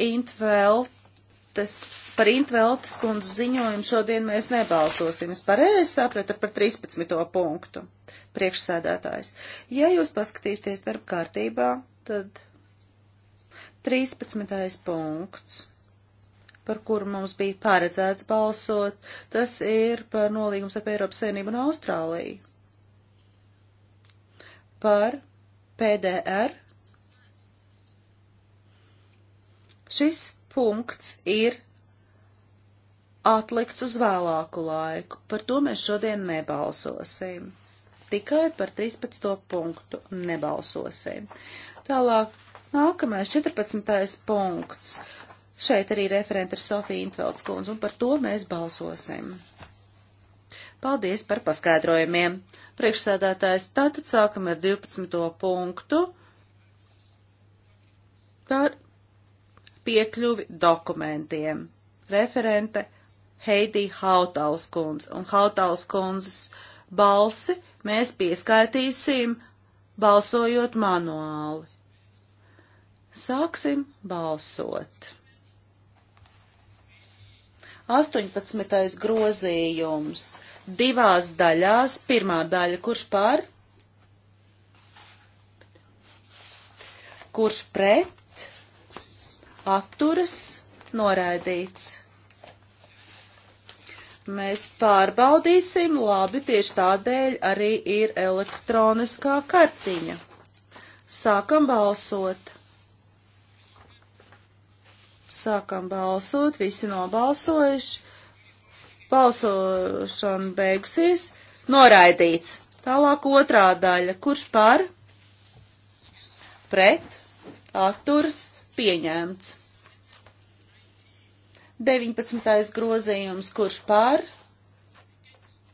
S3: Intveltes, par Intveltes kundzes ziņojumu šodien mēs nebalsosim. Es pareizi sapratu par 13. punktu priekšsēdētājs. Ja jūs paskatīsieties darba kārtībā, tad 13. punkts par kuru mums bija paredzēts balsot, tas ir par nolīgums ap Eiropas Savienību un Austrāliju. Par PDR. Šis punkts ir atlikts uz vēlāku laiku. Par to mēs šodien nebalsosim. Tikai par 13. punktu nebalsosim. Tālāk, nākamais 14. punkts. Šeit arī referenta ir Sofija Intvelds kundze, un par to mēs balsosim. Paldies par paskaidrojumiem. Priekšsēdētājs tātad sākam ar 12. punktu par piekļuvi dokumentiem. Referente Heidi Hautalskundz un Hautalskundzes balsi mēs pieskaitīsim, balsojot manuāli. Sāksim balsot. 18. grozījums divās daļās. Pirmā daļa, kurš par, kurš pret, atturas, noraidīts. Mēs pārbaudīsim, labi, tieši tādēļ arī ir elektroniskā kartiņa. Sākam balsot. Sākam balsot, visi nobalsojuši. Balsošana beigusies. Noraidīts. Tālāk otrā daļa. Kurš par? Pret. Atturs. Pieņemts. 19. grozījums. Kurš par?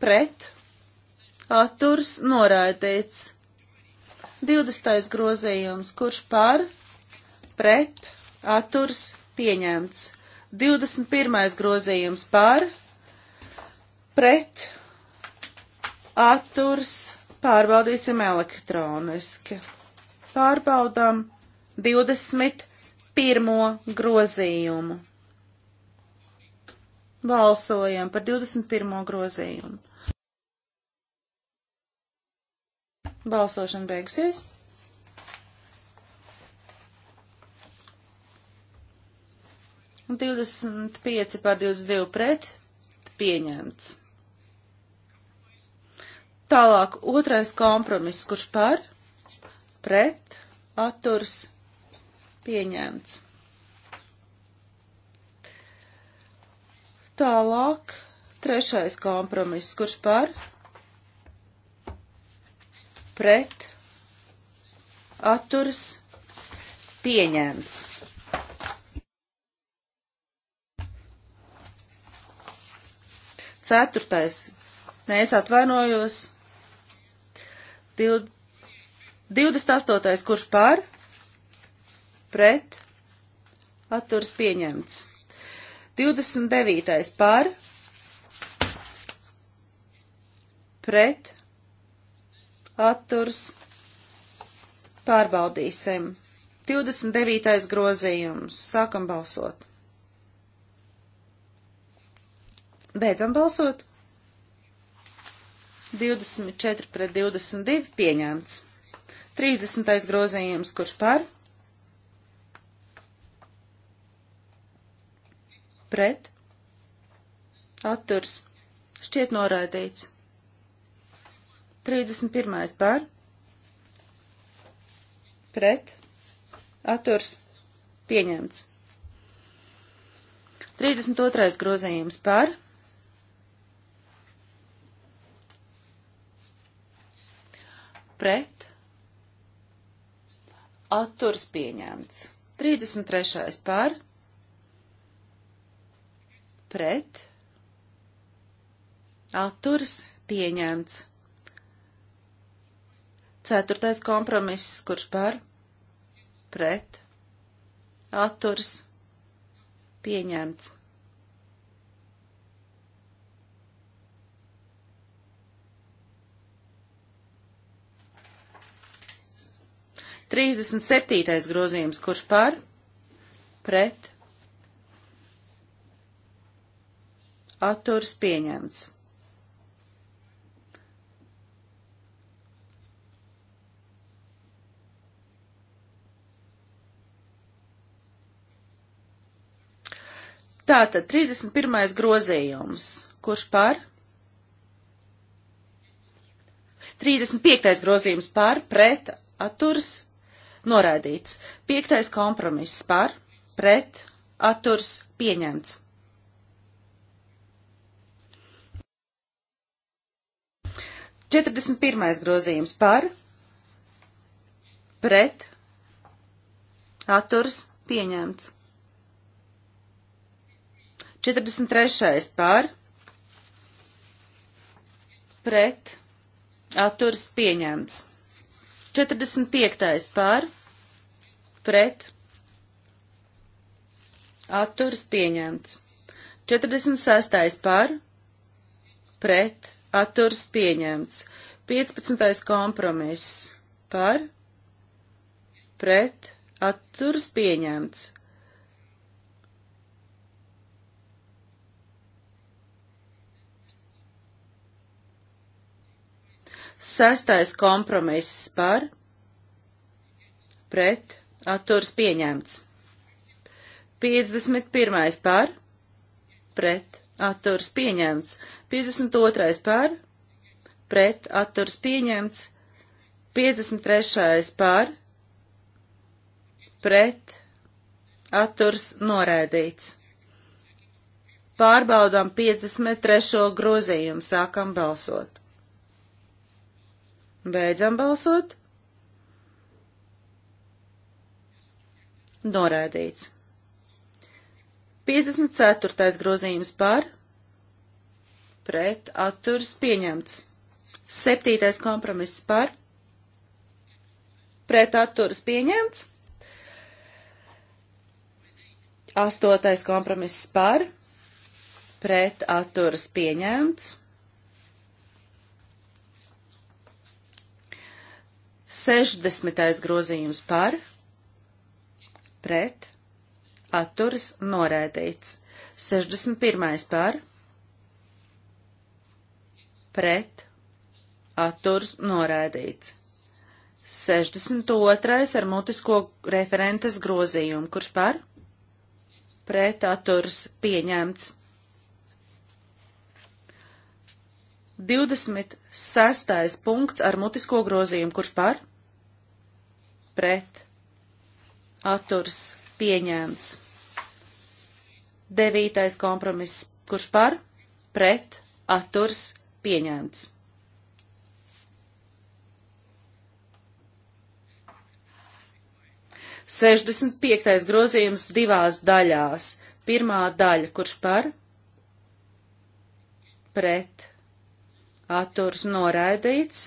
S3: Pret. Atturs. Noraidīts. 20. grozījums. Kurš par? Pret. Atturs. Pieņemts. 21. grozījums par? Pret pret atturs pārbaudīsim elektroniski. Pārbaudām 21. grozījumu. Balsojam par 21. grozījumu. Balsošana beigusies. Un 25 pār 22 pret pieņemts. Tālāk otrais kompromiss, kurš par, pret, atturs, pieņemts. Tālāk trešais kompromiss, kurš par, pret, atturs, pieņemts. Ceturtais. Nē, es atvainojos. 28. kurš par, pret, atturs pieņemts. 29. par, pret, atturs pārbaudīsim. 29. grozījums. Sākam balsot. Beidzam balsot. 24 pret 22 pieņemts. 30. grozījums, kurš par? Pret? Atturs. Šķiet noraidīts. 31. par? Pret? Atturs. Pieņemts. 32. grozījums par? pret, atturs pieņemts. 33. par, pret, atturs pieņemts. 4. kompromiss, kurš par, pret, atturs pieņemts. 37. grozījums, kurš par, pret, atturs pieņemts. Tātad 31. grozījums, kurš par? 35. grozījums par, pret, atturs, Noraidīts. Piektais kompromiss par, pret, atturs, pieņemts. Četrdesmit pirmais grozījums par, pret, atturs, pieņemts. 43. pār pret atturs pieņemts. 45. pār pret atturas pieņemts. 46. pār pret atturas pieņemts. 15. kompromiss par pret atturas pieņemts. Sastais kompromiss par, pret, atturs pieņemts. 51. par, pret, atturs pieņemts. 52. par, pret, atturs pieņemts. 53. par, pret, atturs noraidīts. Pārbaudām 53. grozījumu, sākam balsot. Beidzam balsot. Norādīts. 54. grozījums par, pret atturs pieņemts. 7. kompromiss par, pret atturs pieņemts. 8. kompromiss par, pret atturs pieņemts. 60. grozījums par, pret, atturas norēdīts. 61. par, pret, atturas norēdīts. 62. ar mutisko referentes grozījumu, kurš par, pret, atturas pieņemts. 26. punkts ar mutisko grozījumu, kurš par, pret, atturs, pieņemts. 9. kompromiss, kurš par, pret, atturs, pieņemts. Sešdesmit piektais grozījums divās daļās. Pirmā daļa, kurš par, pret, atturs noraidīts,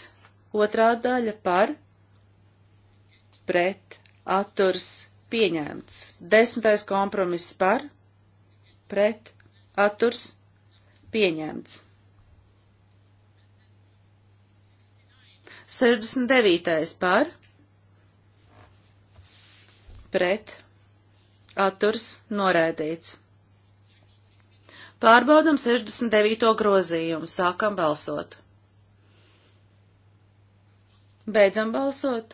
S3: otrā daļa par pret atturs pieņemts. Desmitais kompromiss par pret atturs pieņemts. 69. par pret atturs noraidīts. Pārbaudam 69. grozījumu, sākam balsot. Beidzam balsot.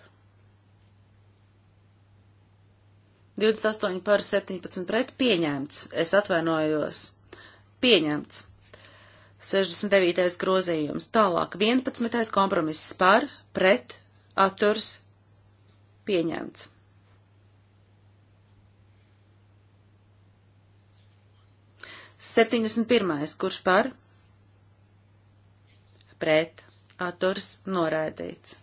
S3: 28 par 17 pret pieņemts. Es atvainojos. Pieņemts. 69. grozījums. Tālāk 11. kompromiss par, pret, atturs, pieņemts. 71. kurš par pret atturs noraidīts.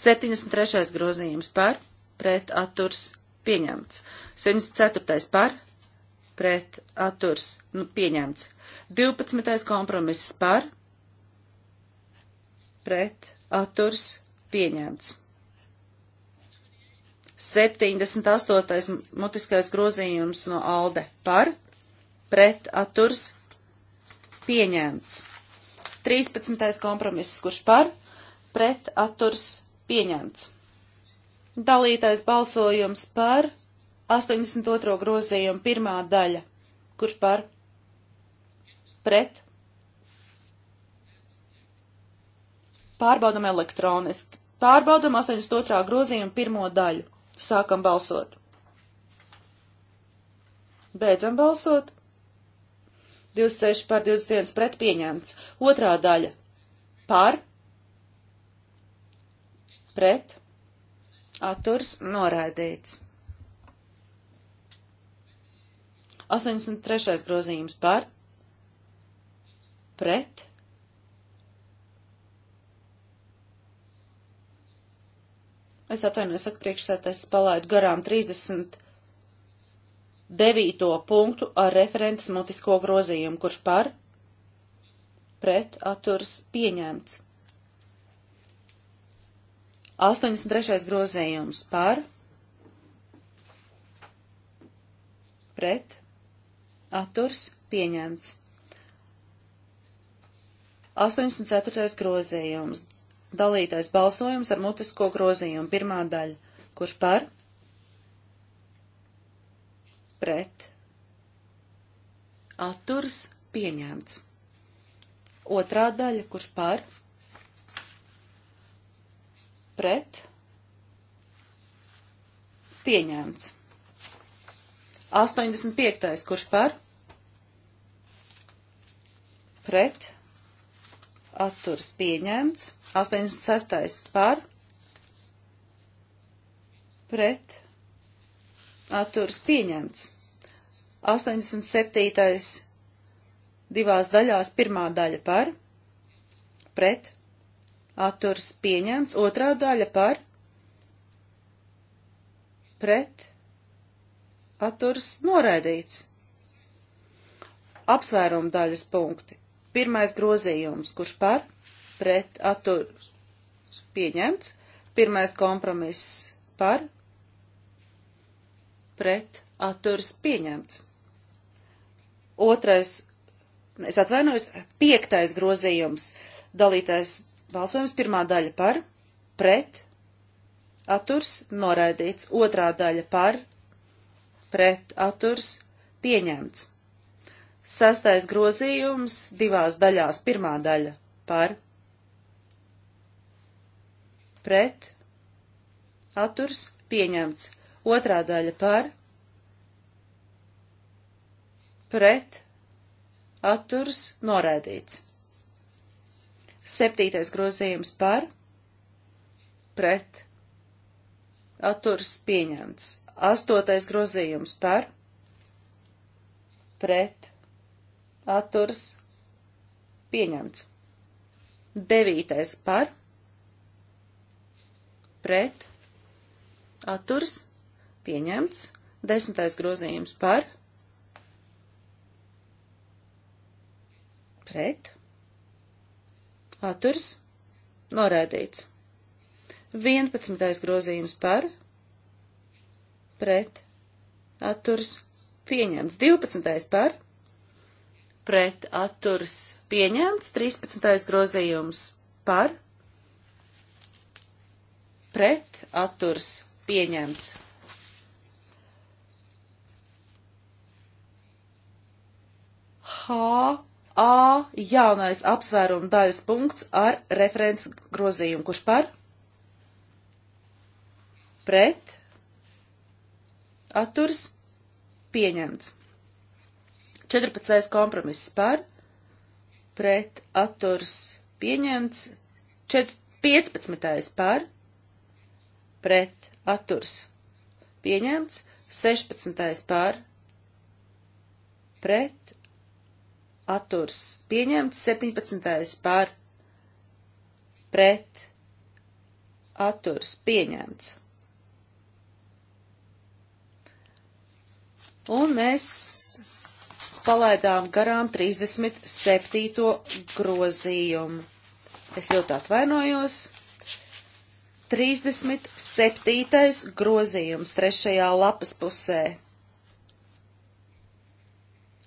S3: 73. grozījums par pret atturs pieņemts. 74. par pret atturs nu, pieņemts. 12. kompromiss par pret atturs pieņemts. 78. mutiskais grozījums no Alde par, pret atturs pieņemts. 13. kompromiss, kurš par, pret atturs pieņemts. Dalītais balsojums par 82. grozījumu pirmā daļa, kurš par, pret. Pārbaudam elektroniski. Pārbaudam 82. grozījumu pirmo daļu. Sākam balsot. Beidzam balsot. 26 par 21 pret pieņemts. Otrā daļa. Par. Pret. Atturs noraidīts. 83. grozījums par. Pret. Es atvainojos, saka priekšsētājs, palaidu garām 39. punktu ar referentes mutisko grozījumu, kurš par pret atturs pieņemts. 83. grozījums par pret atturs pieņemts. 84. grozījums dalītais balsojums ar mutisko grozījumu pirmā daļa. Kurš par? Pret. Atturs pieņemts. Otrā daļa, kurš par? Pret. Pieņemts. 85. kurš par? Pret atturas pieņemts, 86. par, pret, atturas pieņemts, 87. divās daļās pirmā daļa par, pret, atturas pieņemts, otrā daļa par, pret, atturas noraidīts. Apsvērumu daļas punkti. Pirmais grozījums, kurš par pret atturas pieņemts. Pirmais kompromiss par pret atturas pieņemts. Otrais, es atvainojos, piektais grozījums, dalītais balsojums, pirmā daļa par pret atturs noraidīts, otrā daļa par pret atturs pieņemts. Sastais grozījums divās daļās. Pirmā daļa par pret atturs pieņemts. Otrā daļa par pret atturs norēdīts. Septītais grozījums par pret atturs pieņemts. Astotais grozījums par pret atturs pieņemts. Devītais par pret atturs pieņemts. Desmitais grozījums par pret atturs norēdīts. Vienpadsmitais grozījums par pret atturs pieņemts. Divpadsmitais par pret pret atturs pieņemts, 13. grozījums par, pret atturs pieņemts. H, A, jaunais apsvērumu daļas punkts ar referents grozījumu, kurš par, pret atturs pieņemts. 14. kompromiss par, pret atturs pieņemts, 4, 15. par, pret atturs pieņemts, 16. par, pret atturs pieņemts, 17. par, pret atturs pieņemts. Un mēs palaidām garām 37. grozījumu. Es ļoti atvainojos. 37. grozījums trešajā lapas pusē.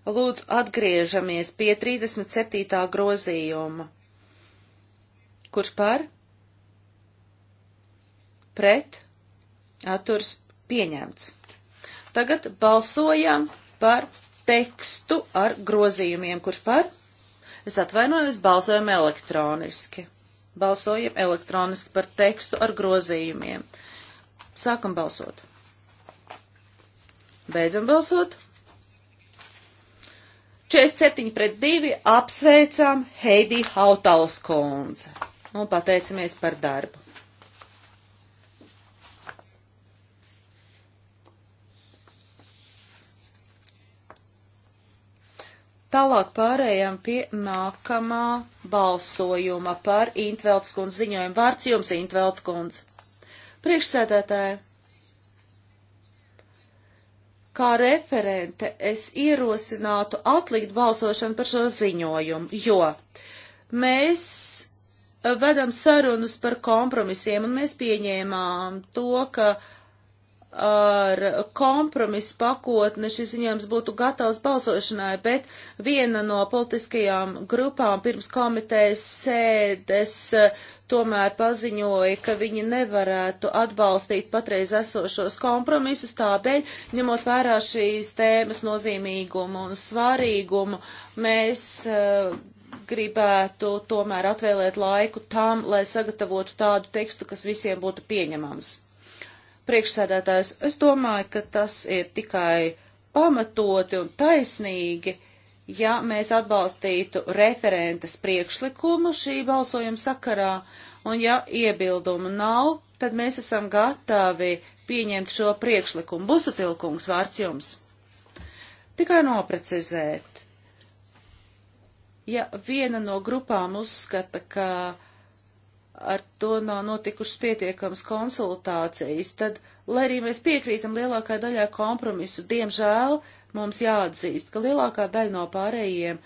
S3: Lūdzu, atgriežamies pie 37. grozījuma. Kurš par? Pret? Atturs pieņemts. Tagad balsojam par tekstu ar grozījumiem, kurš par? Es atvainojos, balsojam elektroniski. Balsojam elektroniski par tekstu ar grozījumiem. Sākam balsot. Beidzam balsot. 47 pret 2 apsveicām Heidi Hautalas kundze un pateicamies par darbu. Tālāk pārējām pie nākamā balsojuma par Intveltas kundz ziņojumu. Vārds jums, Intvelt kundz. Priekšsēdētāji, kā referente es ierosinātu atlikt balsošanu par šo ziņojumu, jo mēs vedam sarunas par kompromisiem un mēs pieņēmām to, ka uh, ar kompromisu pakotni šis ziņojums būtu gatavs balsošanai, bet viena no politiskajām grupām pirms komitejas sēdes eh, tomēr paziņoja, ka viņi nevarētu atbalstīt patreiz esošos kompromisus, tādēļ, ņemot vērā šīs tēmas nozīmīgumu un svarīgumu, mēs uh, gribētu tomēr atvēlēt laiku tam, lai sagatavotu tādu tekstu, kas visiem būtu pieņemams priekšsēdētājs, es domāju, ka tas ir tikai pamatoti un taisnīgi, ja mēs atbalstītu referentes priekšlikumu šī balsojuma sakarā, un ja iebildumu nav, tad mēs esam gatavi pieņemt šo priekšlikumu. Busutilkungs vārds jums. Tikai noprecizēt. Ja viena no grupām uzskata, ka ar to nav notikušas pietiekams konsultācijas, tad, lai arī mēs piekrītam lielākā daļā kompromisu, diemžēl mums jāatzīst, ka lielākā daļa no pārējiem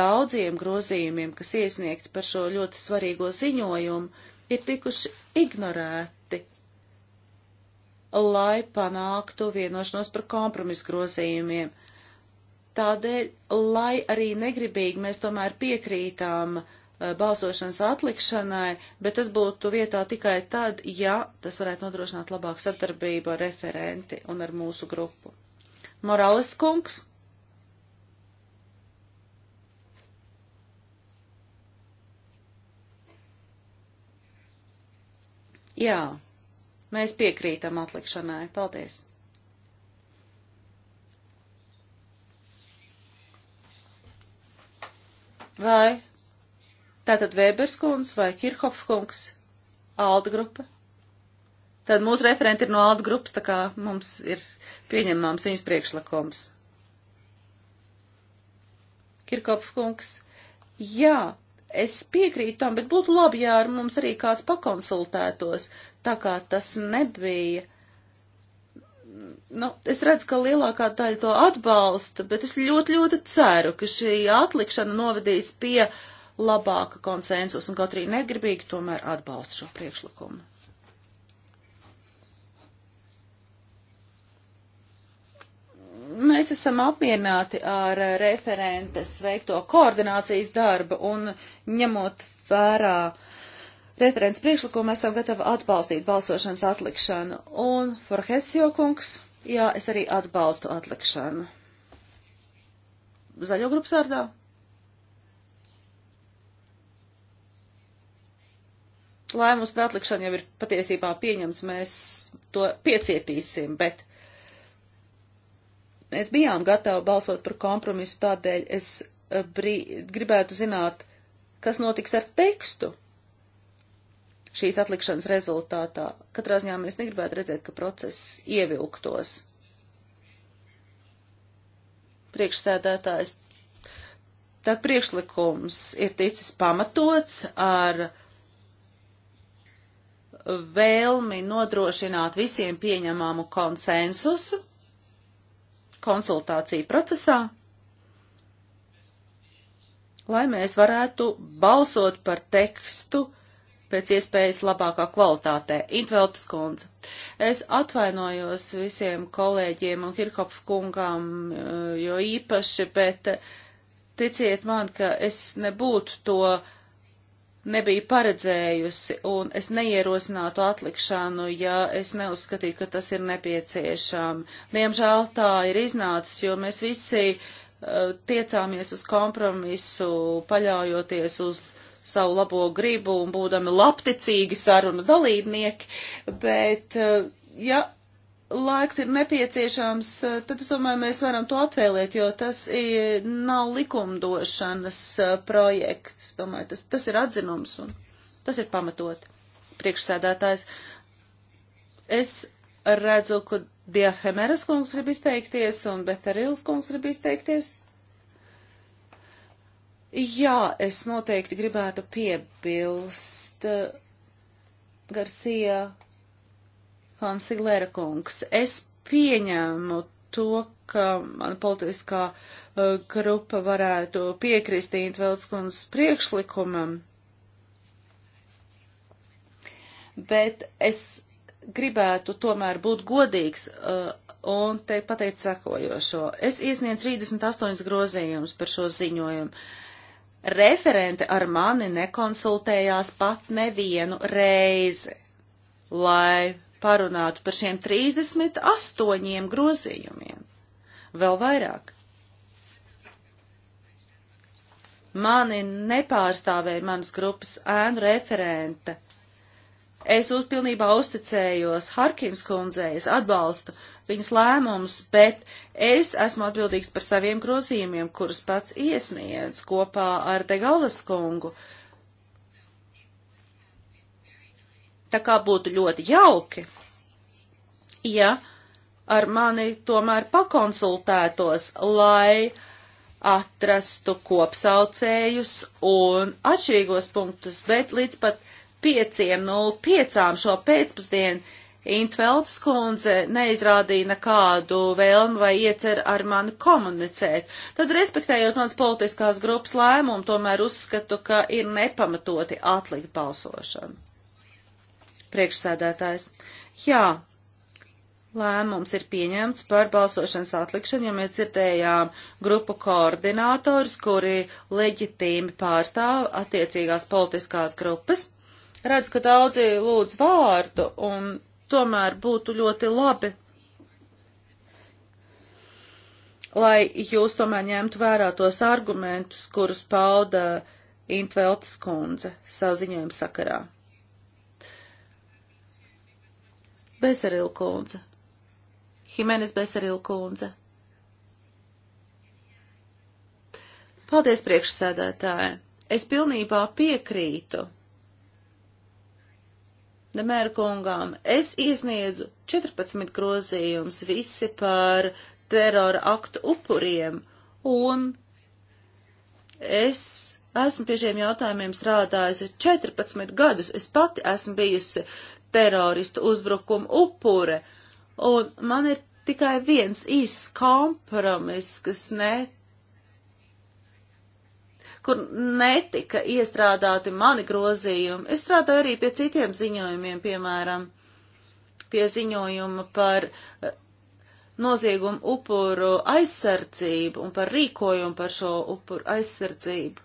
S3: daudziem grozījumiem, kas iesniegti par šo ļoti svarīgo ziņojumu, ir tikuši ignorēti, lai panāktu vienošanos par kompromisu grozījumiem. Tādēļ, lai arī negribīgi mēs tomēr piekrītām uh, Eh, balsošanas atlikšanai, bet tas būtu vietā tikai tad, ja tas varētu nodrošināt labāku sadarbību ar referenti un ar mūsu grupu. Morales kungs. Jā, mēs piekrītam atlikšanai. Paldies! Vai Tātad Vēberskunds vai Kirhopfkungs, Alda grupa. Tad mūsu referenti ir no Alda grupas, tā kā mums ir pieņemams viņas priekšlikums. Kirkopfkungs, jā, es piekrītu tam, bet būtu labi, ja ar mums arī kāds pakonsultētos, tā kā tas nebija. Nu, es redzu, ka lielākā daļa to atbalsta, bet es ļoti, ļoti ceru, ka šī atlikšana novedīs pie uh, labāka konsensus, un kaut arī negribīgi tomēr atbalsta šo priekšlikumu. Mēs esam apmierināti ar referentes veikto koordinācijas darbu un ņemot vērā referents priekšlikumu, esam gatavi atbalstīt balsošanas atlikšanu. Un Forhesio kungs, jā, es arī atbalstu atlikšanu. Zaļo grupas vārdā? lēmums par atlikšanu jau ir patiesībā pieņemts, mēs to piecietīsim, bet mēs bijām gatavi balsot par kompromisu, tādēļ es eh, brī, gribētu zināt, kas notiks ar tekstu šīs atlikšanas rezultātā. Katrā ziņā mēs negribētu redzēt, ka process ievilktos. Priekšsēdētājs. Tad priekšlikums ir ticis pamatots ar vēlmi nodrošināt visiem pieņemamu konsensusu konsultāciju procesā, lai mēs varētu balsot par tekstu pēc iespējas labākā kvalitātē. Intveltas kundze, es atvainojos visiem kolēģiem un Kirkopf kungām, jo īpaši, bet ticiet man, ka es nebūtu to uh, nebija paredzējusi, un es neierosinātu atlikšanu, ja es neuzskatītu, ka tas ir nepieciešām. Diemžēl tā ir iznācis, jo mēs visi uh, tiecāmies uz kompromisu, paļaujoties uz savu labo gribu un būdami labticīgi sarunu dalībnieki, bet, uh, ja laiks ir nepieciešams, eh, tad es domāju, mēs varam to atvēlēt, jo tas ir, nav likumdošanas eh, projekts. Domāju, tas, tas ir atzinums un tas ir pamatot. Priekšsēdētājs, es redzu, kur Diahemeras kungs grib izteikties un Beterils kungs grib izteikties. Jā, es noteikti gribētu piebilst eh, Garcia Hansiglēra kungs. Es pieņēmu to, ka mana politiskā uh, grupa varētu piekrist Intveldskundas priekšlikumam, bet es gribētu tomēr būt godīgs uh, un te pateikt sakojošo. Es iesniedzu 38 grozījumus par šo ziņojumu. Referente ar mani nekonsultējās pat nevienu reizi, lai parunātu par šiem 38 grozījumiem. Vēl vairāk. Mani nepārstāvēja manas grupas ēnu referente. Es uzpilnībā uzticējos Harkins kundzei, es atbalstu viņas lēmumus, bet es esmu atbildīgs par saviem grozījumiem, kurus pats iesniedz kopā ar Degalas kungu. Uh, Tā kā būtu ļoti jauki, ja ar mani tomēr pakonsultētos, lai atrastu kopsaucējus un atšķirīgos punktus, bet līdz pat 5.05 šo pēcpusdienu Intveldes kundze neizrādīja nekādu vēlmu vai ieceru ar mani komunicēt. Tad, respektējot mans politiskās grupas lēmumu, tomēr uzskatu, ka ir nepamatoti atlikt balsošanu. Priekšsēdētājs. Jā, lēmums ir pieņemts par balsošanas atlikšanu, jo ja mēs dzirdējām grupu koordinātors, kuri leģitīmi pārstāv attiecīgās politiskās grupas. Redz, ka daudzi lūdz vārdu, un tomēr būtu ļoti labi, lai jūs tomēr ņemtu vērā tos argumentus, kurus pauda Intveltas kundze savu ziņojumu sakarā. Beserilkundze. Himenes Beserilkundze. Paldies, priekšsēdētāji. Es pilnībā piekrītu. Demēra kungām, es iesniedzu 14 grozījumus visi par terora aktu upuriem, un es esmu pie šiem jautājumiem strādājusi 14 gadus. Es pati esmu bijusi uh, teroristu uzbrukumu upure. Un man ir tikai viens īsts kompromiss, kas ne, kur netika iestrādāti mani grozījumi. Es strādāju arī pie citiem ziņojumiem, piemēram, pie ziņojuma par eh, noziegumu upuru aizsardzību un par rīkojumu par šo upuru aizsardzību.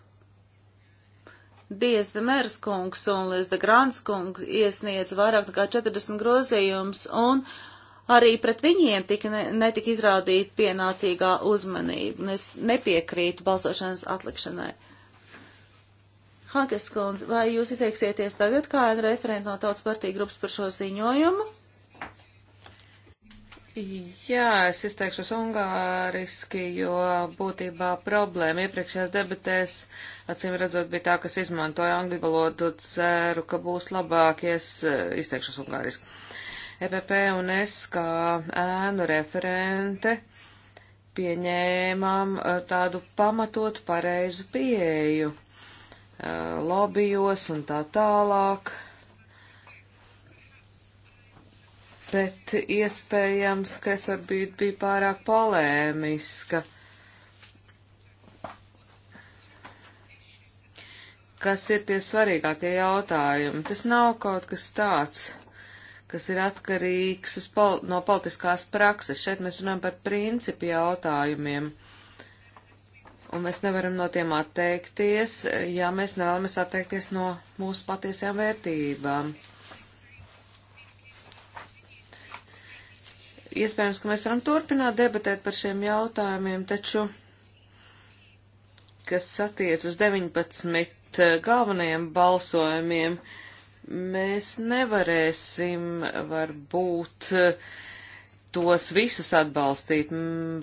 S3: Diez de Mers kungs un Lies de Grants kungs iesniedz vairāk nekā 40 grozījums, un arī pret viņiem tika ne, netika izrādīta pienācīgā uzmanība, un es nepiekrītu balsošanas atlikšanai. Hankes kundze, vai jūs izteiksieties tagad kā referenta no Tautas partija grupas par šo ziņojumu?
S1: Jā, es izteikšos ungāriski, jo būtībā problēma iepriekšējās debatēs, acīm redzot, bija tā, kas izmantoja angļu valodu, ceru, ka būs labāk, ja es eh, izteikšos ungāriski. EPP un es kā ēnu referente pieņēmām eh, tādu pamatotu pareizu pieeju eh, lobijos un tā tālāk bet iespējams, ka es varbūt biju pārāk polēmiska. Kas ir tie svarīgākie jautājumi? Tas nav kaut kas tāds, kas ir atkarīgs pol no politiskās prakses. Šeit mēs runājam par principu jautājumiem. Un mēs nevaram no tiem atteikties, ja mēs nevēlamies atteikties no mūsu patiesajām vērtībām. Uh, Iespējams, ka mēs varam turpināt debatēt par šiem jautājumiem, taču, kas attiec uz 19 eh, galvenajiem balsojumiem, mēs nevarēsim varbūt eh, tos visus atbalstīt.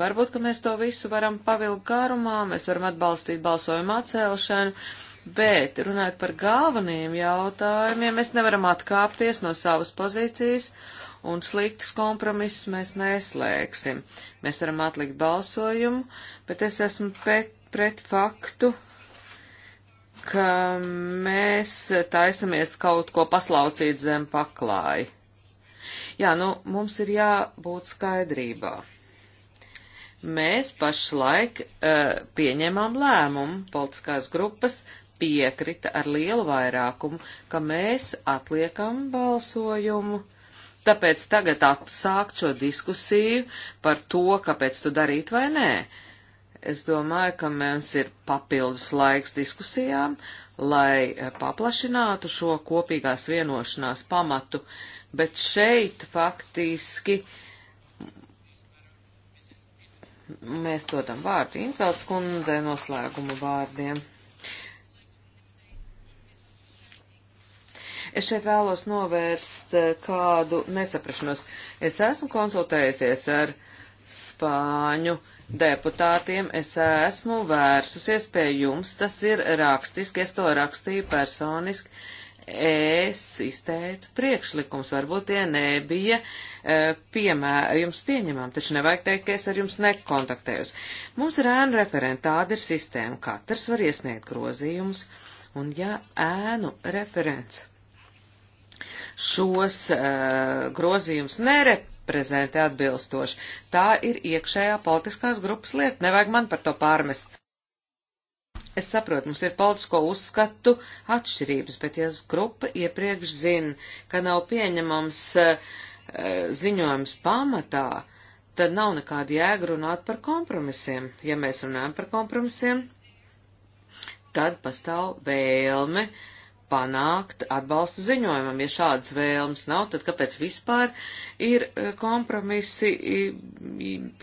S1: Varbūt, ka mēs to visu varam pavilkt garumā, mēs varam atbalstīt balsojumu atcelšanu, bet runājot par galvenajiem jautājumiem, mēs nevaram atkāpties no savas pozīcijas. Uh, un sliktus kompromisus mēs neslēgsim. Mēs varam atlikt balsojumu, bet es esmu pret, pret faktu, ka mēs taisamies kaut ko paslaucīt zem paklāji. Jā, nu, mums ir jābūt skaidrībā. Mēs pašlaik uh, pieņemam lēmumu, politiskās grupas piekrita ar lielu vairākumu, ka mēs atliekam balsojumu Tāpēc tagad atsākt šo diskusiju par to, kāpēc tu darīt vai nē. Es domāju, ka mums ir papildus laiks diskusijām, lai eh, paplašinātu šo kopīgās vienošanās pamatu, bet šeit faktiski mēs dodam vārdu Infelds kundze noslēguma vārdiem. Es šeit vēlos novērst eh, kādu nesaprašanos. Es esmu konsultējusies ar Spāņu deputātiem, es esmu vērsusies pie jums, tas ir rakstiski, es to rakstīju personiski. Es izteicu priekšlikums, varbūt tie nebija eh, piemē, jums pieņemam, taču nevajag teikt, ka es ar jums nekontaktējos. Mums ir ēnu referenta, tāda ir sistēma, katrs var iesniegt grozījumus, un ja ēnu referents šos uh, grozījumus nereprezentē atbilstoši. Tā ir iekšējā politiskās grupas lieta, nevajag man par to pārmest. Es saprotu, mums ir politisko uzskatu atšķirības, bet ja grupa iepriekš zina, ka nav pieņemams uh, ziņojums pamatā, tad nav nekāda jēga runāt par kompromisiem. Ja mēs runājam par kompromisiem, tad pastāv vēlme uh, panākt atbalstu ziņojumam. Ja šādas vēlmes nav, tad kāpēc vispār ir e, kompromisi,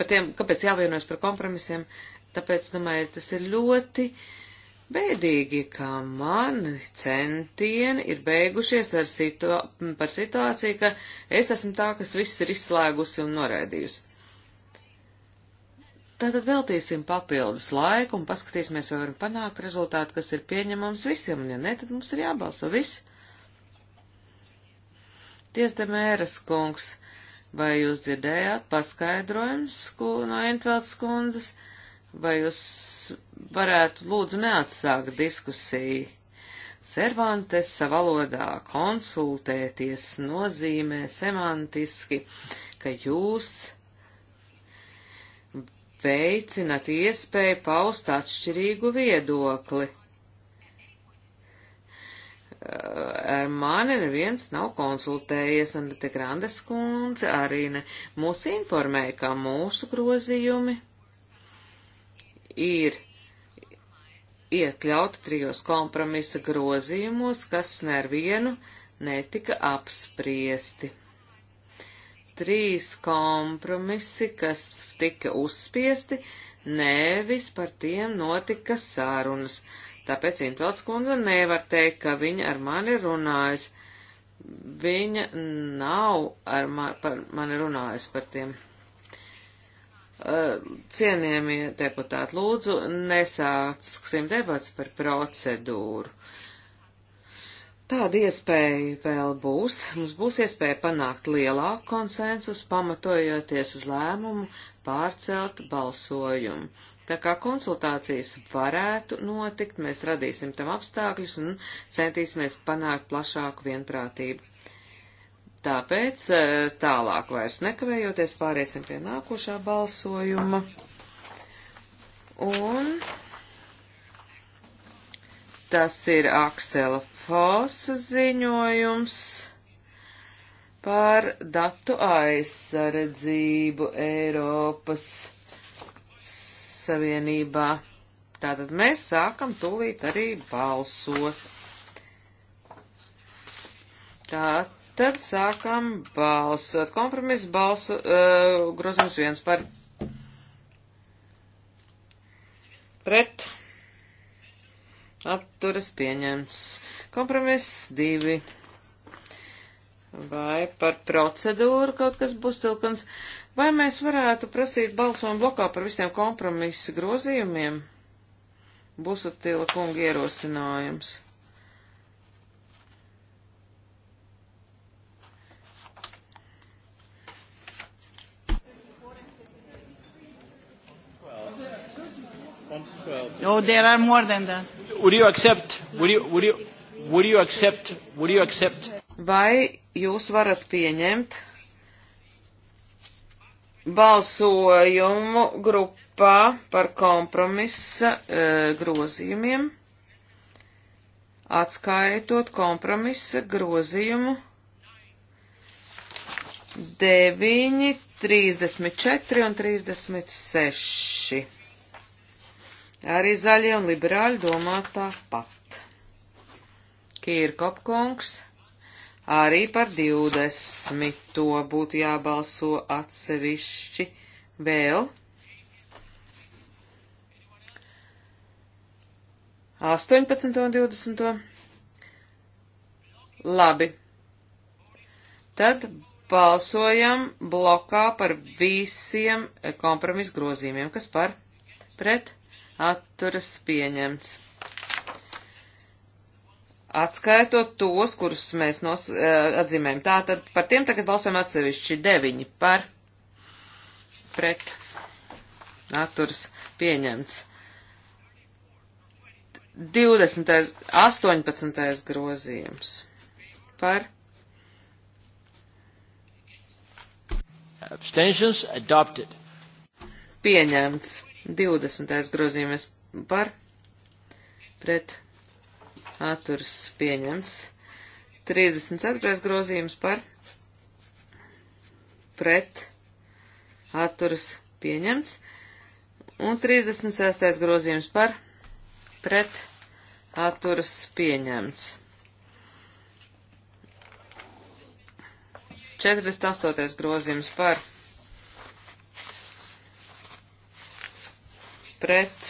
S1: par tiem, kāpēc jāvienojas par kompromisiem? Tāpēc, domāju, tas ir ļoti bēdīgi, ka mani centieni ir beigušies ar situā par situāciju, ka es esmu tā, kas viss ir izslēgusi un noraidījusi. Tātad veltīsim papildus laiku un paskatīsimies, vai varam panākt rezultātu, kas ir pieņemams visiem, un ja ne, tad mums ir jābalso viss. Tiesdemēras kungs, vai jūs dzirdējāt paskaidrojums no Entveltas kundzes, vai jūs varētu lūdzu neatsākt diskusiju? Cervantesa valodā konsultēties nozīmē semantiski, ka jūs veicinat iespēju paust atšķirīgu viedokli. Ar mani neviens nav konsultējies, un te Grandes kundze arī ne. Mūs informēja, ka mūsu grozījumi ir iekļauti trijos kompromisa grozījumos, kas nevienu netika apspriesti trīs kompromisi, kas tika uzspiesti, nevis par tiem notika sārunas. Tāpēc Intvalds kundze nevar teikt, ka viņa ar mani runājas. Viņa nav ar ma par mani runājas par tiem. Uh, cienījamie deputāti, lūdzu, nesāksim debats par procedūru. Tāda iespēja vēl būs. Mums būs iespēja panākt lielāku konsensus, pamatojoties uz lēmumu pārcelt balsojumu. Tā kā konsultācijas varētu notikt, mēs radīsim tam apstākļus un centīsimies panākt plašāku vienprātību. Tāpēc eh, tālāk vairs nekavējoties pāriesim pie nākošā balsojuma. Un tas ir Aksela Fosa ziņojums par datu aizsardzību Eiropas Savienībā. Tātad mēs sākam tūlīt arī balsot. Tātad sākam balsot. Kompromiss balsu, uh, grozījums viens par pret apturas pieņems. Kompromiss divi. Vai par procedūru kaut kas būs tilkans? Vai mēs varētu prasīt balsojumu blokā par visiem kompromisu grozījumiem? Busatila kunga ierosinājums. No, there are more than that.
S2: Would you accept? Would you? Would you? Would you accept, would you accept?
S1: Vai jūs varat pieņemt balsojumu grupā par kompromisa e, grozījumiem, atskaitot kompromisa grozījumu 9, 34 un 36. Arī zaļie un liberāļi domā tāpat. Kirkopkungs. Arī par 20. būtu jābalso atsevišķi vēl. 18. un 20. Labi. Tad balsojam blokā par visiem kompromisu grozījumiem, kas par pret atturas pieņemts atskaitot tos, kurus mēs nos, eh, atzīmējam. Tātad par tiem tagad balsojam atsevišķi deviņi par pret atturs pieņemts. 20. 18. grozījums par Abstentions adopted. Pieņemts. 20. grozījums par pret atturs pieņemts. 34. grozījums par pret atturs pieņemts. Un 36. grozījums par pret atturs pieņemts. 48. grozījums par pret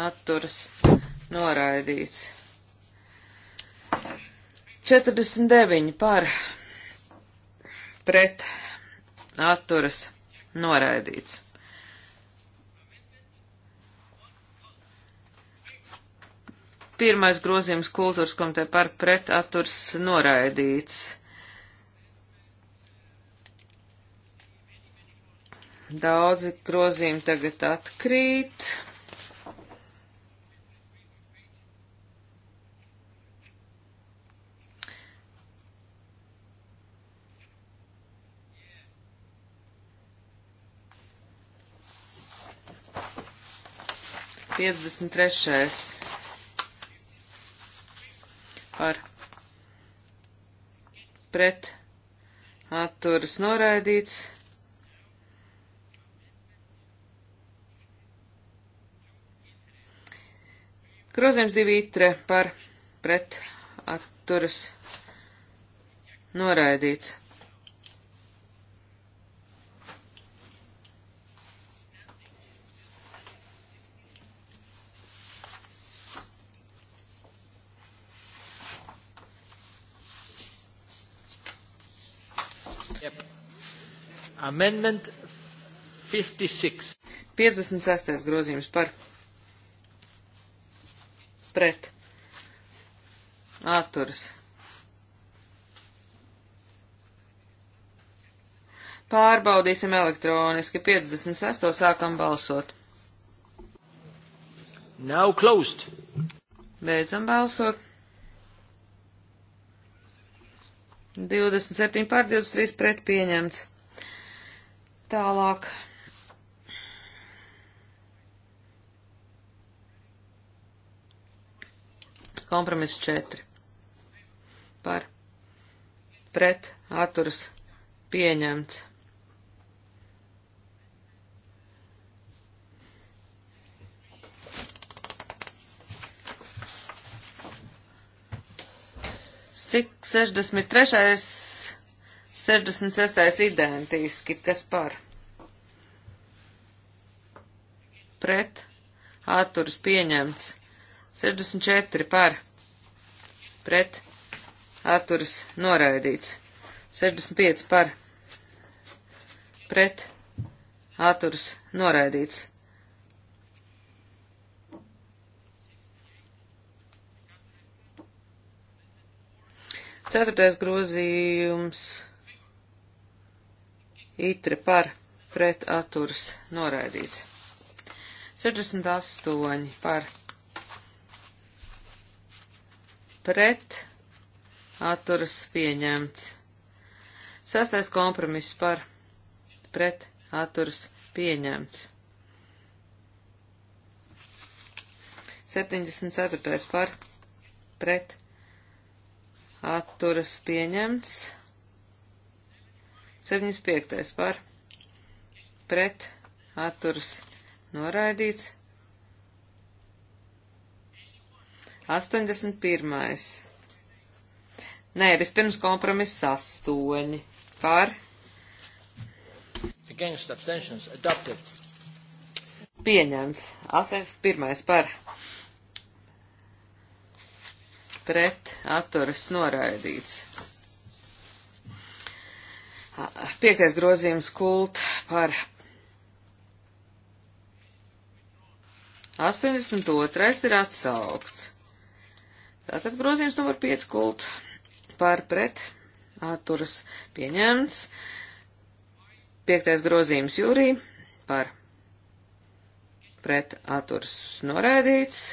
S1: atturas noraidīts. 49 par pret atturas noraidīts. Pirmais grozījums kultūras komitē par pret atturs noraidīts. Daudzi grozījumi tagad atkrīt. 53. par pret atturas noraidīts. Grozījums divi itre par pret atturas noraidīts. Yep. Amendment 56. 56. grozījums par pret atturas. Pārbaudīsim elektroniski. 56. sākam balsot. Now closed. Beidzam balsot. 27 pār 23 pret pieņemts. Tālāk. Kompromiss 4. Par. Pret. Atturas. Pieņemts. Cik 63. 66. identiski, kas par? Pret. Atturas pieņemts. 64 par. Pret. Atturas noraidīts. 65 par. Pret. Atturas noraidīts. Ceturtais grozījums itre par pret atturs noraidīts. 68 par pret atturs pieņemts. Sastais kompromiss par pret atturs pieņemts. 74. par pret atturas pieņemts. 75. par pret atturas noraidīts. 81. Nē, vispirms kompromiss 8 par. Against abstentions adopted. Pieņemts. 81. par pret atturas noraidīts. Piektais grozījums kult par 82. ir atsaukts. Tātad grozījums numur 5 kult par pret atturas pieņemts. Piektais grozījums jūrī par pret atturas noraidīts.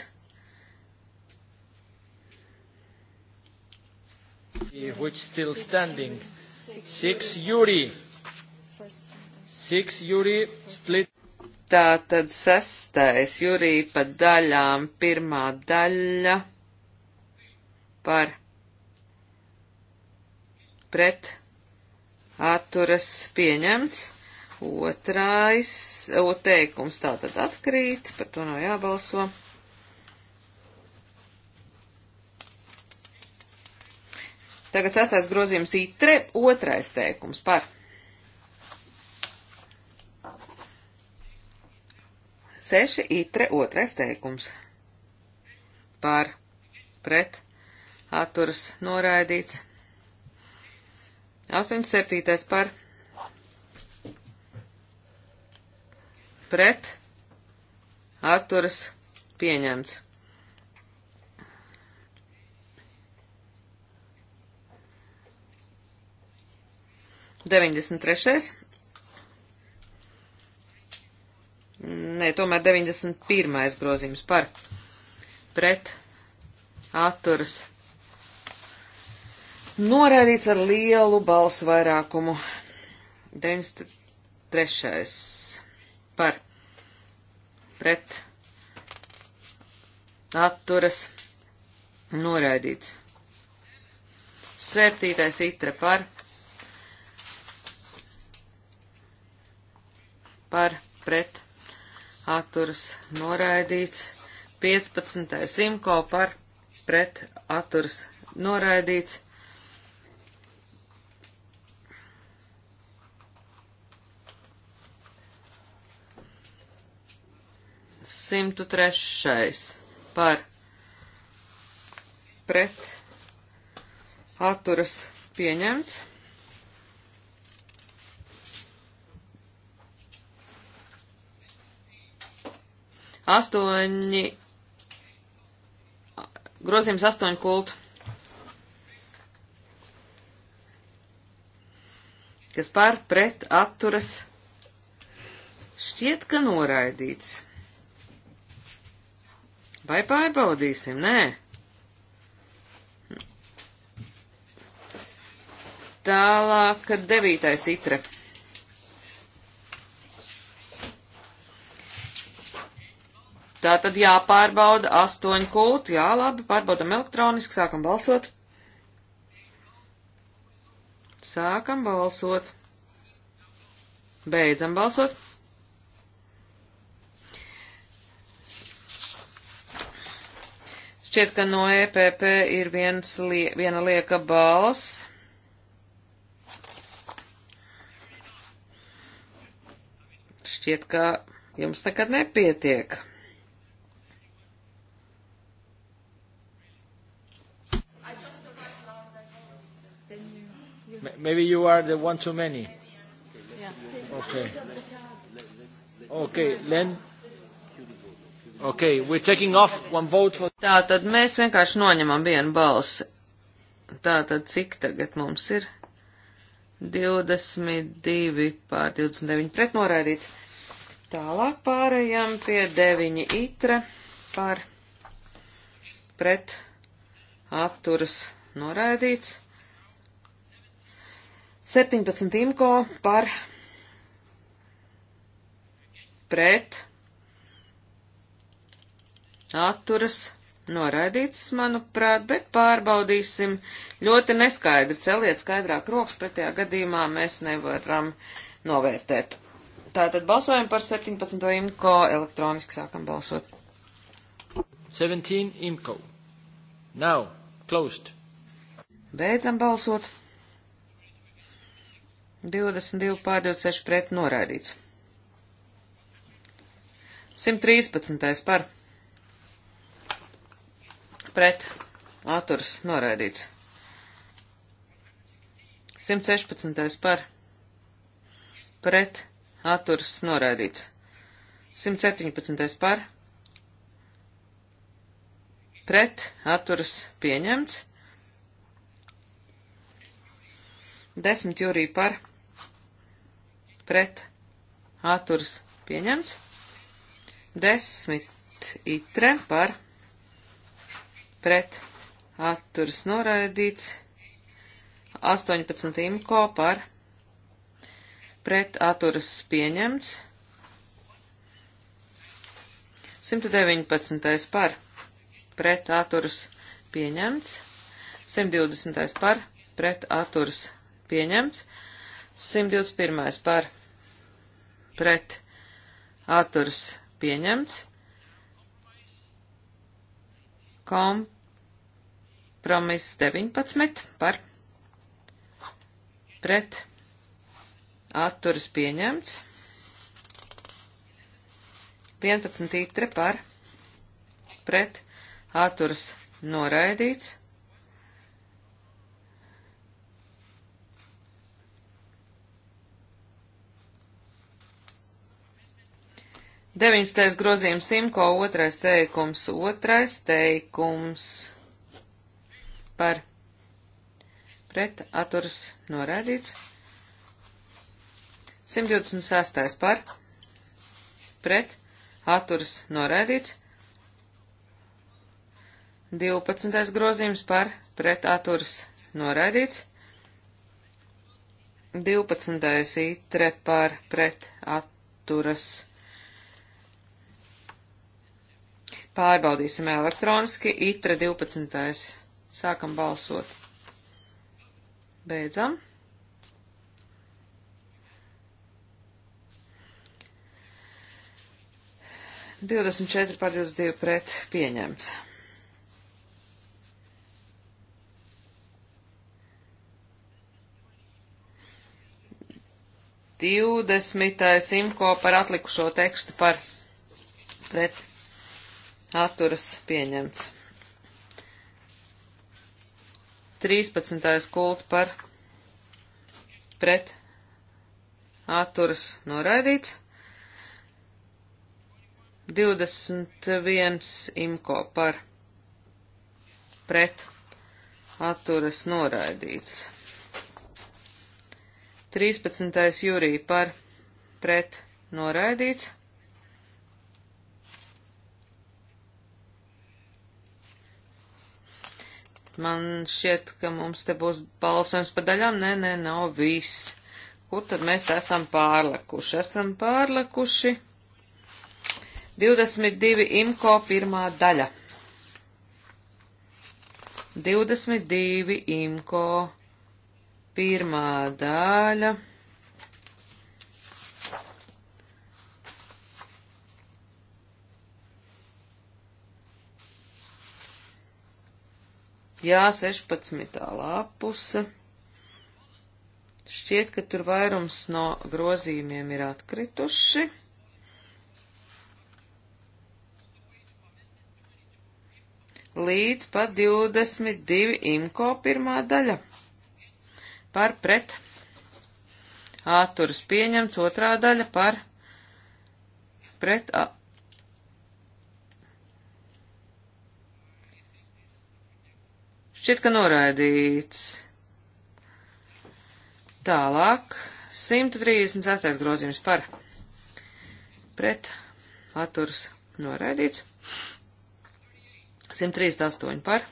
S3: Which still standing. Six Yuri. Six
S1: Yuri split. Tātad sestais jūrī pa daļām pirmā daļa par pret atturas pieņemts, otrais, o teikums tātad atkrīt, par to nav jābalso. Tagad sastais grozījums itre, otrais teikums par. Seši itre, otrais teikums par, pret, atturas noraidīts. 87. par, pret, atturas pieņemts. 93. Nē, tomēr 91. grozījums par pret atturas. Norēdīts ar lielu balsu vairākumu. 93. par pret atturas noraidīts. Septītais itra par par pret atturas noraidīts, 15. simko par pret atturas noraidīts. Simtu trešais par pret atturas pieņemts. Astoņi, grozījums astoņu kultu. Kas par pret atturas šķiet, ka noraidīts. Vai pārbaudīsim? Nē. Tālāk, kad devītais itre Tā tad jāpārbauda astoņu kultu. Jā, labi, pārbaudam elektroniski, sākam balsot. Sākam balsot. Beidzam balsot. Šķiet, ka no EPP ir viens, lie, viena lieka balss. Šķiet, ka jums nekad nepietiek.
S2: Maybe you are the one too many.
S3: Okay. Okay, then. Okay, we're taking off
S1: one vote for. Tātad mēs vienkārši noņemam vienu balsi. Tātad cik tagad mums ir? 22 pār 29 pret noraidīts. Tālāk pārējām pie 9 itra pār pret atturas noraidīts. 17 imko par pret atturas noraidīts, manuprāt, bet pārbaudīsim. Ļoti neskaidri celiet skaidrāk rokas, pretējā gadījumā mēs nevaram novērtēt. Tātad balsojam par 17. imko, elektroniski sākam balsot. 17 imko. Now, closed. Beidzam balsot. 22 pār 26 pret noraidīts. 113. par pret atturas noraidīts. 116. par pret atturas noraidīts. 117. par pret atturas pieņemts. 10 jūrī par pret pret atturs pieņemts. Desmit itre par pret atturs noraidīts. 18 imko par pret atturs pieņemts. 119. par pret atturas pieņemts, 120. par pret atturas pieņemts, 121. par pret atturs pieņemts. Kompromiss 19 par pret atturs pieņemts. 11 itre par pret atturs noraidīts. 19. grozījums Simko, otrais teikums, otrais teikums par pret atturas norādīts. 126. par pret atturas norādīts. 12. grozījums par pret atturas norādīts. 12. itre par pret atturas norādīts. Pārbaudīsim elektroniski. Itra 12. Sākam balsot. Beidzam. Divdesmit četri par divdesmit divi pret pieņemts. Divdesmitais imko par atlikušo tekstu par pret atturas pieņemts. 13. kult par pret atturas noraidīts. 21 imko par pret atturas noraidīts. 13. jūrī par pret noraidīts. Man šķiet, ka mums te būs balsojums pa daļām. Nē, nē, nav viss. Kur tad mēs esam pārlekuši? Esam pārlekuši 22 imko pirmā daļa. 22 imko pirmā daļa. Jā, 16. lapuse. Šķiet, ka tur vairums no grozījumiem ir atkrituši. Līdz pat 22 imko pirmā daļa. Par pret. Āturas pieņemts otrā daļa par pret. A Šķiet, ka noraidīts. Tālāk, 136. grozījums par pret atturs noraidīts. 138 par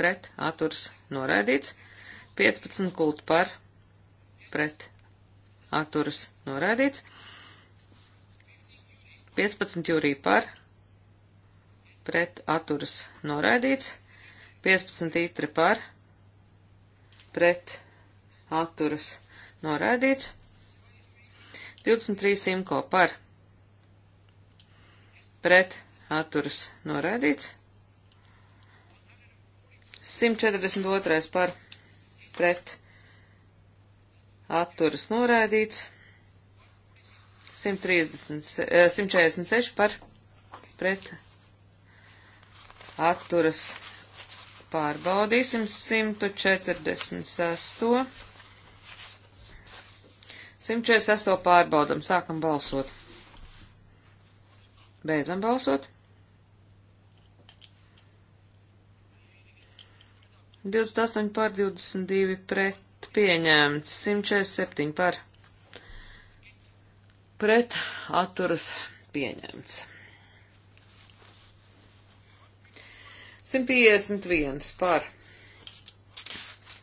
S1: pret atturs noraidīts. 15 kultu par pret atturs noraidīts. 15 jūrī par pret atturs noraidīts. 15 itri par, pret, atturas, noraidīts. 23 simko par, pret, atturas, noraidīts. 142 par, pret, atturas, noraidīts. 130, 146 eh, par, pret, atturas, noraidīts Pārbaudīsim 146. 148 pārbaudam, sākam balsot. Beidzam balsot. 28 pār 22 pret pieņēmts, 147 pār pret atturas pieņemts. 151 par.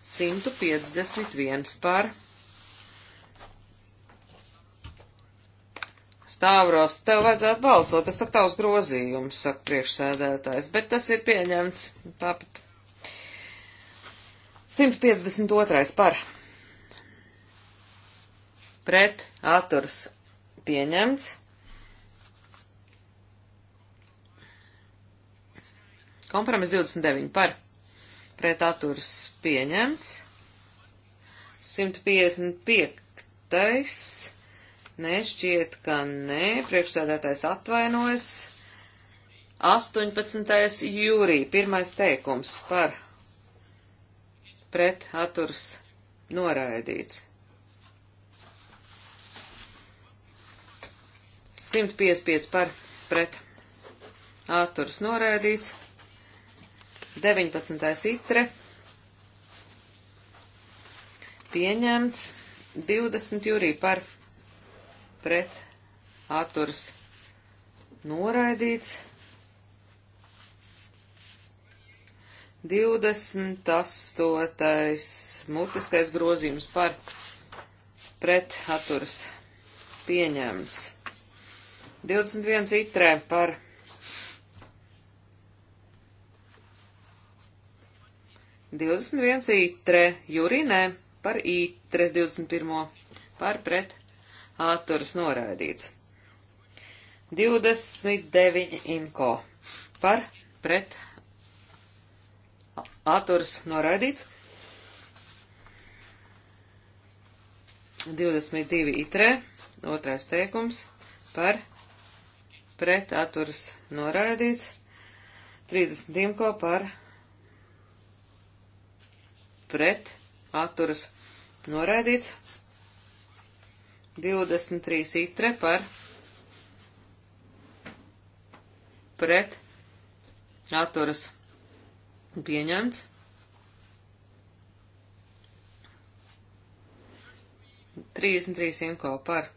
S1: 151 par. Stāvros, tev vajadzētu balsot, tas tak tavs grozījums, saka priekšsēdētājs, bet tas ir pieņemts. Tāpat. 152 par. Pret atturs pieņemts. Kompromis 29 par pret atturs pieņemts. 155. Nešķiet, ka nē. Priekšsēdētājs atvainojas. 18. jūrī. Pirmais teikums par pret atturs noraidīts. 155 par pret atturs noraidīts. 19. itre pieņemts, 20 jūrī par pret atturs noraidīts, 28. mutiskais grozījums par pret atturs pieņemts, 21 itrē par pret 21 itre, jurinē par itres 21, par pret atturas noraidīts. 29 imko par pret atturas noraidīts. 22 itre, otrais teikums par pret atturas noraidīts. 30 imko par pret pret atturas noraidīts. 23 itre par pret atturas pieņemts. 33 imko par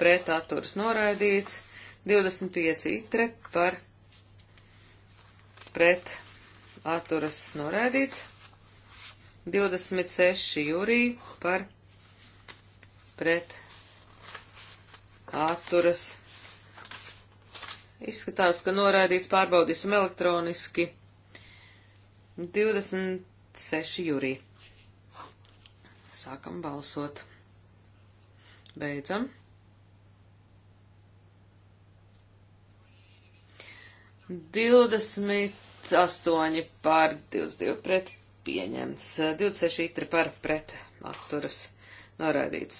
S1: pret atturas noraidīts. 25 itre par pret atturas noraidīts. 26 jūrī par pret atturas. Izskatās, ka noraidīts pārbaudīsim elektroniski. 26 jūrī. Sākam balsot. Beidzam. 20 28 par 22 pret pieņemts, 26 itri par pret atturas noraidīts,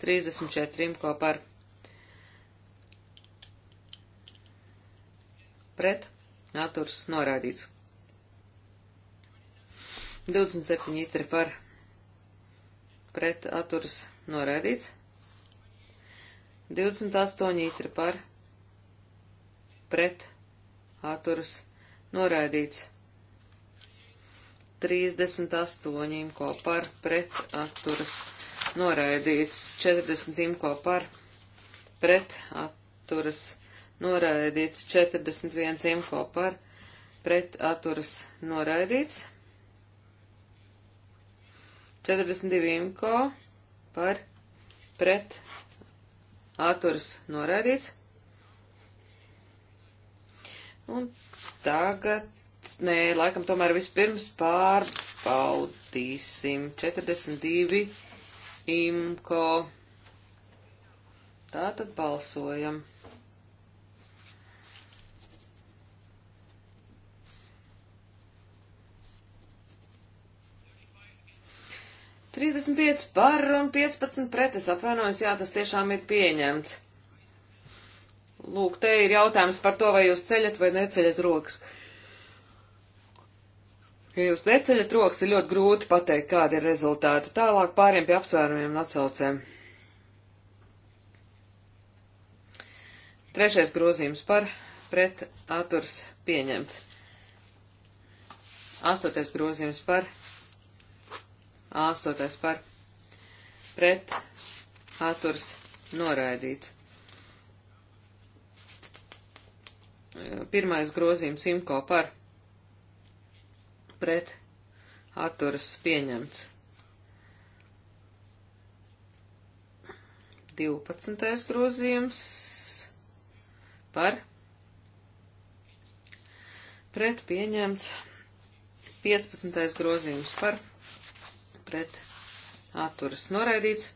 S1: 34 imko par pret atturas noraidīts, 27 itri par pret atturas noraidīts, 28 itri par pret atturas noraidīts Noraidīts. 38 imko par pret atturas. Noraidīts. 40 imko par pret atturas. Noraidīts. 41 imko par pret atturas. Noraidīts. 42 imko par pret atturas. Noraidīts. Un Tagad, nē, laikam tomēr vispirms pārbaudīsim 42 imko. Tātad balsojam. Trīsdesmit pieci par un piecpadsmit pret, es atvainojos, jā, tas tiešām ir pieņemts. Lūk, te ir jautājums par to, vai jūs ceļat vai neceļat rokas. Ja jūs neceļat rokas, ir ļoti grūti pateikt, kādi ir rezultāti. Tālāk pāriem pie apsvērumiem un atsaucēm. Trešais grozījums par pret atturs pieņemts. Astotais grozījums par astotais par pret atturs noraidīts. Pirmais grozījums Imko par pret atturas pieņemts. 12. grozījums par pret pieņemts. 15. grozījums par pret atturas noraidīts.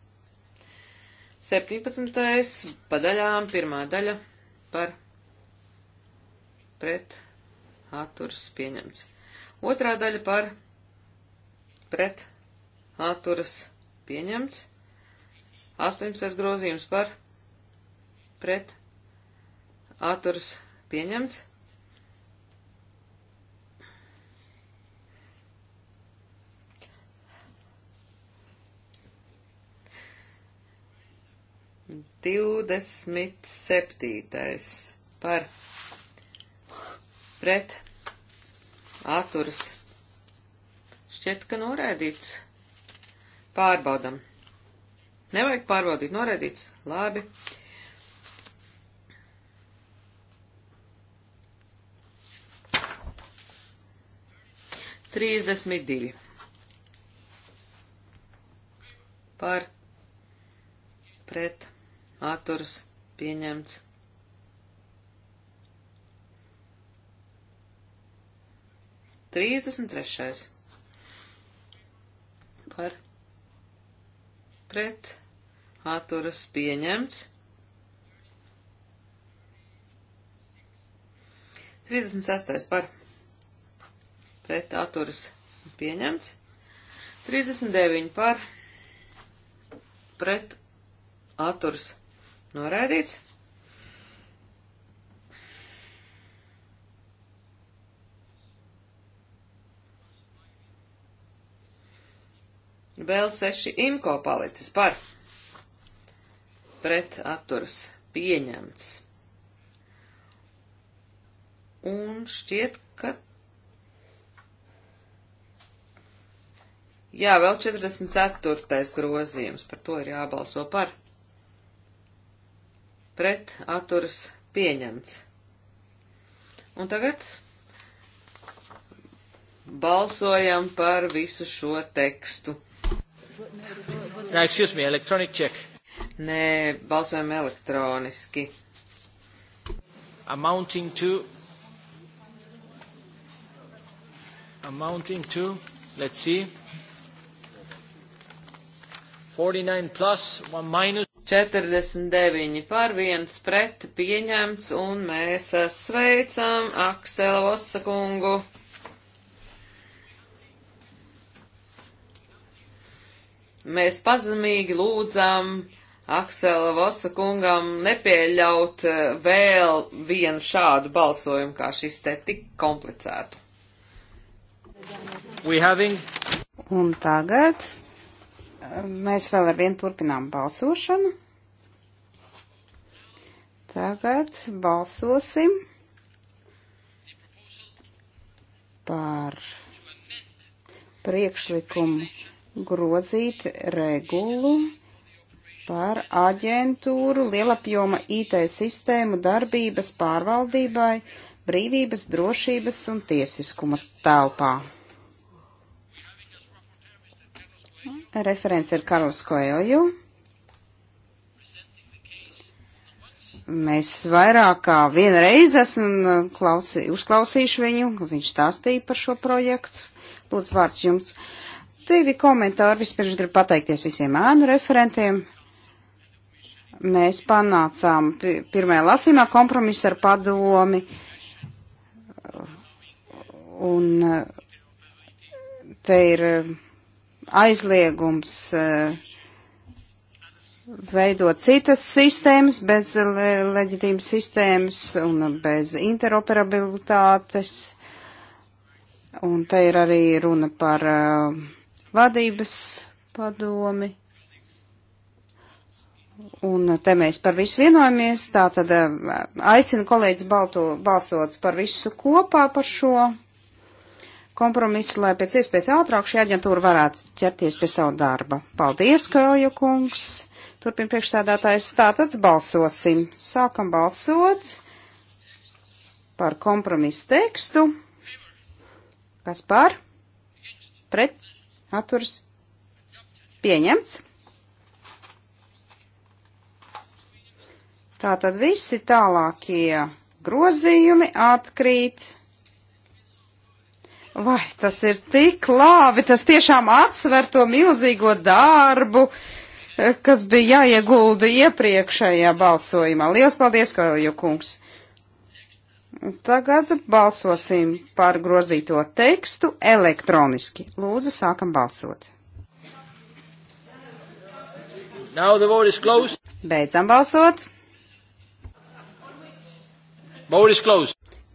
S1: 17. padaļām pirmā daļa par pret atturas pieņemts. Otrā daļa par pret atturas pieņemts. 18. grozījums par pret atturas pieņemts. Divdesmit septītais par pret pret atturas. Šķiet, ka noraidīts. Pārbaudam. Nevajag pārbaudīt, noraidīts. Labi. Trīsdesmit divi. Par pret atturas pieņemts. 33. par pret atturas pieņemts. 36. par pret atturas pieņemts. 39 par pret atturas noraidīts. Vēl seši imko palicis par. Pret atturas pieņemts. Un šķiet, ka. Jā, vēl 44. grozījums, par to ir jābalso par. Pret atturas pieņemts. Un tagad balsojam par visu šo tekstu.
S3: Nē,
S1: excuse me, electronic check. Nē, balsojam elektroniski. Amounting to. Amounting to. Let's see. 49 plus, 1 minus. 49 par 1 pret pieņemts un mēs sveicam Akselu Osakungu. Mēs pazemīgi lūdzam Aksela Vosa kungam nepieļaut eh, vēl vienu šādu balsojumu, kā šis te tik komplicētu. Having...
S2: Un tagad eh, mēs vēl ar vienu turpinām balsošanu. Tagad balsosim par priekšlikumu grozīt regulu par aģentūru lielapjoma IT sistēmu darbības pārvaldībai brīvības, drošības un tiesiskuma telpā. Referents ir Karls Koelju. Mēs vairāk kā vienreiz esam uh, klausī, uzklausījuši viņu, viņš stāstīja par šo projektu. Lūdzu, vārds jums. Uh, Divi komentāri. Vispirms gribu pateikties visiem ēnu referentiem. Mēs panācām pirmajā lasīmā kompromisu ar padomi. Un eh, te ir eh, aizliegums eh, veidot citas sistēmas bez le leģitīmas sistēmas un bez interoperabilitātes. Un te ir arī runa par uh, vadības padomi. Un te mēs par visu vienojamies, tā tad eh, aicinu kolēģis balto, balsot par visu kopā par šo kompromisu, lai pēc iespējas ātrāk šī aģentūra varētu ķerties pie savu darba. Paldies, Kēlju kungs! Turpin priekšsēdētājs, tātad balsosim. Sākam balsot par kompromisu tekstu. Kas par? Pret? Atturs. Pieņemts. Tātad visi tālākie grozījumi atkrīt. Vai tas ir tik labi, tas tiešām atsver to milzīgo darbu, kas bija jāiegulda iepriekšējā balsojumā. Lielas paldies, Kailju kungs! Tagad balsosim par grozīto tekstu elektroniski. Lūdzu, sākam balsot. Beidzam balsot.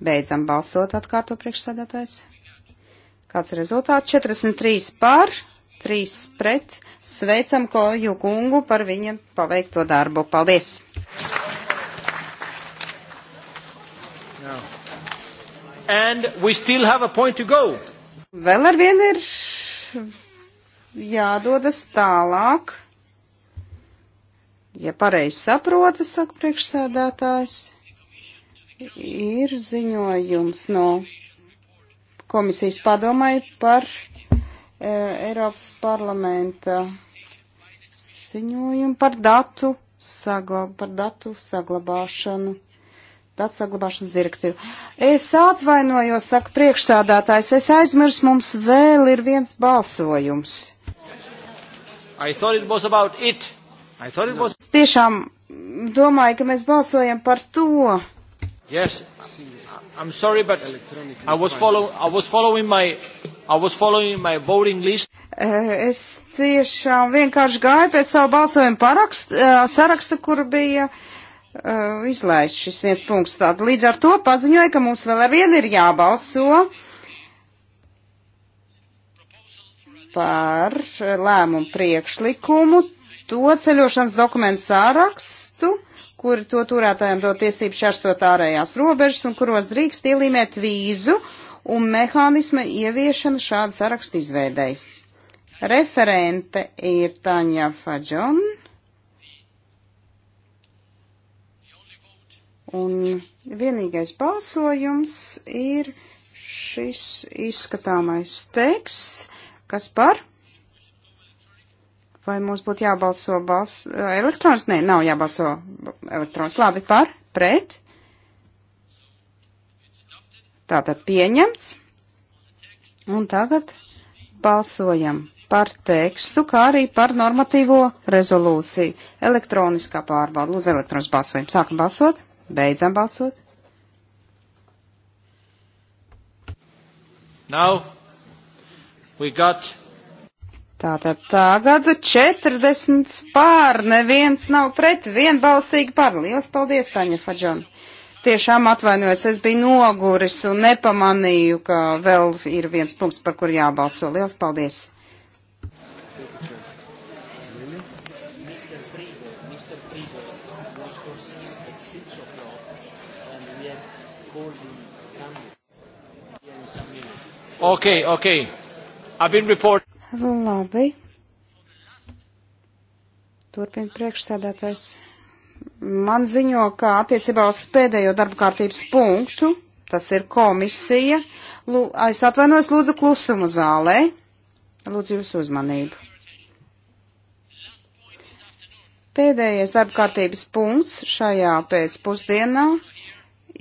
S2: Beidzam balsot, atkārto priekšsēdētājs. Kāds ir rezultāts? 43 par, 3 pret. Sveicam Kolju kungu par viņa paveikto darbu. Paldies! and we still have a point to go. Vēl ar vienu ir jādodas tālāk. Ja pareizi saprotu, saka priekšsēdētājs, ir ziņojums no komisijas padomai par e, Eiropas parlamenta ziņojumu par datu, saglab, par datu saglabāšanu datu saglabāšanas direktīvu. Es atvainojos, saka priekšsādātājs, es aizmirsu, mums vēl ir viens balsojums.
S3: Was... Es
S2: tiešām domāju, ka mēs balsojam par to.
S3: Yes,
S1: I'm sorry, but I was, follow, I was following my I was following my voting list.
S2: Eh, es tiešām vienkārši gāju pēc savu balsojumu parakst, eh, saraksta, kur bija uh, uh, izlaist šis viens punkts. Tātad līdz ar to paziņoja, ka mums vēl ar vienu ir jābalso par lēmumu priekšlikumu, to ceļošanas dokumentu sārakstu, kur to turētājiem dod tiesību šķērsot ārējās robežas un kuros drīkst ielīmēt vīzu un mehānisma ieviešana šāda saraksta izveidēji. Referente ir Taņa Fadžon. Un vienīgais balsojums ir šis izskatāmais teksts, kas par? Vai mums būtu jābalso bals... Eh, elektrons? Nē, nav jābalso elektrons. Labi, par? Pret? Tātad pieņemts. Un tagad balsojam par tekstu, kā arī par normatīvo rezolūciju. Elektroniskā pārbauda. Lūdzu, elektrons balsojam. Sākam balsot. Beidzam balsot. Now we got. Tātad tagad 40 pār, neviens nav pret, vienbalsīgi pār. Lielas paldies, Taņa Fadžon. Tiešām atvainojos, es biju noguris un nepamanīju, ka vēl ir viens punkts, par kur jābalso. Lielas paldies!
S1: Ok, ok. I've been report.
S2: Labi. Turpin priekšsēdētājs. Man ziņo, ka attiecībā uz pēdējo darba kārtības punktu, tas ir komisija, lū, es atvainojos lūdzu klusumu zālē. Lūdzu jūsu uzmanību. Pēdējais darba kārtības punkts šajā pēcpusdienā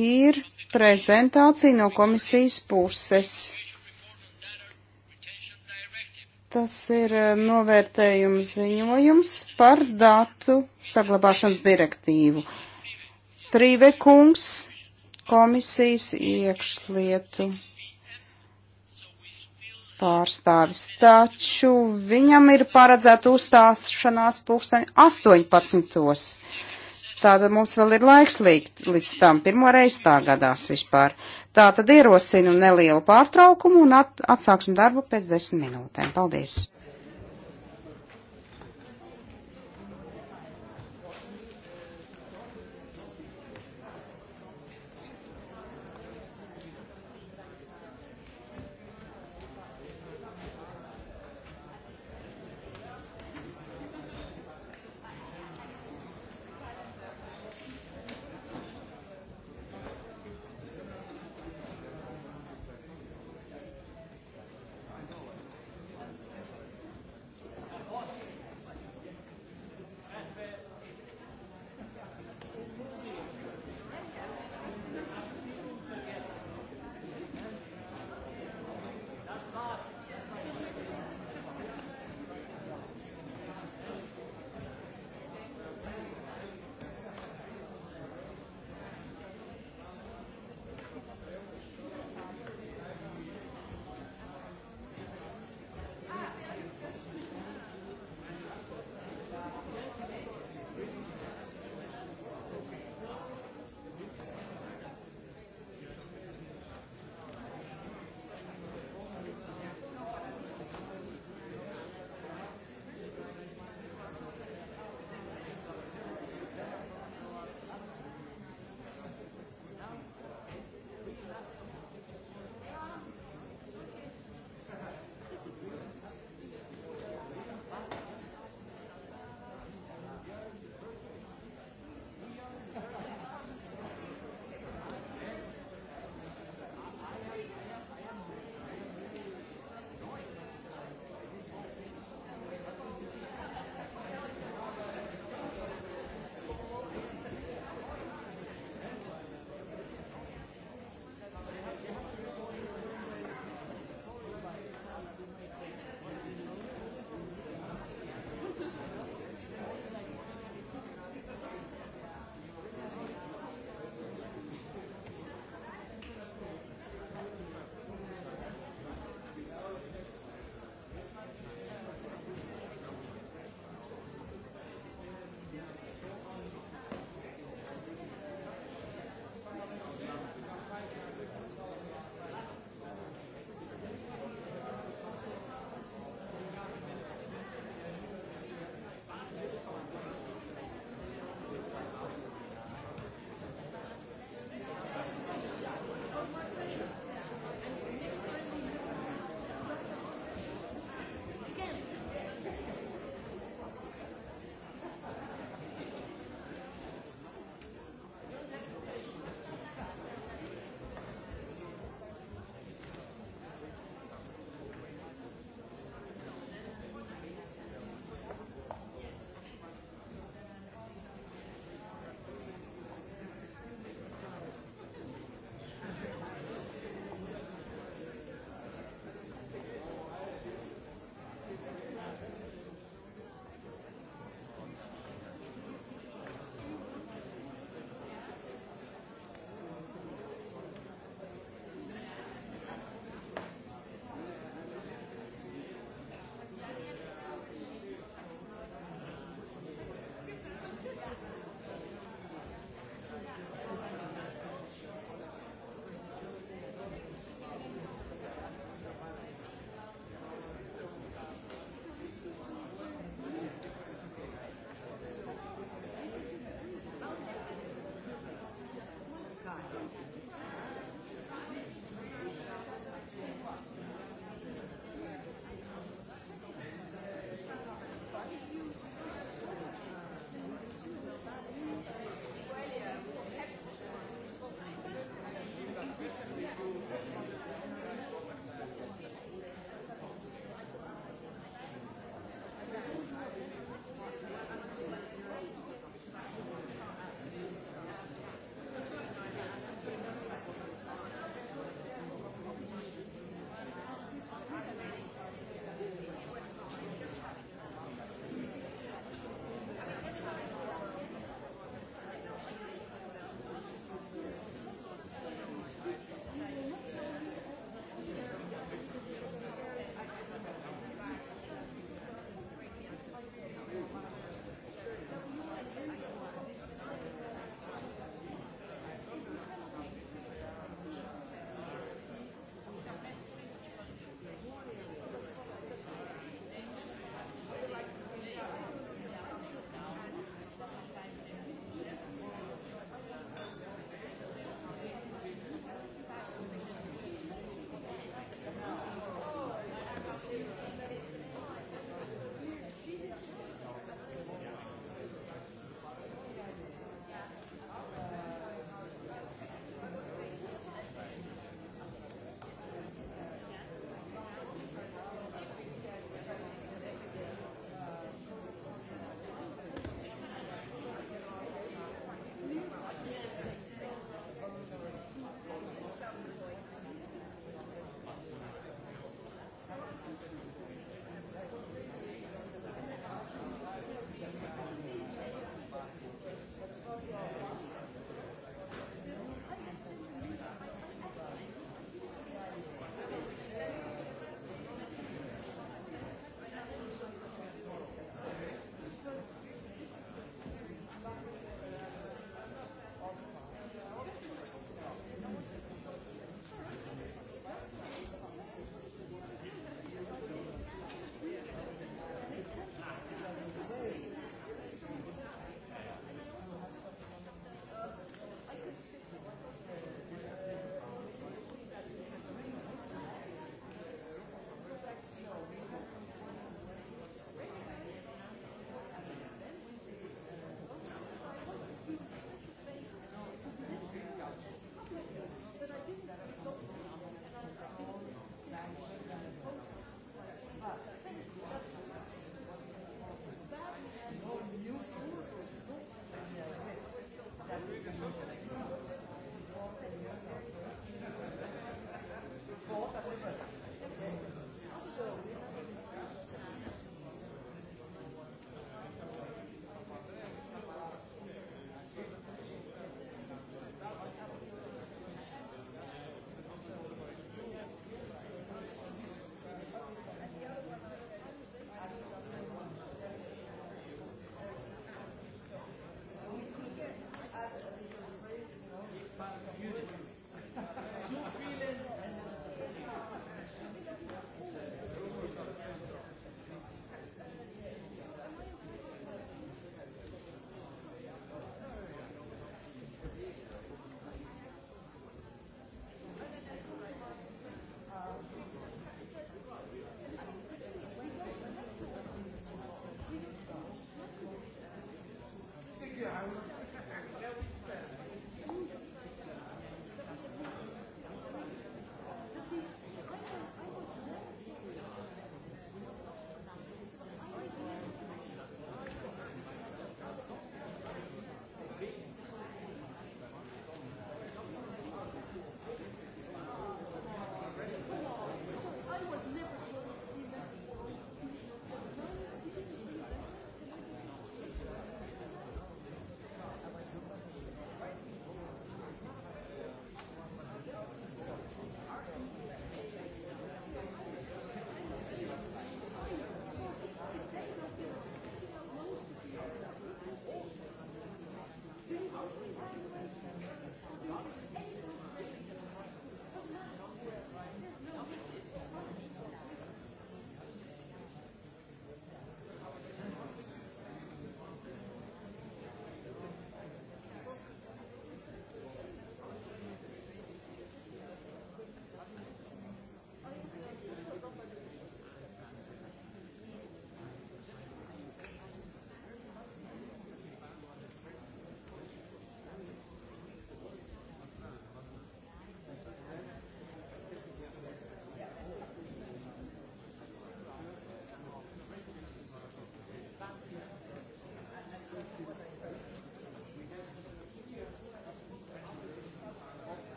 S2: ir prezentācija no komisijas puses Tas ir eh, novērtējums ziņojums par datu saglabāšanas direktīvu. Prīve kungs, komisijas iekšlietu pārstāvis, taču viņam ir paredzēta uzstāšanās pulksteni 18. Tātad mums vēl ir laiks līgt līdz tam. Pirmo reizi tā gadās vispār. Tātad ierosinu nelielu pārtraukumu un at atsāksim darbu pēc desmit minūtēm. Paldies!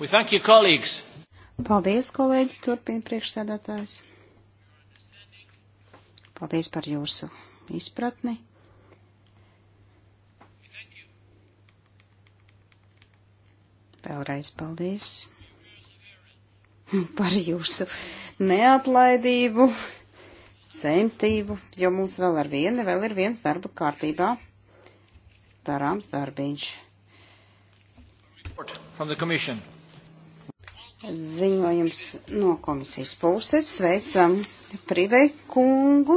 S1: We thank you, colleagues.
S2: Paldies, kolēģi, turpina priekšsēdētājs. Paldies par jūsu izpratni. Vēlreiz paldies par jūsu neatlaidību, centību, jo mums vēl ar vienu, vēl ir viens darba kārtībā darāms darbiņš.
S1: From the commission
S2: ziņojums no komisijas puses. Sveicam Privei kungu,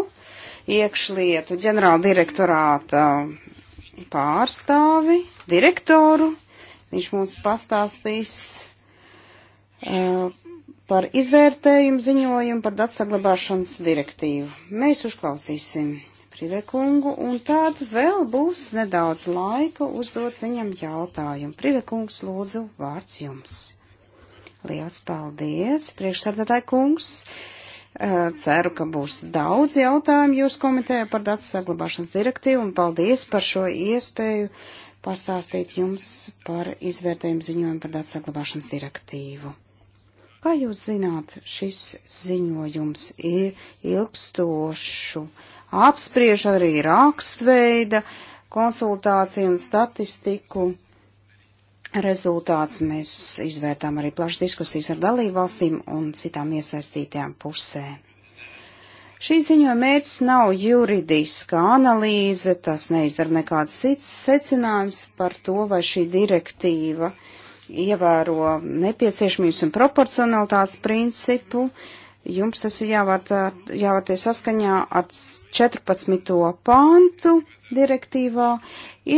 S2: iekšlietu ģenerāla direktorāta pārstāvi, direktoru. Viņš mums pastāstīs uh, par izvērtējumu ziņojumu par datu saglabāšanas direktīvu. Mēs uzklausīsim Privekungu, un tad vēl būs nedaudz laika uzdot viņam jautājumu. Privekungs, lūdzu, vārds jums. Liels paldies, priekšsēdētāji kungs. Ceru, ka būs daudz jautājumu jūs komitējā par datu saglabāšanas direktīvu un paldies par šo iespēju pastāstīt jums par izvērtējumu ziņojumu par datu saglabāšanas direktīvu. Kā jūs zināt, šis ziņojums ir ilgstošu apspriež arī rakstveida konsultāciju un statistiku rezultāts. Mēs izvērtām arī plašas diskusijas ar dalību valstīm un citām iesaistītajām pusēm. Šī ziņojuma mērķis nav juridiska analīze, tas neizdara nekāds cits secinājums par to, vai šī direktīva ievēro nepieciešamības un proporcionalitātes principu. Jums tas ir jāvārt, jāvārtie saskaņā ar 14. pantu direktīvā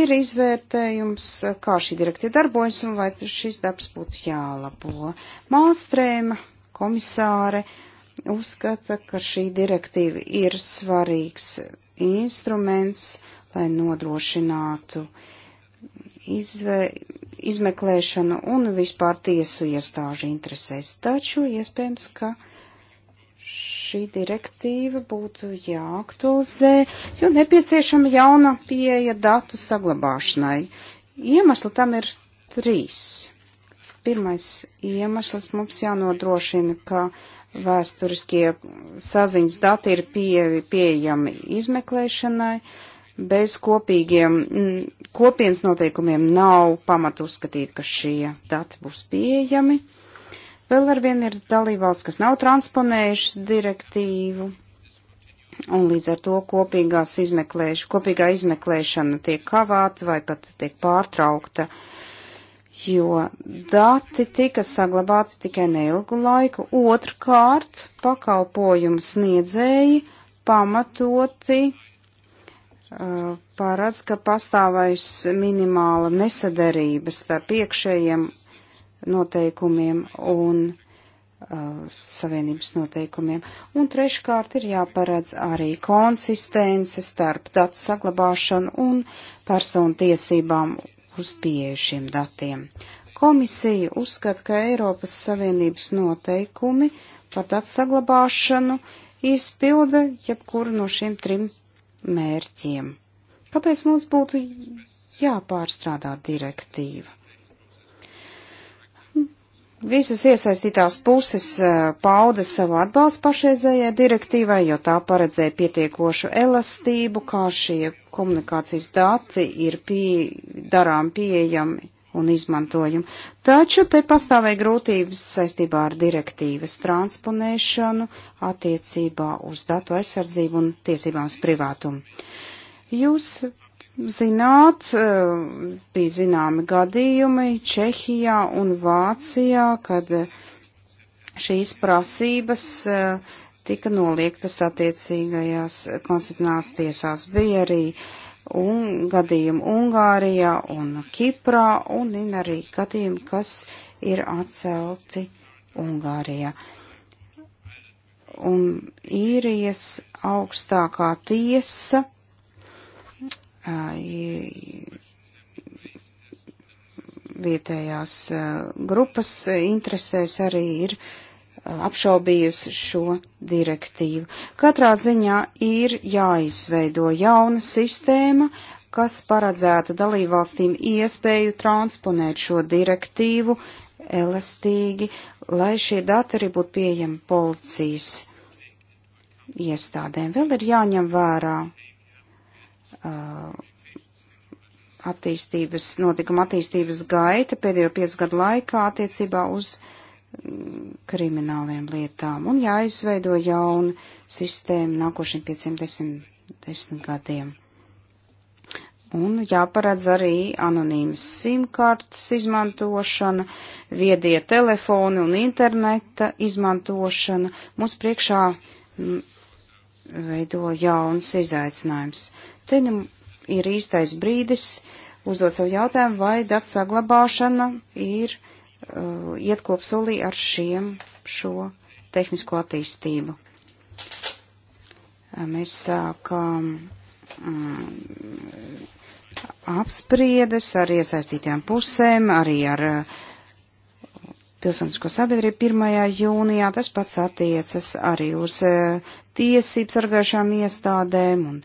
S2: ir izvērtējums, eh, kā šī direktīva darbojas un vai šis darbs būtu jālabo. Mālstrēma komisāre uzskata, ka šī direktīva ir svarīgs instruments, lai nodrošinātu izvē, izmeklēšanu un vispār tiesu iestāžu interesēs. Taču iespējams, ka šī direktīva būtu jāaktualizē, jo nepieciešama jauna pieeja datu saglabāšanai. Iemesli tam ir trīs. Pirmais iemesls mums jānodrošina, ka vēsturiskie saziņas dati ir pie, pieejami izmeklēšanai, bez kopīgiem kopienas noteikumiem nav pamatu uzskatīt, ka šie dati būs pieejami. Uh, Vēl arvien ir dalībvalsts, kas nav transponējušas direktīvu, un līdz ar to kopīgās izmeklēš, kopīgā izmeklēšana tiek kavēta vai pat tiek pārtraukta, jo dati tika saglabāti tikai neilgu laiku. Otrkārt, pakalpojumu sniedzēji pamatoti uh, parāds, ka pastāvais minimāla nesaderības starp iekšējiem noteikumiem un uh, savienības noteikumiem. Un treškārt ir jāparedz arī konsistence starp datu saglabāšanu un personu tiesībām uz pieejušiem datiem. Komisija uzskata, ka Eiropas Savienības noteikumi par datu saglabāšanu izpilda jebkuru no šiem trim mērķiem. Kāpēc mums būtu jāpārstrādā direktīva? Visas iesaistītās puses eh, pauda savu atbalstu pašreizējai direktīvai, jo tā paredzēja pietiekošu elastību, kā šie komunikācijas dati ir pie, darām pieejami un izmantojami. Taču te pastāvēja grūtības saistībā ar direktīvas transponēšanu attiecībā uz datu aizsardzību un tiesībām privātumu. Jūs zināt, eh, bija zināmi gadījumi Čehijā un Vācijā, kad eh, šīs prasības eh, tika noliektas attiecīgajās konstitucionālās tiesās. Bija arī un, gadījumi Ungārijā un Kiprā, un ir arī gadījumi, kas ir atcelti Ungārijā. Un īrijas augstākā tiesa vietējās grupas interesēs arī ir apšaubījusi šo direktīvu. Katrā ziņā ir jāizveido jauna sistēma, kas paredzētu dalībvalstīm iespēju transponēt šo direktīvu elastīgi, lai šie dati arī būtu pieejami policijas iestādēm. Vēl ir jāņem vērā Uh, attīstības, notikuma attīstības gaita pēdējo piecu gadu laikā attiecībā uz mm, krimināliem lietām un jāizveido jauna sistēma nākošiem pieciem desmit, desmit gadiem. Un jāparedz arī anonīmas simkartes izmantošana, viedie telefoni un interneta izmantošana. Mums priekšā mm, veido jauns izaicinājums. Te ir īstais brīdis uzdot savu jautājumu, vai datu saglabāšana ir uh, iet kopsolī ar šiem šo tehnisko attīstību. Uh, mēs sākam mm, apspriedes ar iesaistītām pusēm, arī ar uh, pilsonisko sabiedrību 1. jūnijā. Tas pats attiecas arī uz e, tiesību sargājušām iestādēm un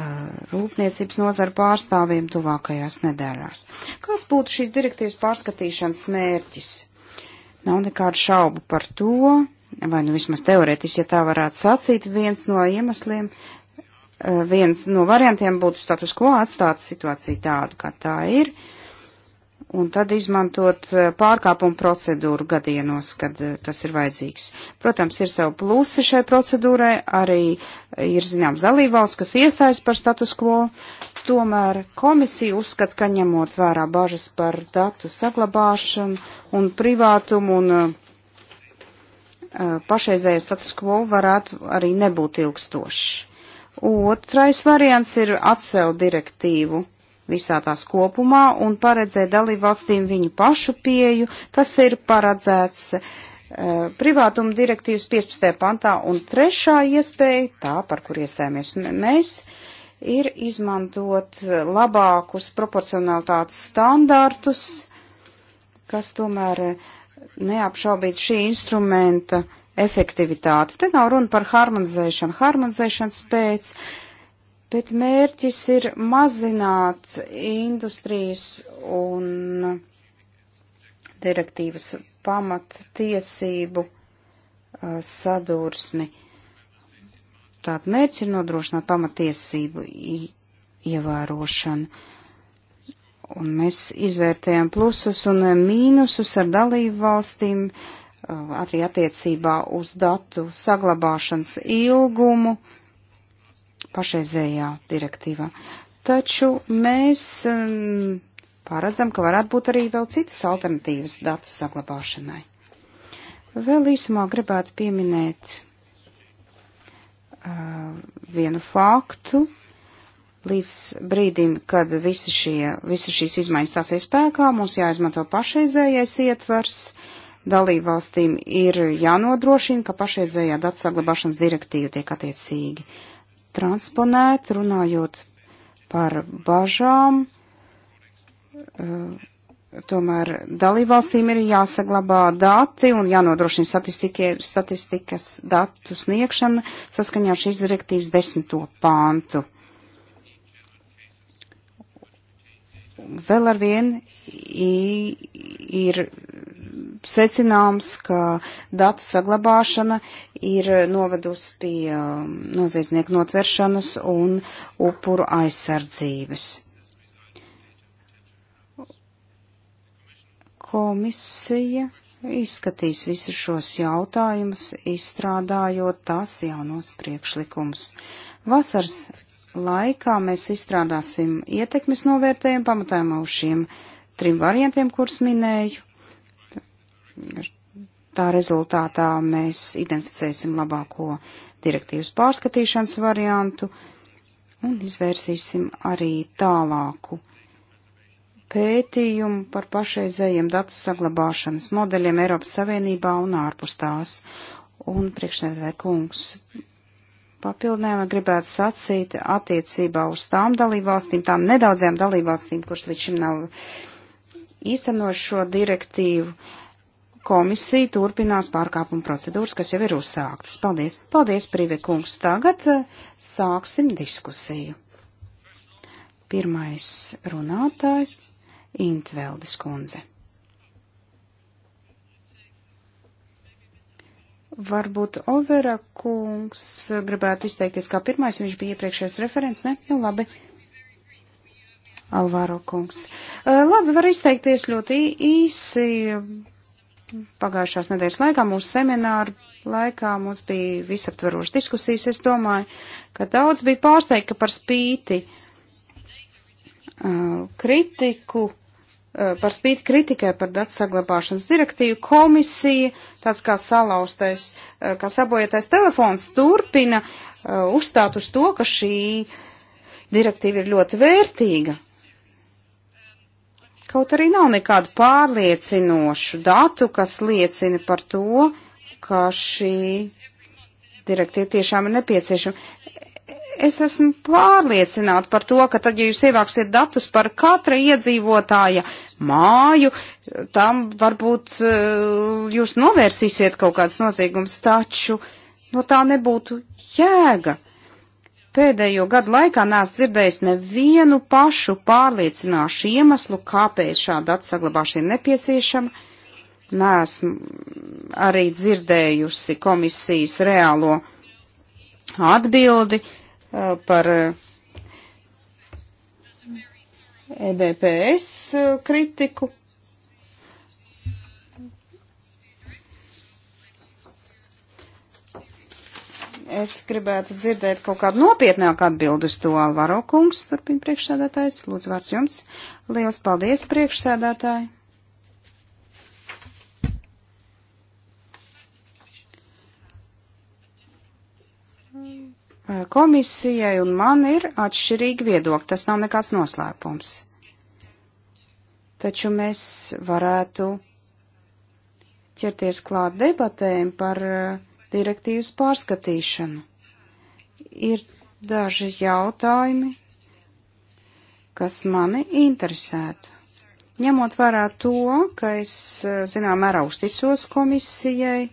S2: Uh, rūpniecības nozara pārstāvjiem tuvākajās nedēļās. Kāds būtu šīs direktīvas pārskatīšanas mērķis? Nav nekādu šaubu par to, vai nu vismaz teorētiski, ja tā varētu sacīt, viens no iemesliem, uh, viens no variantiem būtu status quo atstāt situāciju tādu, kā tā ir. Uh, un tad izmantot eh, pārkāpumu procedūru gadienos, kad eh, tas ir vajadzīgs. Protams, ir savu plusi šai procedūrai, arī ir zināms dalībvalsts, kas iestājas par status quo, tomēr komisija uzskata, ka ņemot vērā bažas par datu saglabāšanu un privātumu un uh, pašreizējo status quo varētu arī nebūt ilgstoši. Otrais variants ir atcelt direktīvu visā tās kopumā un paredzēt dalībvalstīm viņu pašu pieju. Tas ir paredzēts uh, privātuma direktīvas 15. pantā un trešā iespēja, tā par kur iestājāmies mēs, ir izmantot labākus proporcionalitātes standārtus, kas tomēr eh, neapšaubīt šī instrumenta efektivitāti. Te nav runa par harmonizēšanu, harmonizēšanas pēc. Uh, bet mērķis ir mazināt industrijas un direktīvas pamattiesību uh, sadursmi. Tātad mērķis ir nodrošināt pamattiesību ievērošanu. Un mēs izvērtējam plusus un mīnusus ar dalību valstīm uh, arī attiecībā uz datu saglabāšanas ilgumu pašreizējā direktīvā. Taču mēs um, paredzam, ka varētu būt arī vēl citas alternatīvas datu saglabāšanai. Vēl īsumā gribētu pieminēt uh, vienu faktu. Līdz brīdim, kad visi šie, visi šīs izmaiņas tās ir spēkā, mums jāizmanto pašreizējais ietvers. Dalībvalstīm ir jānodrošina, ka pašreizējā datu saglabāšanas direktīva tiek attiecīgi uh, transponēt, runājot par bažām. Eh, tomēr dalībvalstīm ir jāsaglabā dati un jānodrošina statistikas datu sniegšana saskaņā ar šīs direktīvas desmito pāntu. Vēl ar vien ir secināms, ka datu saglabāšana ir novedusi pie um, noziedznieku notveršanas un upuru aizsardzības. Komisija izskatīs visus šos jautājumus, izstrādājot tās jaunos priekšlikumus. Vasaras laikā mēs izstrādāsim ietekmes novērtējumu pamatājumu uz šiem trim variantiem, kurus minēju Tā rezultātā mēs identificēsim labāko direktīvas pārskatīšanas variantu un izvērsīsim arī tālāku pētījumu par pašreizējiem datu saglabāšanas modeļiem Eiropas Savienībā un ārpus tās. Un priekšnētāji kungs papildinājumā gribētu sacīt attiecībā uz tām dalībvalstīm, tām nedaudzajām dalībvalstīm, kuras līdz šim nav īstenojuši šo direktīvu. Uh, komisija turpinās pārkāpuma procedūras, kas jau ir uzsāktas. Paldies, paldies, Prive kungs. Tagad eh, sāksim diskusiju. Pirmais runātājs - Intveldes kundze. Varbūt Overa kungs gribētu izteikties kā pirmais, viņš bija iepriekšējais referents, ne? Nu, labi. Alvaro kungs. Eh, labi, var izteikties ļoti īsi Pagājušās nedēļas laikā mūsu semināru laikā mums bija visaptverošas diskusijas. Es domāju, ka daudz bija pārsteigta, ka par spīti uh, kritiku, uh, par spīti kritikai par datu saglabāšanas direktīvu komisija, tāds kā salaustais, uh, kā sabojotais telefons, turpina uh, uzstāt uz to, ka šī direktīva ir ļoti vērtīga. Kaut arī nav nekādu pārliecinošu datu, kas liecina par to, ka šī direktīva tiešām ir nepieciešama. Es esmu pārliecināta par to, ka tad, ja jūs ievāksiet datus par katra iedzīvotāja māju, tam varbūt eh, jūs novērsīsiet kaut kāds noziegums, taču no tā nebūtu jēga. Pēdējo gadu laikā neesmu dzirdējis nevienu pašu pārliecināšu iemeslu, kāpēc šāda datu saglabāšana ir nepieciešama. Neesmu arī dzirdējusi komisijas reālo atbildi eh, par EDPS eh, e eh, kritiku Es gribētu dzirdēt kaut kādu nopietnāku atbildu uz to, Alvaro kungs, turpina priekšsēdētājs. Lūdzu, vārds jums. Liels paldies, priekšsēdētāji. Komisijai un man ir atšķirīgi viedokļi, tas nav nekāds noslēpums. Taču mēs varētu ķerties klāt debatēm par uh, direktīvas pārskatīšanu. Ir daži jautājumi, kas mani interesētu. Ņemot vērā to, ka es, zinām, mērā uzticos komisijai,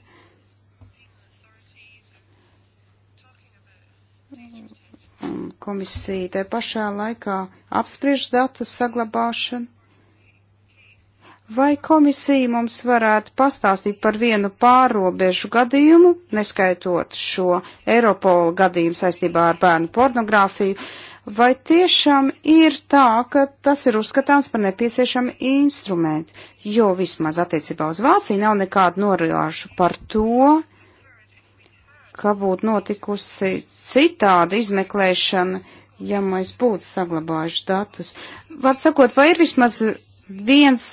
S2: komisija te pašā laikā apspriež datu saglabāšanu, Vai komisija mums varētu pastāstīt par vienu pārobežu gadījumu, neskaitot šo Eiropola gadījumu saistībā ar bērnu pornogrāfiju, vai tiešām ir tā, ka tas ir uzskatāms par nepieciešamu instrumentu, jo vismaz attiecībā uz Vāciju nav nekādu norāžu par to, ka būtu notikusi citāda izmeklēšana, ja mēs būtu saglabājuši datus. Var sakot, vai ir vismaz viens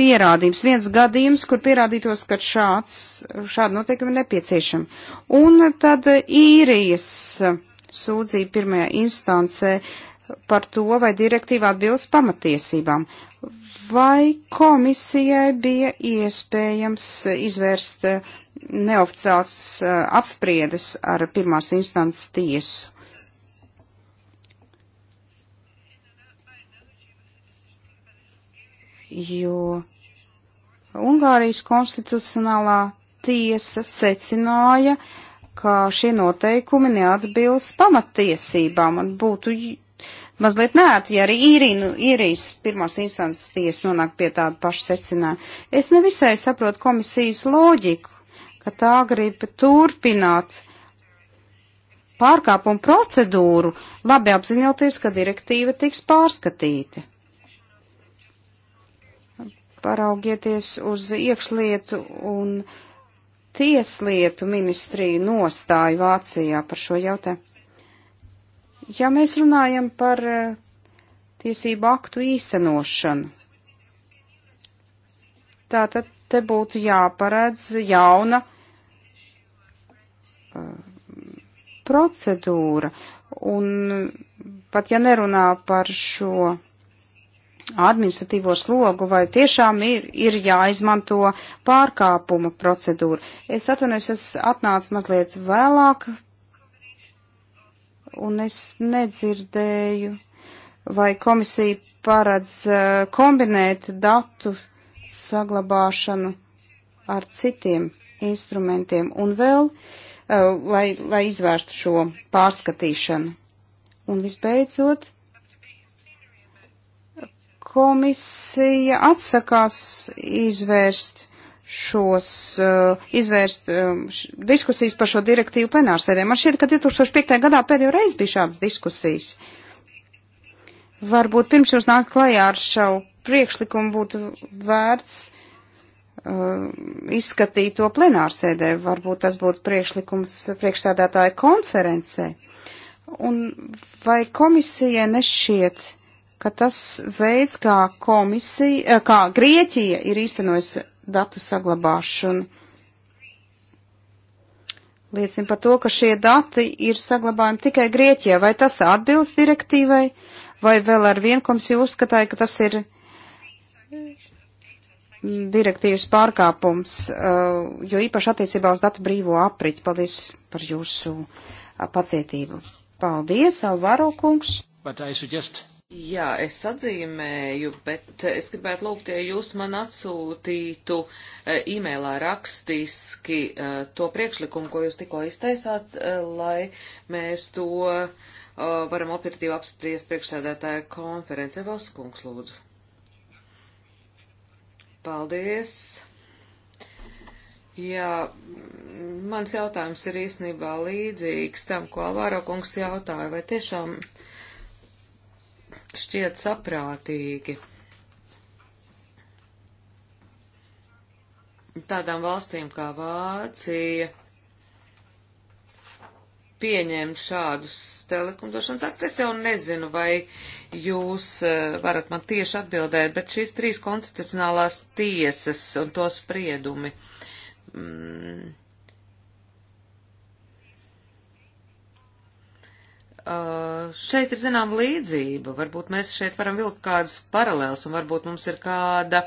S2: pierādījums, viens gadījums, kur pierādītos, ka šāds, šāda noteikuma ir nepieciešama. Un tad īrijas sūdzība pirmajā instancē par to, vai direktīva atbilst pamatiesībām. Vai komisijai bija iespējams izvērst neoficiāls eh, apspriedes ar pirmās instances tiesu? jo Ungārijas konstitucionālā tiesa secināja, ka šie noteikumi neatbilst pamatiesībām un būtu mazliet nērti, ja arī īrinu, īrijas pirmās instances tiesa nonāk pie tāda paša secinājuma. Es nevisai saprotu komisijas loģiku, ka tā grib turpināt pārkāpumu procedūru, labi apzinoties, ka direktīva tiks pārskatīta paraugieties uz iekšlietu un tieslietu ministriju nostāju Vācijā par šo jautājumu. Ja mēs runājam par eh, tiesību aktu īstenošanu, tātad te būtu jāparedz jauna eh, procedūra. Un pat ja nerunā par šo administratīvo slogu, vai tiešām ir, ir jāizmanto pārkāpuma procedūra. Es atvainojos, es atnācu mazliet vēlāk, un es nedzirdēju, vai komisija paredz eh, kombinēt datu saglabāšanu ar citiem instrumentiem un vēl, eh, lai, lai izvērstu šo pārskatīšanu. Un visbeidzot, Komisija atsakās izvērst šos, uh, izvērst um, š, diskusijas par šo direktīvu plenārsēdē. Man šķiet, ka 2005. gadā pēdējo reizi bija šādas diskusijas. Varbūt pirms jūs nākt klajā ar šo priekšlikumu būtu vērts uh, izskatīt to plenārsēdē. Varbūt tas būtu priekšlikums priekšsēdētāja konferencē. Un vai komisijai nešķiet, ka tas veids, kā komisija, eh, kā Grieķija ir īstenojusi datu saglabāšanu, liecina par to, ka šie dati ir saglabājami tikai Grieķijā. Vai tas atbilst direktīvai, vai vēl ar vienkomisiju uzskatāja, ka tas ir direktīvas pārkāpums, eh, jo īpaši attiecībā uz datu brīvo apriķi. Paldies par jūsu pacietību. Paldies, Alvaro kungs.
S1: But I suggest Jā, es atzīmēju, bet es gribētu lūgt, ja jūs man atsūtītu e, e-mailā rakstiski e, to priekšlikumu, ko jūs tikko izteicāt, e, lai mēs to varam operatīvi apspriest priekšsēdētāja konference. Valskungs, lūdzu. Paldies. Jā, mans jautājums ir īstenībā līdzīgs tam, ko Alvāro kungs jautāja, vai tiešām šķiet saprātīgi. Tādām valstīm kā Vācija pieņem šādus telekumdošanas aktus. Es jau nezinu, vai jūs eh, varat man tieši atbildēt, bet šīs trīs konstitucionālās tiesas un to spriedumi. Mm Uh, šeit ir zinām līdzība, varbūt mēs šeit varam vilkt kādas paralēlas un varbūt mums ir kāda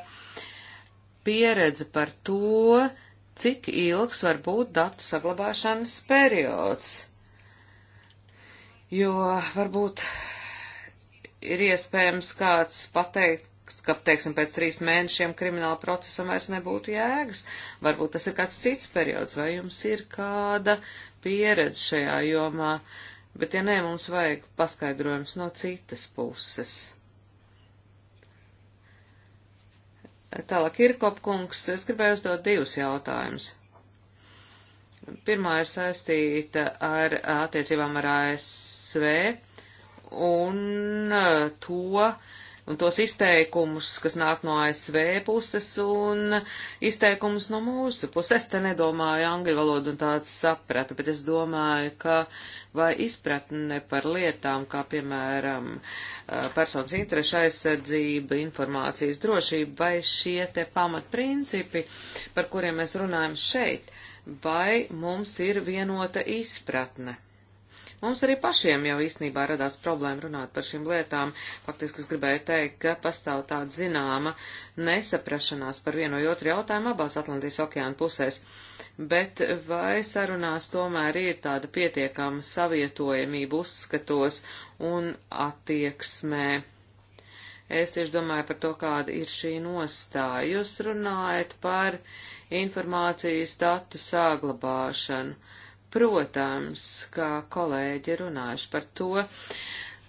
S1: pieredze par to, cik ilgs var būt datu saglabāšanas periods. Jo varbūt ir iespējams kāds pateikt, ka, teiksim, pēc trīs mēnešiem krimināla procesam vairs nebūtu jēgas. Varbūt tas ir kāds cits periods, vai jums ir kāda pieredze šajā jomā. Uh, Bet, ja nē, mums vajag paskaidrojums no citas puses. Tālāk ir kopkungs, es gribēju uzdot divus jautājumus. Pirmā ir saistīta ar attiecībām ar ASV un eh, to, uh, un tos izteikumus, kas nāk no ASV puses un izteikumus no mūsu puses. Es te nedomāju angļu valodu un tāds saprata, bet es domāju, ka vai izpratne par lietām, kā piemēram personas intereša aizsardzība, informācijas drošība, vai šie te pamatprincipi, par kuriem mēs runājam šeit, vai mums ir vienota izpratne. Mums arī pašiem jau īstenībā radās problēma runāt par šīm lietām. Faktiski es gribēju teikt, ka pastāv tāda zināma nesaprašanās par vienu vai otru jautājumu abās Atlantijas okeāna pusēs. Bet vai sarunās tomēr ir tāda pietiekama savietojamība uzskatos un attieksmē? Es tieši domāju par to, kāda ir šī nostāja. Jūs runājat par informācijas datu saglabāšanu. Protams, kā kolēģi runājuši par to,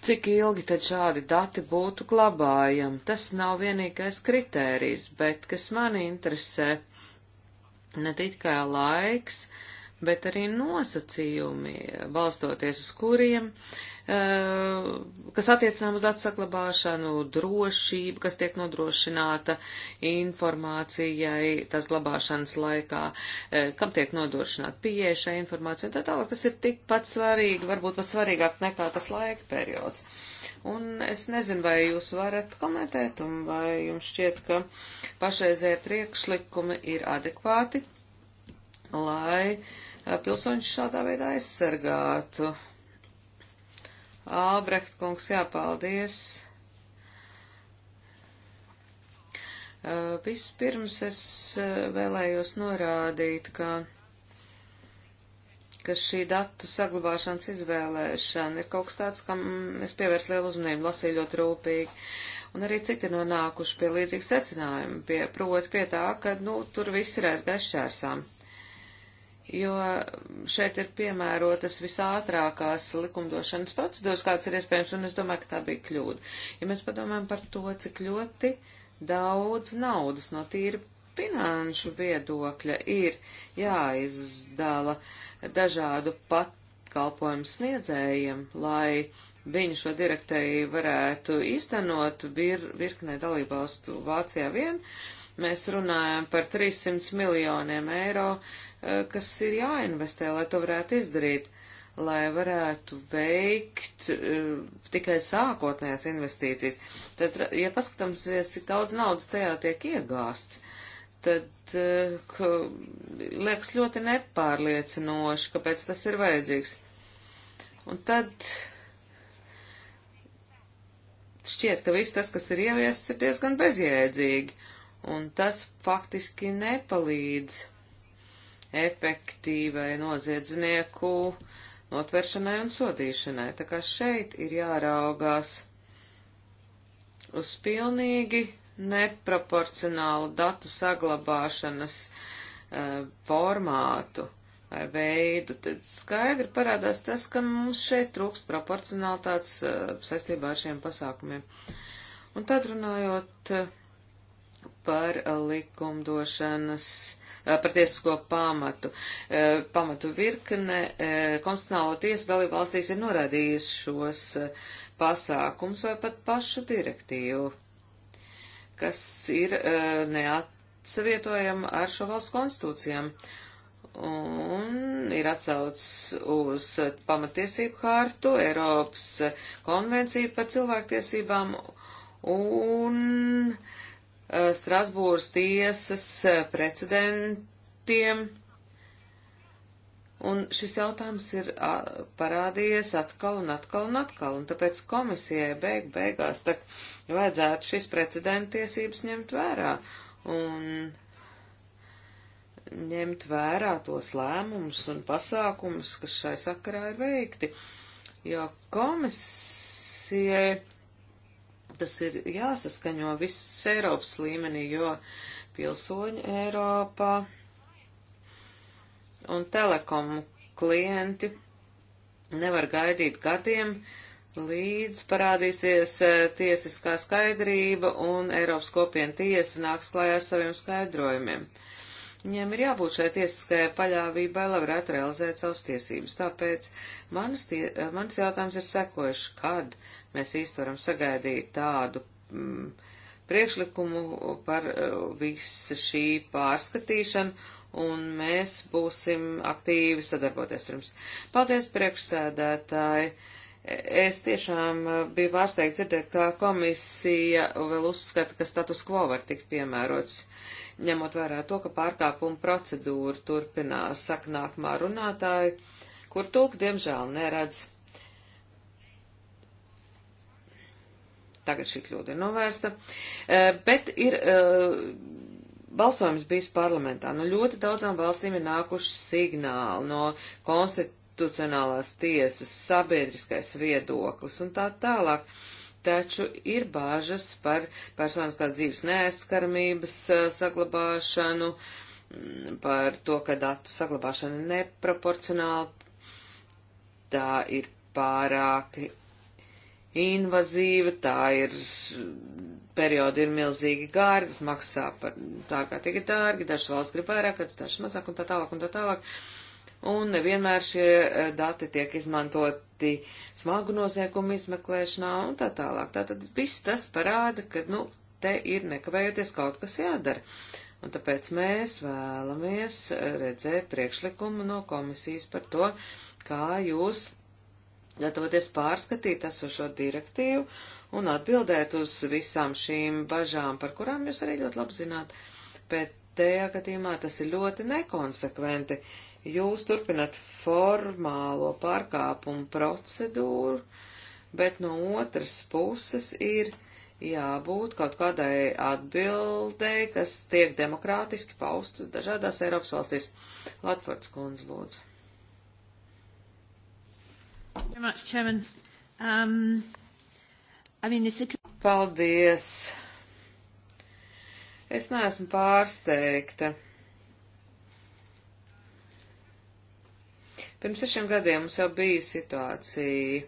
S1: cik ilgi tad šādi dati būtu glabājami. Tas nav vienīgais kritērijs, bet kas mani interesē, ne tikai laiks, bet arī nosacījumi, balstoties uz kuriem, eh, kas attiecinām uz datu saglabāšanu, drošību, kas tiek nodrošināta informācijai, tas glabāšanas laikā, eh, kam tiek nodrošināta pieeja šai informācijai, tā tālāk tas ir tikpat svarīgi, varbūt pat svarīgāk nekā tas laika periods. Un es nezinu, vai jūs varat komentēt, un vai jums šķiet, ka pašreizēja priekšlikumi ir adekvāti lai eh, pilsoņus šādā veidā aizsargātu. Ābrecht kungs, jāpaldies. Eh, vispirms es eh, vēlējos norādīt, ka, ka šī datu saglabāšanas izvēlēšana ir kaut kas tāds, kam es pievērsu lielu uzmanību, lasīju ļoti rūpīgi un arī citi nonākuši pie līdzīga secinājuma, pie, proti pie tā, ka, nu, tur viss ir aizgājis šķērsām jo šeit ir piemērotas visātrākās likumdošanas procedūras, kāds ir iespējams, un es domāju, ka tā bija kļūda. Ja mēs padomājam par to, cik ļoti daudz naudas no tīri finanšu viedokļa ir jāizdala dažādu patkalpojumu sniedzējiem, lai viņi šo direktīvu varētu iztenot vir, virknē dalībvalstu Vācijā vien. Mēs runājam par 300 miljoniem eiro Eh, kas ir jāinvestē, lai to varētu izdarīt, lai varētu veikt eh, tikai sākotnējās investīcijas. Tad, ja paskatāmies, cik daudz naudas tajā tiek iegāsts, tad eh, liekas ļoti nepārliecinoši, kāpēc tas ir vajadzīgs. Un tad šķiet, ka viss tas, kas ir ieviests, ir diezgan bezjēdzīgi, un tas faktiski nepalīdz efektīvai noziedznieku notveršanai un sodīšanai. Tā kā šeit ir jāraugās uz pilnīgi neproporcionālu datu saglabāšanas uh, formātu vai veidu, tad skaidri parādās tas, ka mums šeit trūkst proporcionālitātes uh, saistībā ar šiem pasākumiem. Un tad runājot e, par likumdošanas Eh, par tiesisko pamatu. Eh, pamatu virkne eh, konstitucionālo tiesu dalību valstīs ir norādījis šos pasākums vai pat pašu direktīvu, kas ir neatsavietojama ar šo valsts konstitūcijām. Un ir atsauc uz pamatiesību hārtu, Eiropas konvenciju par cilvēktiesībām un uh, Eh, Strasbūras tiesas eh, precedentiem. Un šis jautājums ir parādījies atkal un atkal un atkal, un tāpēc komisijai beig beigās tak vajadzētu šis precedentiesības ņemt vērā un ņemt vērā tos lēmumus un pasākumus, kas šai sakarā ir veikti, jo komisijai tas ir jāsaskaņo viss Eiropas līmenī, jo pilsoņi Eiropā un telekomu klienti nevar gaidīt gadiem, līdz parādīsies e, tiesiskā skaidrība un Eiropas kopiena tiesa nāks klājā ar saviem skaidrojumiem. Viņiem ir jābūt šai tiesiskajai paļāvībai, lai varētu realizēt savas tiesības. Tāpēc manas, tie, manas jautājums ir sekojuši, kad mēs īsti varam sagaidīt tādu mm, priekšlikumu par e, visu šī pārskatīšanu, un mēs būsim aktīvi sadarboties ar jums. Paldies, priekšsēdētāji! Es tiešām eh, biju pārsteigts dzirdēt, ka komisija vēl uzskata, ka status quo var tikt piemērots, ņemot vērā to, ka pārkāpuma procedūra turpinās saknākmā runātāju, kur tulk diemžēl neredz. Tagad šī kļūda ir novērsta, eh, bet ir eh, balsojums bijis parlamentā. No nu, ļoti daudzām valstīm ir nākuši signāli no konstitūcijas konstitucionālās tiesas, sabiedriskais viedoklis un tā tālāk. Taču ir bāžas par personiskās dzīves neaizskaramības eh, saglabāšanu, mm, par to, ka datu saglabāšana ir neproporcionāla, tā ir pārāk invazīva, tā ir periodi ir milzīgi gāri, tas maksā par tā kā tikai dārgi, dažas valsts grib vairāk, dažas mazāk un tā tālāk un tā tālāk. Tā un nevienmēr šie e, dati tiek izmantoti smagu noziegumu izmeklēšanā un tā tālāk. Tātad viss tas parāda, ka, nu, te ir nekavējoties kaut kas jādara. Un tāpēc mēs vēlamies e, redzēt priekšlikumu no komisijas par to, kā jūs gatavoties pārskatīt esošo direktīvu un atbildēt uz visām šīm bažām, par kurām jūs arī ļoti labi zināt. Bet tajā gadījumā tas ir ļoti nekonsekventi, Jūs turpinat formālo pārkāpumu procedūru, bet no otras puses ir jābūt kaut kādai atbildei, kas tiek demokrātiski paustas dažādās Eiropas valstīs. Latvārds kundze, lūdzu. Um, Paldies. Es neesmu pārsteigta Pirms sešiem gadiem mums jau bija situācija,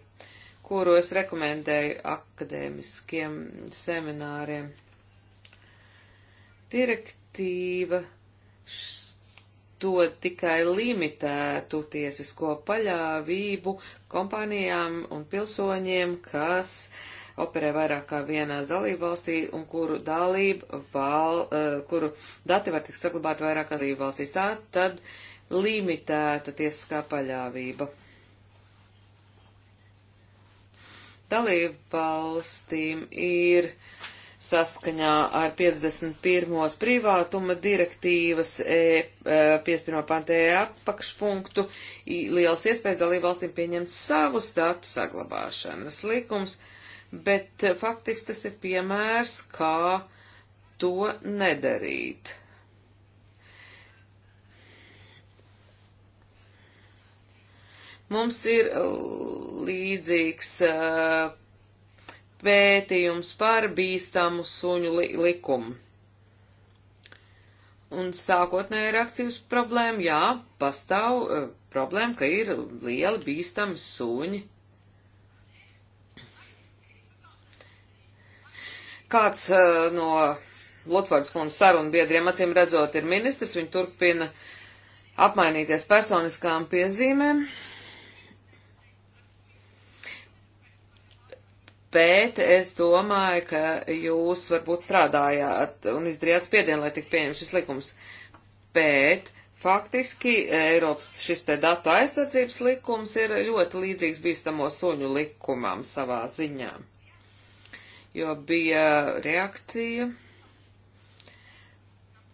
S1: kuru es rekomendēju akadēmiskiem semināriem. Direktīva dod tikai limitētu tiesisko paļāvību kompānijām un pilsoņiem, kas operē vairāk kā vienās dalībvalstī un kuru, dalību val, eh, kuru dati var tikt saglabāti vairākās dalībvalstīs. Tā tad limitēta tiesiskā paļāvība. Dalību valstīm ir saskaņā ar 51. privātuma direktīvas e, 51. E, pantēja e apakšpunktu liels iespējas dalību valstīm pieņemt savus datu saglabāšanas likums, bet faktiski tas ir piemērs, kā to nedarīt. Mums ir uh, līdzīgs uh, pētījums par bīstamu suņu li likumu. Un sākotnēji reakcijas problēma, jā, pastāv uh, problēma, ka ir lieli bīstami suņi. Kāds uh, no Lutvārds kundzes sarunu biedriem acīm redzot ir ministrs, viņi turpina apmainīties personiskām piezīmēm. bet es domāju, ka jūs varbūt strādājāt un izdarījāt spiedienu, lai tik pieņem šis likums. Bet faktiski Eiropas šis te datu aizsardzības likums ir ļoti līdzīgs bīstamo suņu likumam savā ziņā. Jo bija reakcija,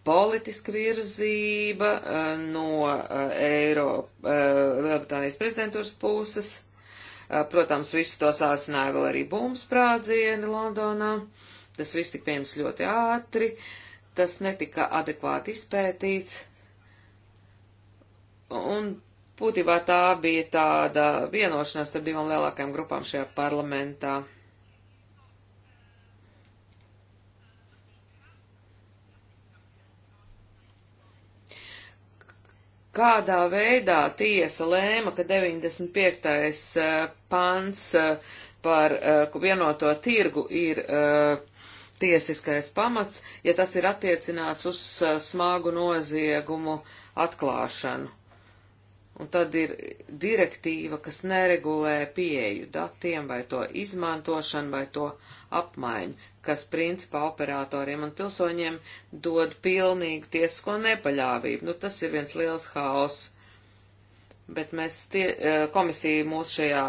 S1: politiska virzība eh, no eh, Eiropas, eh, Lielbritānijas prezidentūras puses Eh, protams, visu to sāsināja vēl arī bumbas sprādzieni Londonā. Tas viss tika pieņems ļoti ātri, tas netika adekvāti izpētīts. Un būtībā tā bija tāda vienošanās starp divām lielākajām grupām šajā parlamentā. kādā veidā tiesa lēma, ka 95. Eh, pants eh, par eh, vienoto tirgu ir tiesiskais pamats, ja tas ir attiecināts uz smagu noziegumu atklāšanu. Un tad ir direktīva, kas neregulē pieeju datiem vai to izmantošanu vai to apmaiņu kas principā operatoriem un pilsoņiem dod pilnīgu tiesisko nepaļāvību. Nu, tas ir viens liels haoss. Bet mēs, tie, e, komisija mūs šajā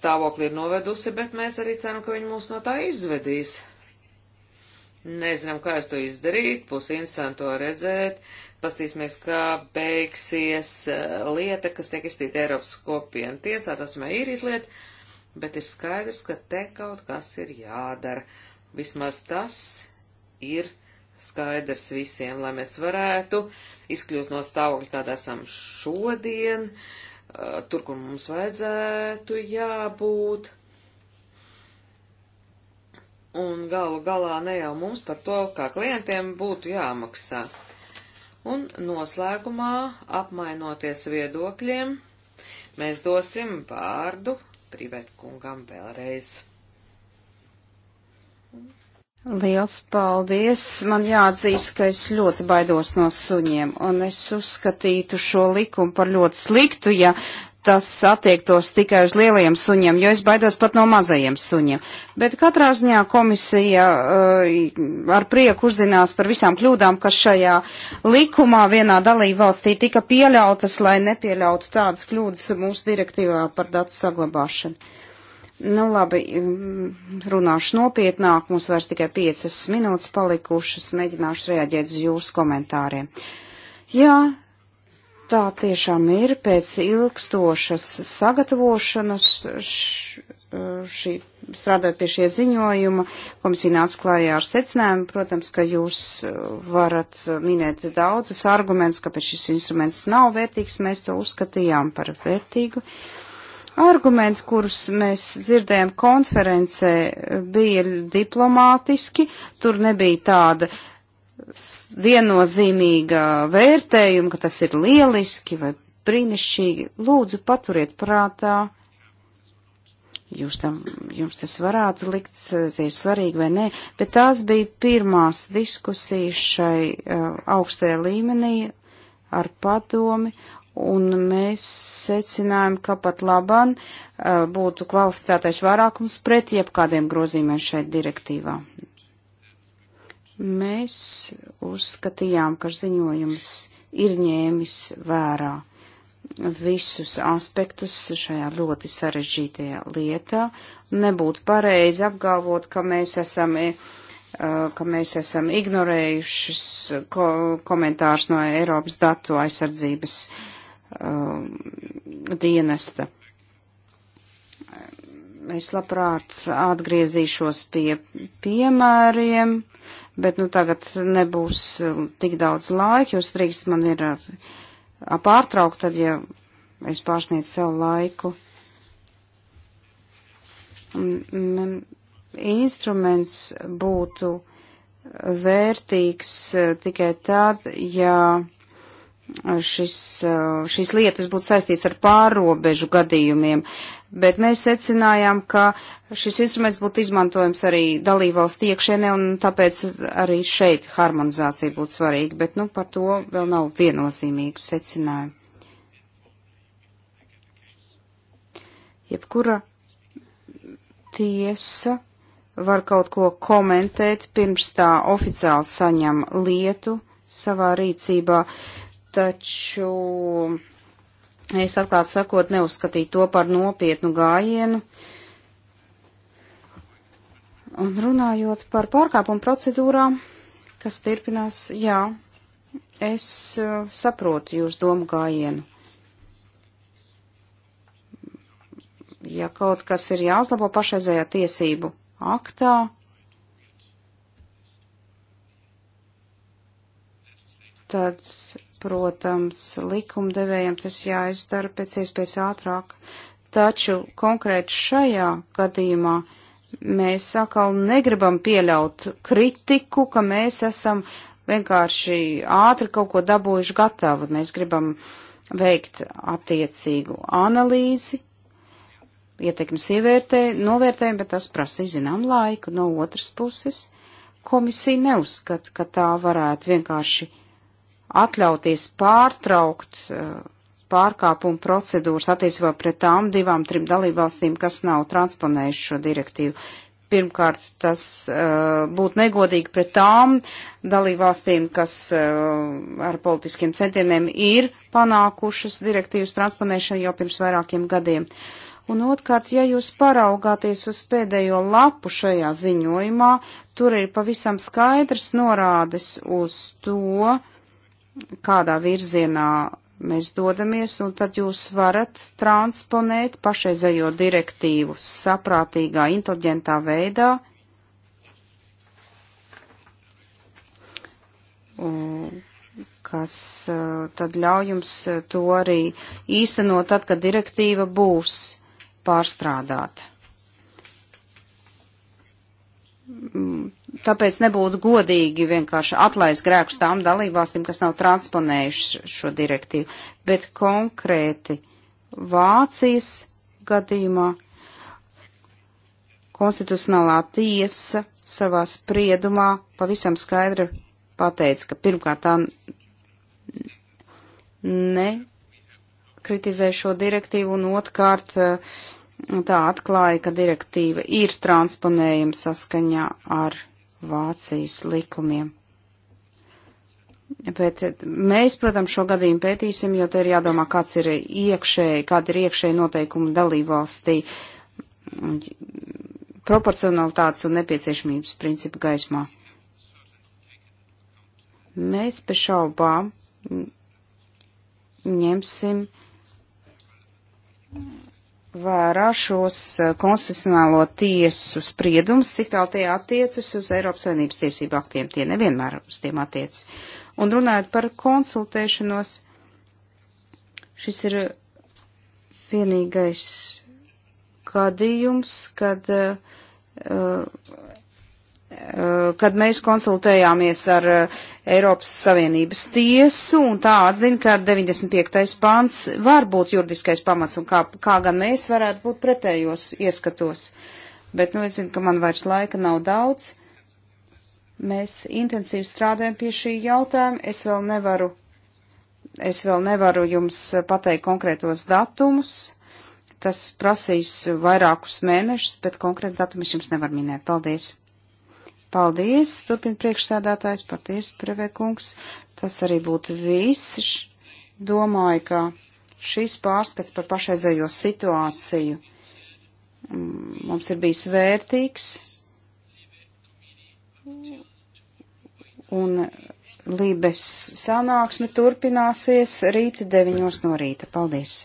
S1: stāvoklī ir novedusi, bet mēs arī ceram, ka viņi mūs no tā izvedīs. Nezinām, kā es to izdarīt, būs interesanti to redzēt. Pastīsimies, kā beigsies e, lieta, kas tiek izstīta Eiropas kopienu tiesā, tas ir īrijas lieta, bet ir skaidrs, ka te kaut kas ir jādara Vismaz tas ir skaidrs visiem, lai mēs varētu izkļūt no stāvokļa, kādā esam šodien, uh, tur, kur mums vajadzētu jābūt. Un galu galā ne jau mums par to, kā klientiem būtu jāmaksā. Un noslēgumā, apmainoties viedokļiem, mēs dosim vārdu Privetkungam vēlreiz.
S2: Liels paldies! Man jāatzīst, ka es ļoti baidos no suņiem, un es uzskatītu šo likumu par ļoti sliktu, ja tas attiektos tikai uz lielajiem suņiem, jo es baidos pat no mazajiem suņiem. Bet katrā ziņā komisija uh, ar prieku uzzinās par visām kļūdām, kas šajā likumā vienā dalība valstī tika pieļautas, lai nepieļautu tādas kļūdas mūsu direktīvā par datu saglabāšanu. Nu, labi, mm, runāšu nopietnāk, mums vairs tikai piecas minūtes palikušas, mēģināšu reaģēt uz jūsu komentāriem. Jā, tā tiešām ir pēc ilgstošas sagatavošanas šī, strādājot pie šie ziņojuma, komisija nāca klājā ar secinājumu, protams, ka jūs varat minēt daudzas argumentus, kāpēc šis instruments nav vērtīgs, mēs to uzskatījām par vērtīgu. Uh, Argumenti, kurus mēs dzirdējām konferencē, bija diplomātiski, tur nebija tāda viennozīmīga vērtējuma, ka tas ir lieliski vai brīnišķīgi. Lūdzu, paturiet prātā, jūs tam, jums tas varētu likt, tie ir svarīgi vai nē, bet tās bija pirmās diskusijas šai uh, augstajā līmenī ar padomi, un mēs secinājām, ka pat labam uh, būtu kvalificētais vairākums pret jebkādiem grozījumiem šeit direktīvā. Mēs uzskatījām, ka ziņojums ir ņēmis vērā visus aspektus šajā ļoti sarežģītajā lietā. Nebūtu pareizi apgalvot, ka mēs esam e, uh, ka mēs esam ignorējušas ko komentārus no Eiropas datu aizsardzības uh, um, dienesta. Es labprāt atgriezīšos pie piemēriem, bet nu tagad nebūs um, tik daudz laika, jo strīksts man ir ar, ar pārtraukt, tad ja es pārsniedzu savu laiku. Man instruments būtu vērtīgs uh, tikai tad, ja šis, šīs lietas būtu saistīts ar pārobežu gadījumiem, bet mēs secinājām, ka šis instruments būtu izmantojams arī dalībvalstu iekšēnē, un tāpēc arī šeit harmonizācija būtu svarīga, bet nu, par to vēl nav viennozīmīgu secinājumu. Jebkura tiesa var kaut ko komentēt, pirms tā oficiāli saņem lietu savā rīcībā. Uh, taču es atklāt sakot neuzskatīju to par nopietnu gājienu. Un runājot par pārkāpumu procedūrām, kas turpinās, jā, es uh, saprotu jūsu domu gājienu. Ja kaut kas ir jāuzlabo pašreizējā tiesību aktā, tad Protams, likumdevējiem tas jāizdara pēc iespējas ātrāk, taču konkrēti šajā gadījumā mēs atkal negribam pieļaut kritiku, ka mēs esam vienkārši ātri kaut ko dabūjuši gatavu. Mēs gribam veikt attiecīgu analīzi, ietekmes ievērtē, novērtējumu, bet tas prasa zinām laiku. No otras puses, komisija neuzskata, ka tā varētu vienkārši atļauties pārtraukt eh, pārkāpumu procedūras attiecībā pret tām divām, trim dalībvalstīm, kas nav transponējuši šo direktīvu. Pirmkārt, tas uh, būtu negodīgi pret tām dalībvalstīm, kas uh, ar politiskiem centieniem ir panākušas direktīvas transponēšanu jau pirms vairākiem gadiem. Un otrkārt, ja jūs paraugāties uz pēdējo lapu šajā ziņojumā, tur ir pavisam skaidrs norādes uz to, uh, kādā virzienā mēs dodamies, un tad jūs varat transponēt pašreizējo direktīvu saprātīgā, inteliģentā veidā. kas uh, tad ļauj jums uh, to arī īstenot tad, kad direktīva būs pārstrādāta mm, tāpēc nebūtu godīgi vienkārši atlaist grēkus tām dalībvalstīm, kas nav transponējušas šo direktīvu, bet konkrēti Vācijas gadījumā konstitucionālā tiesa savā spriedumā pavisam skaidri pateica, ka pirmkārt tā ne kritizē šo direktīvu un otrkārt eh, tā atklāja, ka direktīva ir transponējama saskaņā ar Vācijas likumiem. Bet eh, mēs, protams, šo gadījumu pētīsim, jo te ir jādomā, kāds ir iekšēji, kāda ir iekšēji noteikumi dalībvalstī proporcionalitātes un nepieciešamības principu gaismā. Mēs bez šaubām ņemsim vērā šos eh, konstitucionālo tiesu spriedumus, cik tālu tie attiecas uz Eiropas Savienības tiesību aktiem. Tie nevienmēr uz tiem attiecas. Un runājot par konsultēšanos, šis ir vienīgais gadījums, kad uh, Eh, kad mēs konsultējāmies ar eh, Eiropas Savienības tiesu, un tā atzina, ka 95. pāns var būt juridiskais pamats, un kā, kā gan mēs varētu būt pretējos ieskatos. Bet, nu, es zinu, ka man vairs laika nav daudz. Mēs intensīvi strādājam pie šī jautājuma. Es vēl nevaru, es vēl nevaru jums pateikt konkrētos datumus. Tas prasīs vairākus mēnešus, bet konkrēti datumus jums nevar minēt. Paldies! Paldies, turpina priekšsēdētājs, paldies, Prevekungs. Tas arī būtu viss. Domāju, ka šis pārskats par pašreizējo situāciju mm, mums ir bijis vērtīgs. Un Lībes sanāksme turpināsies rīt 9 no rīta. Paldies!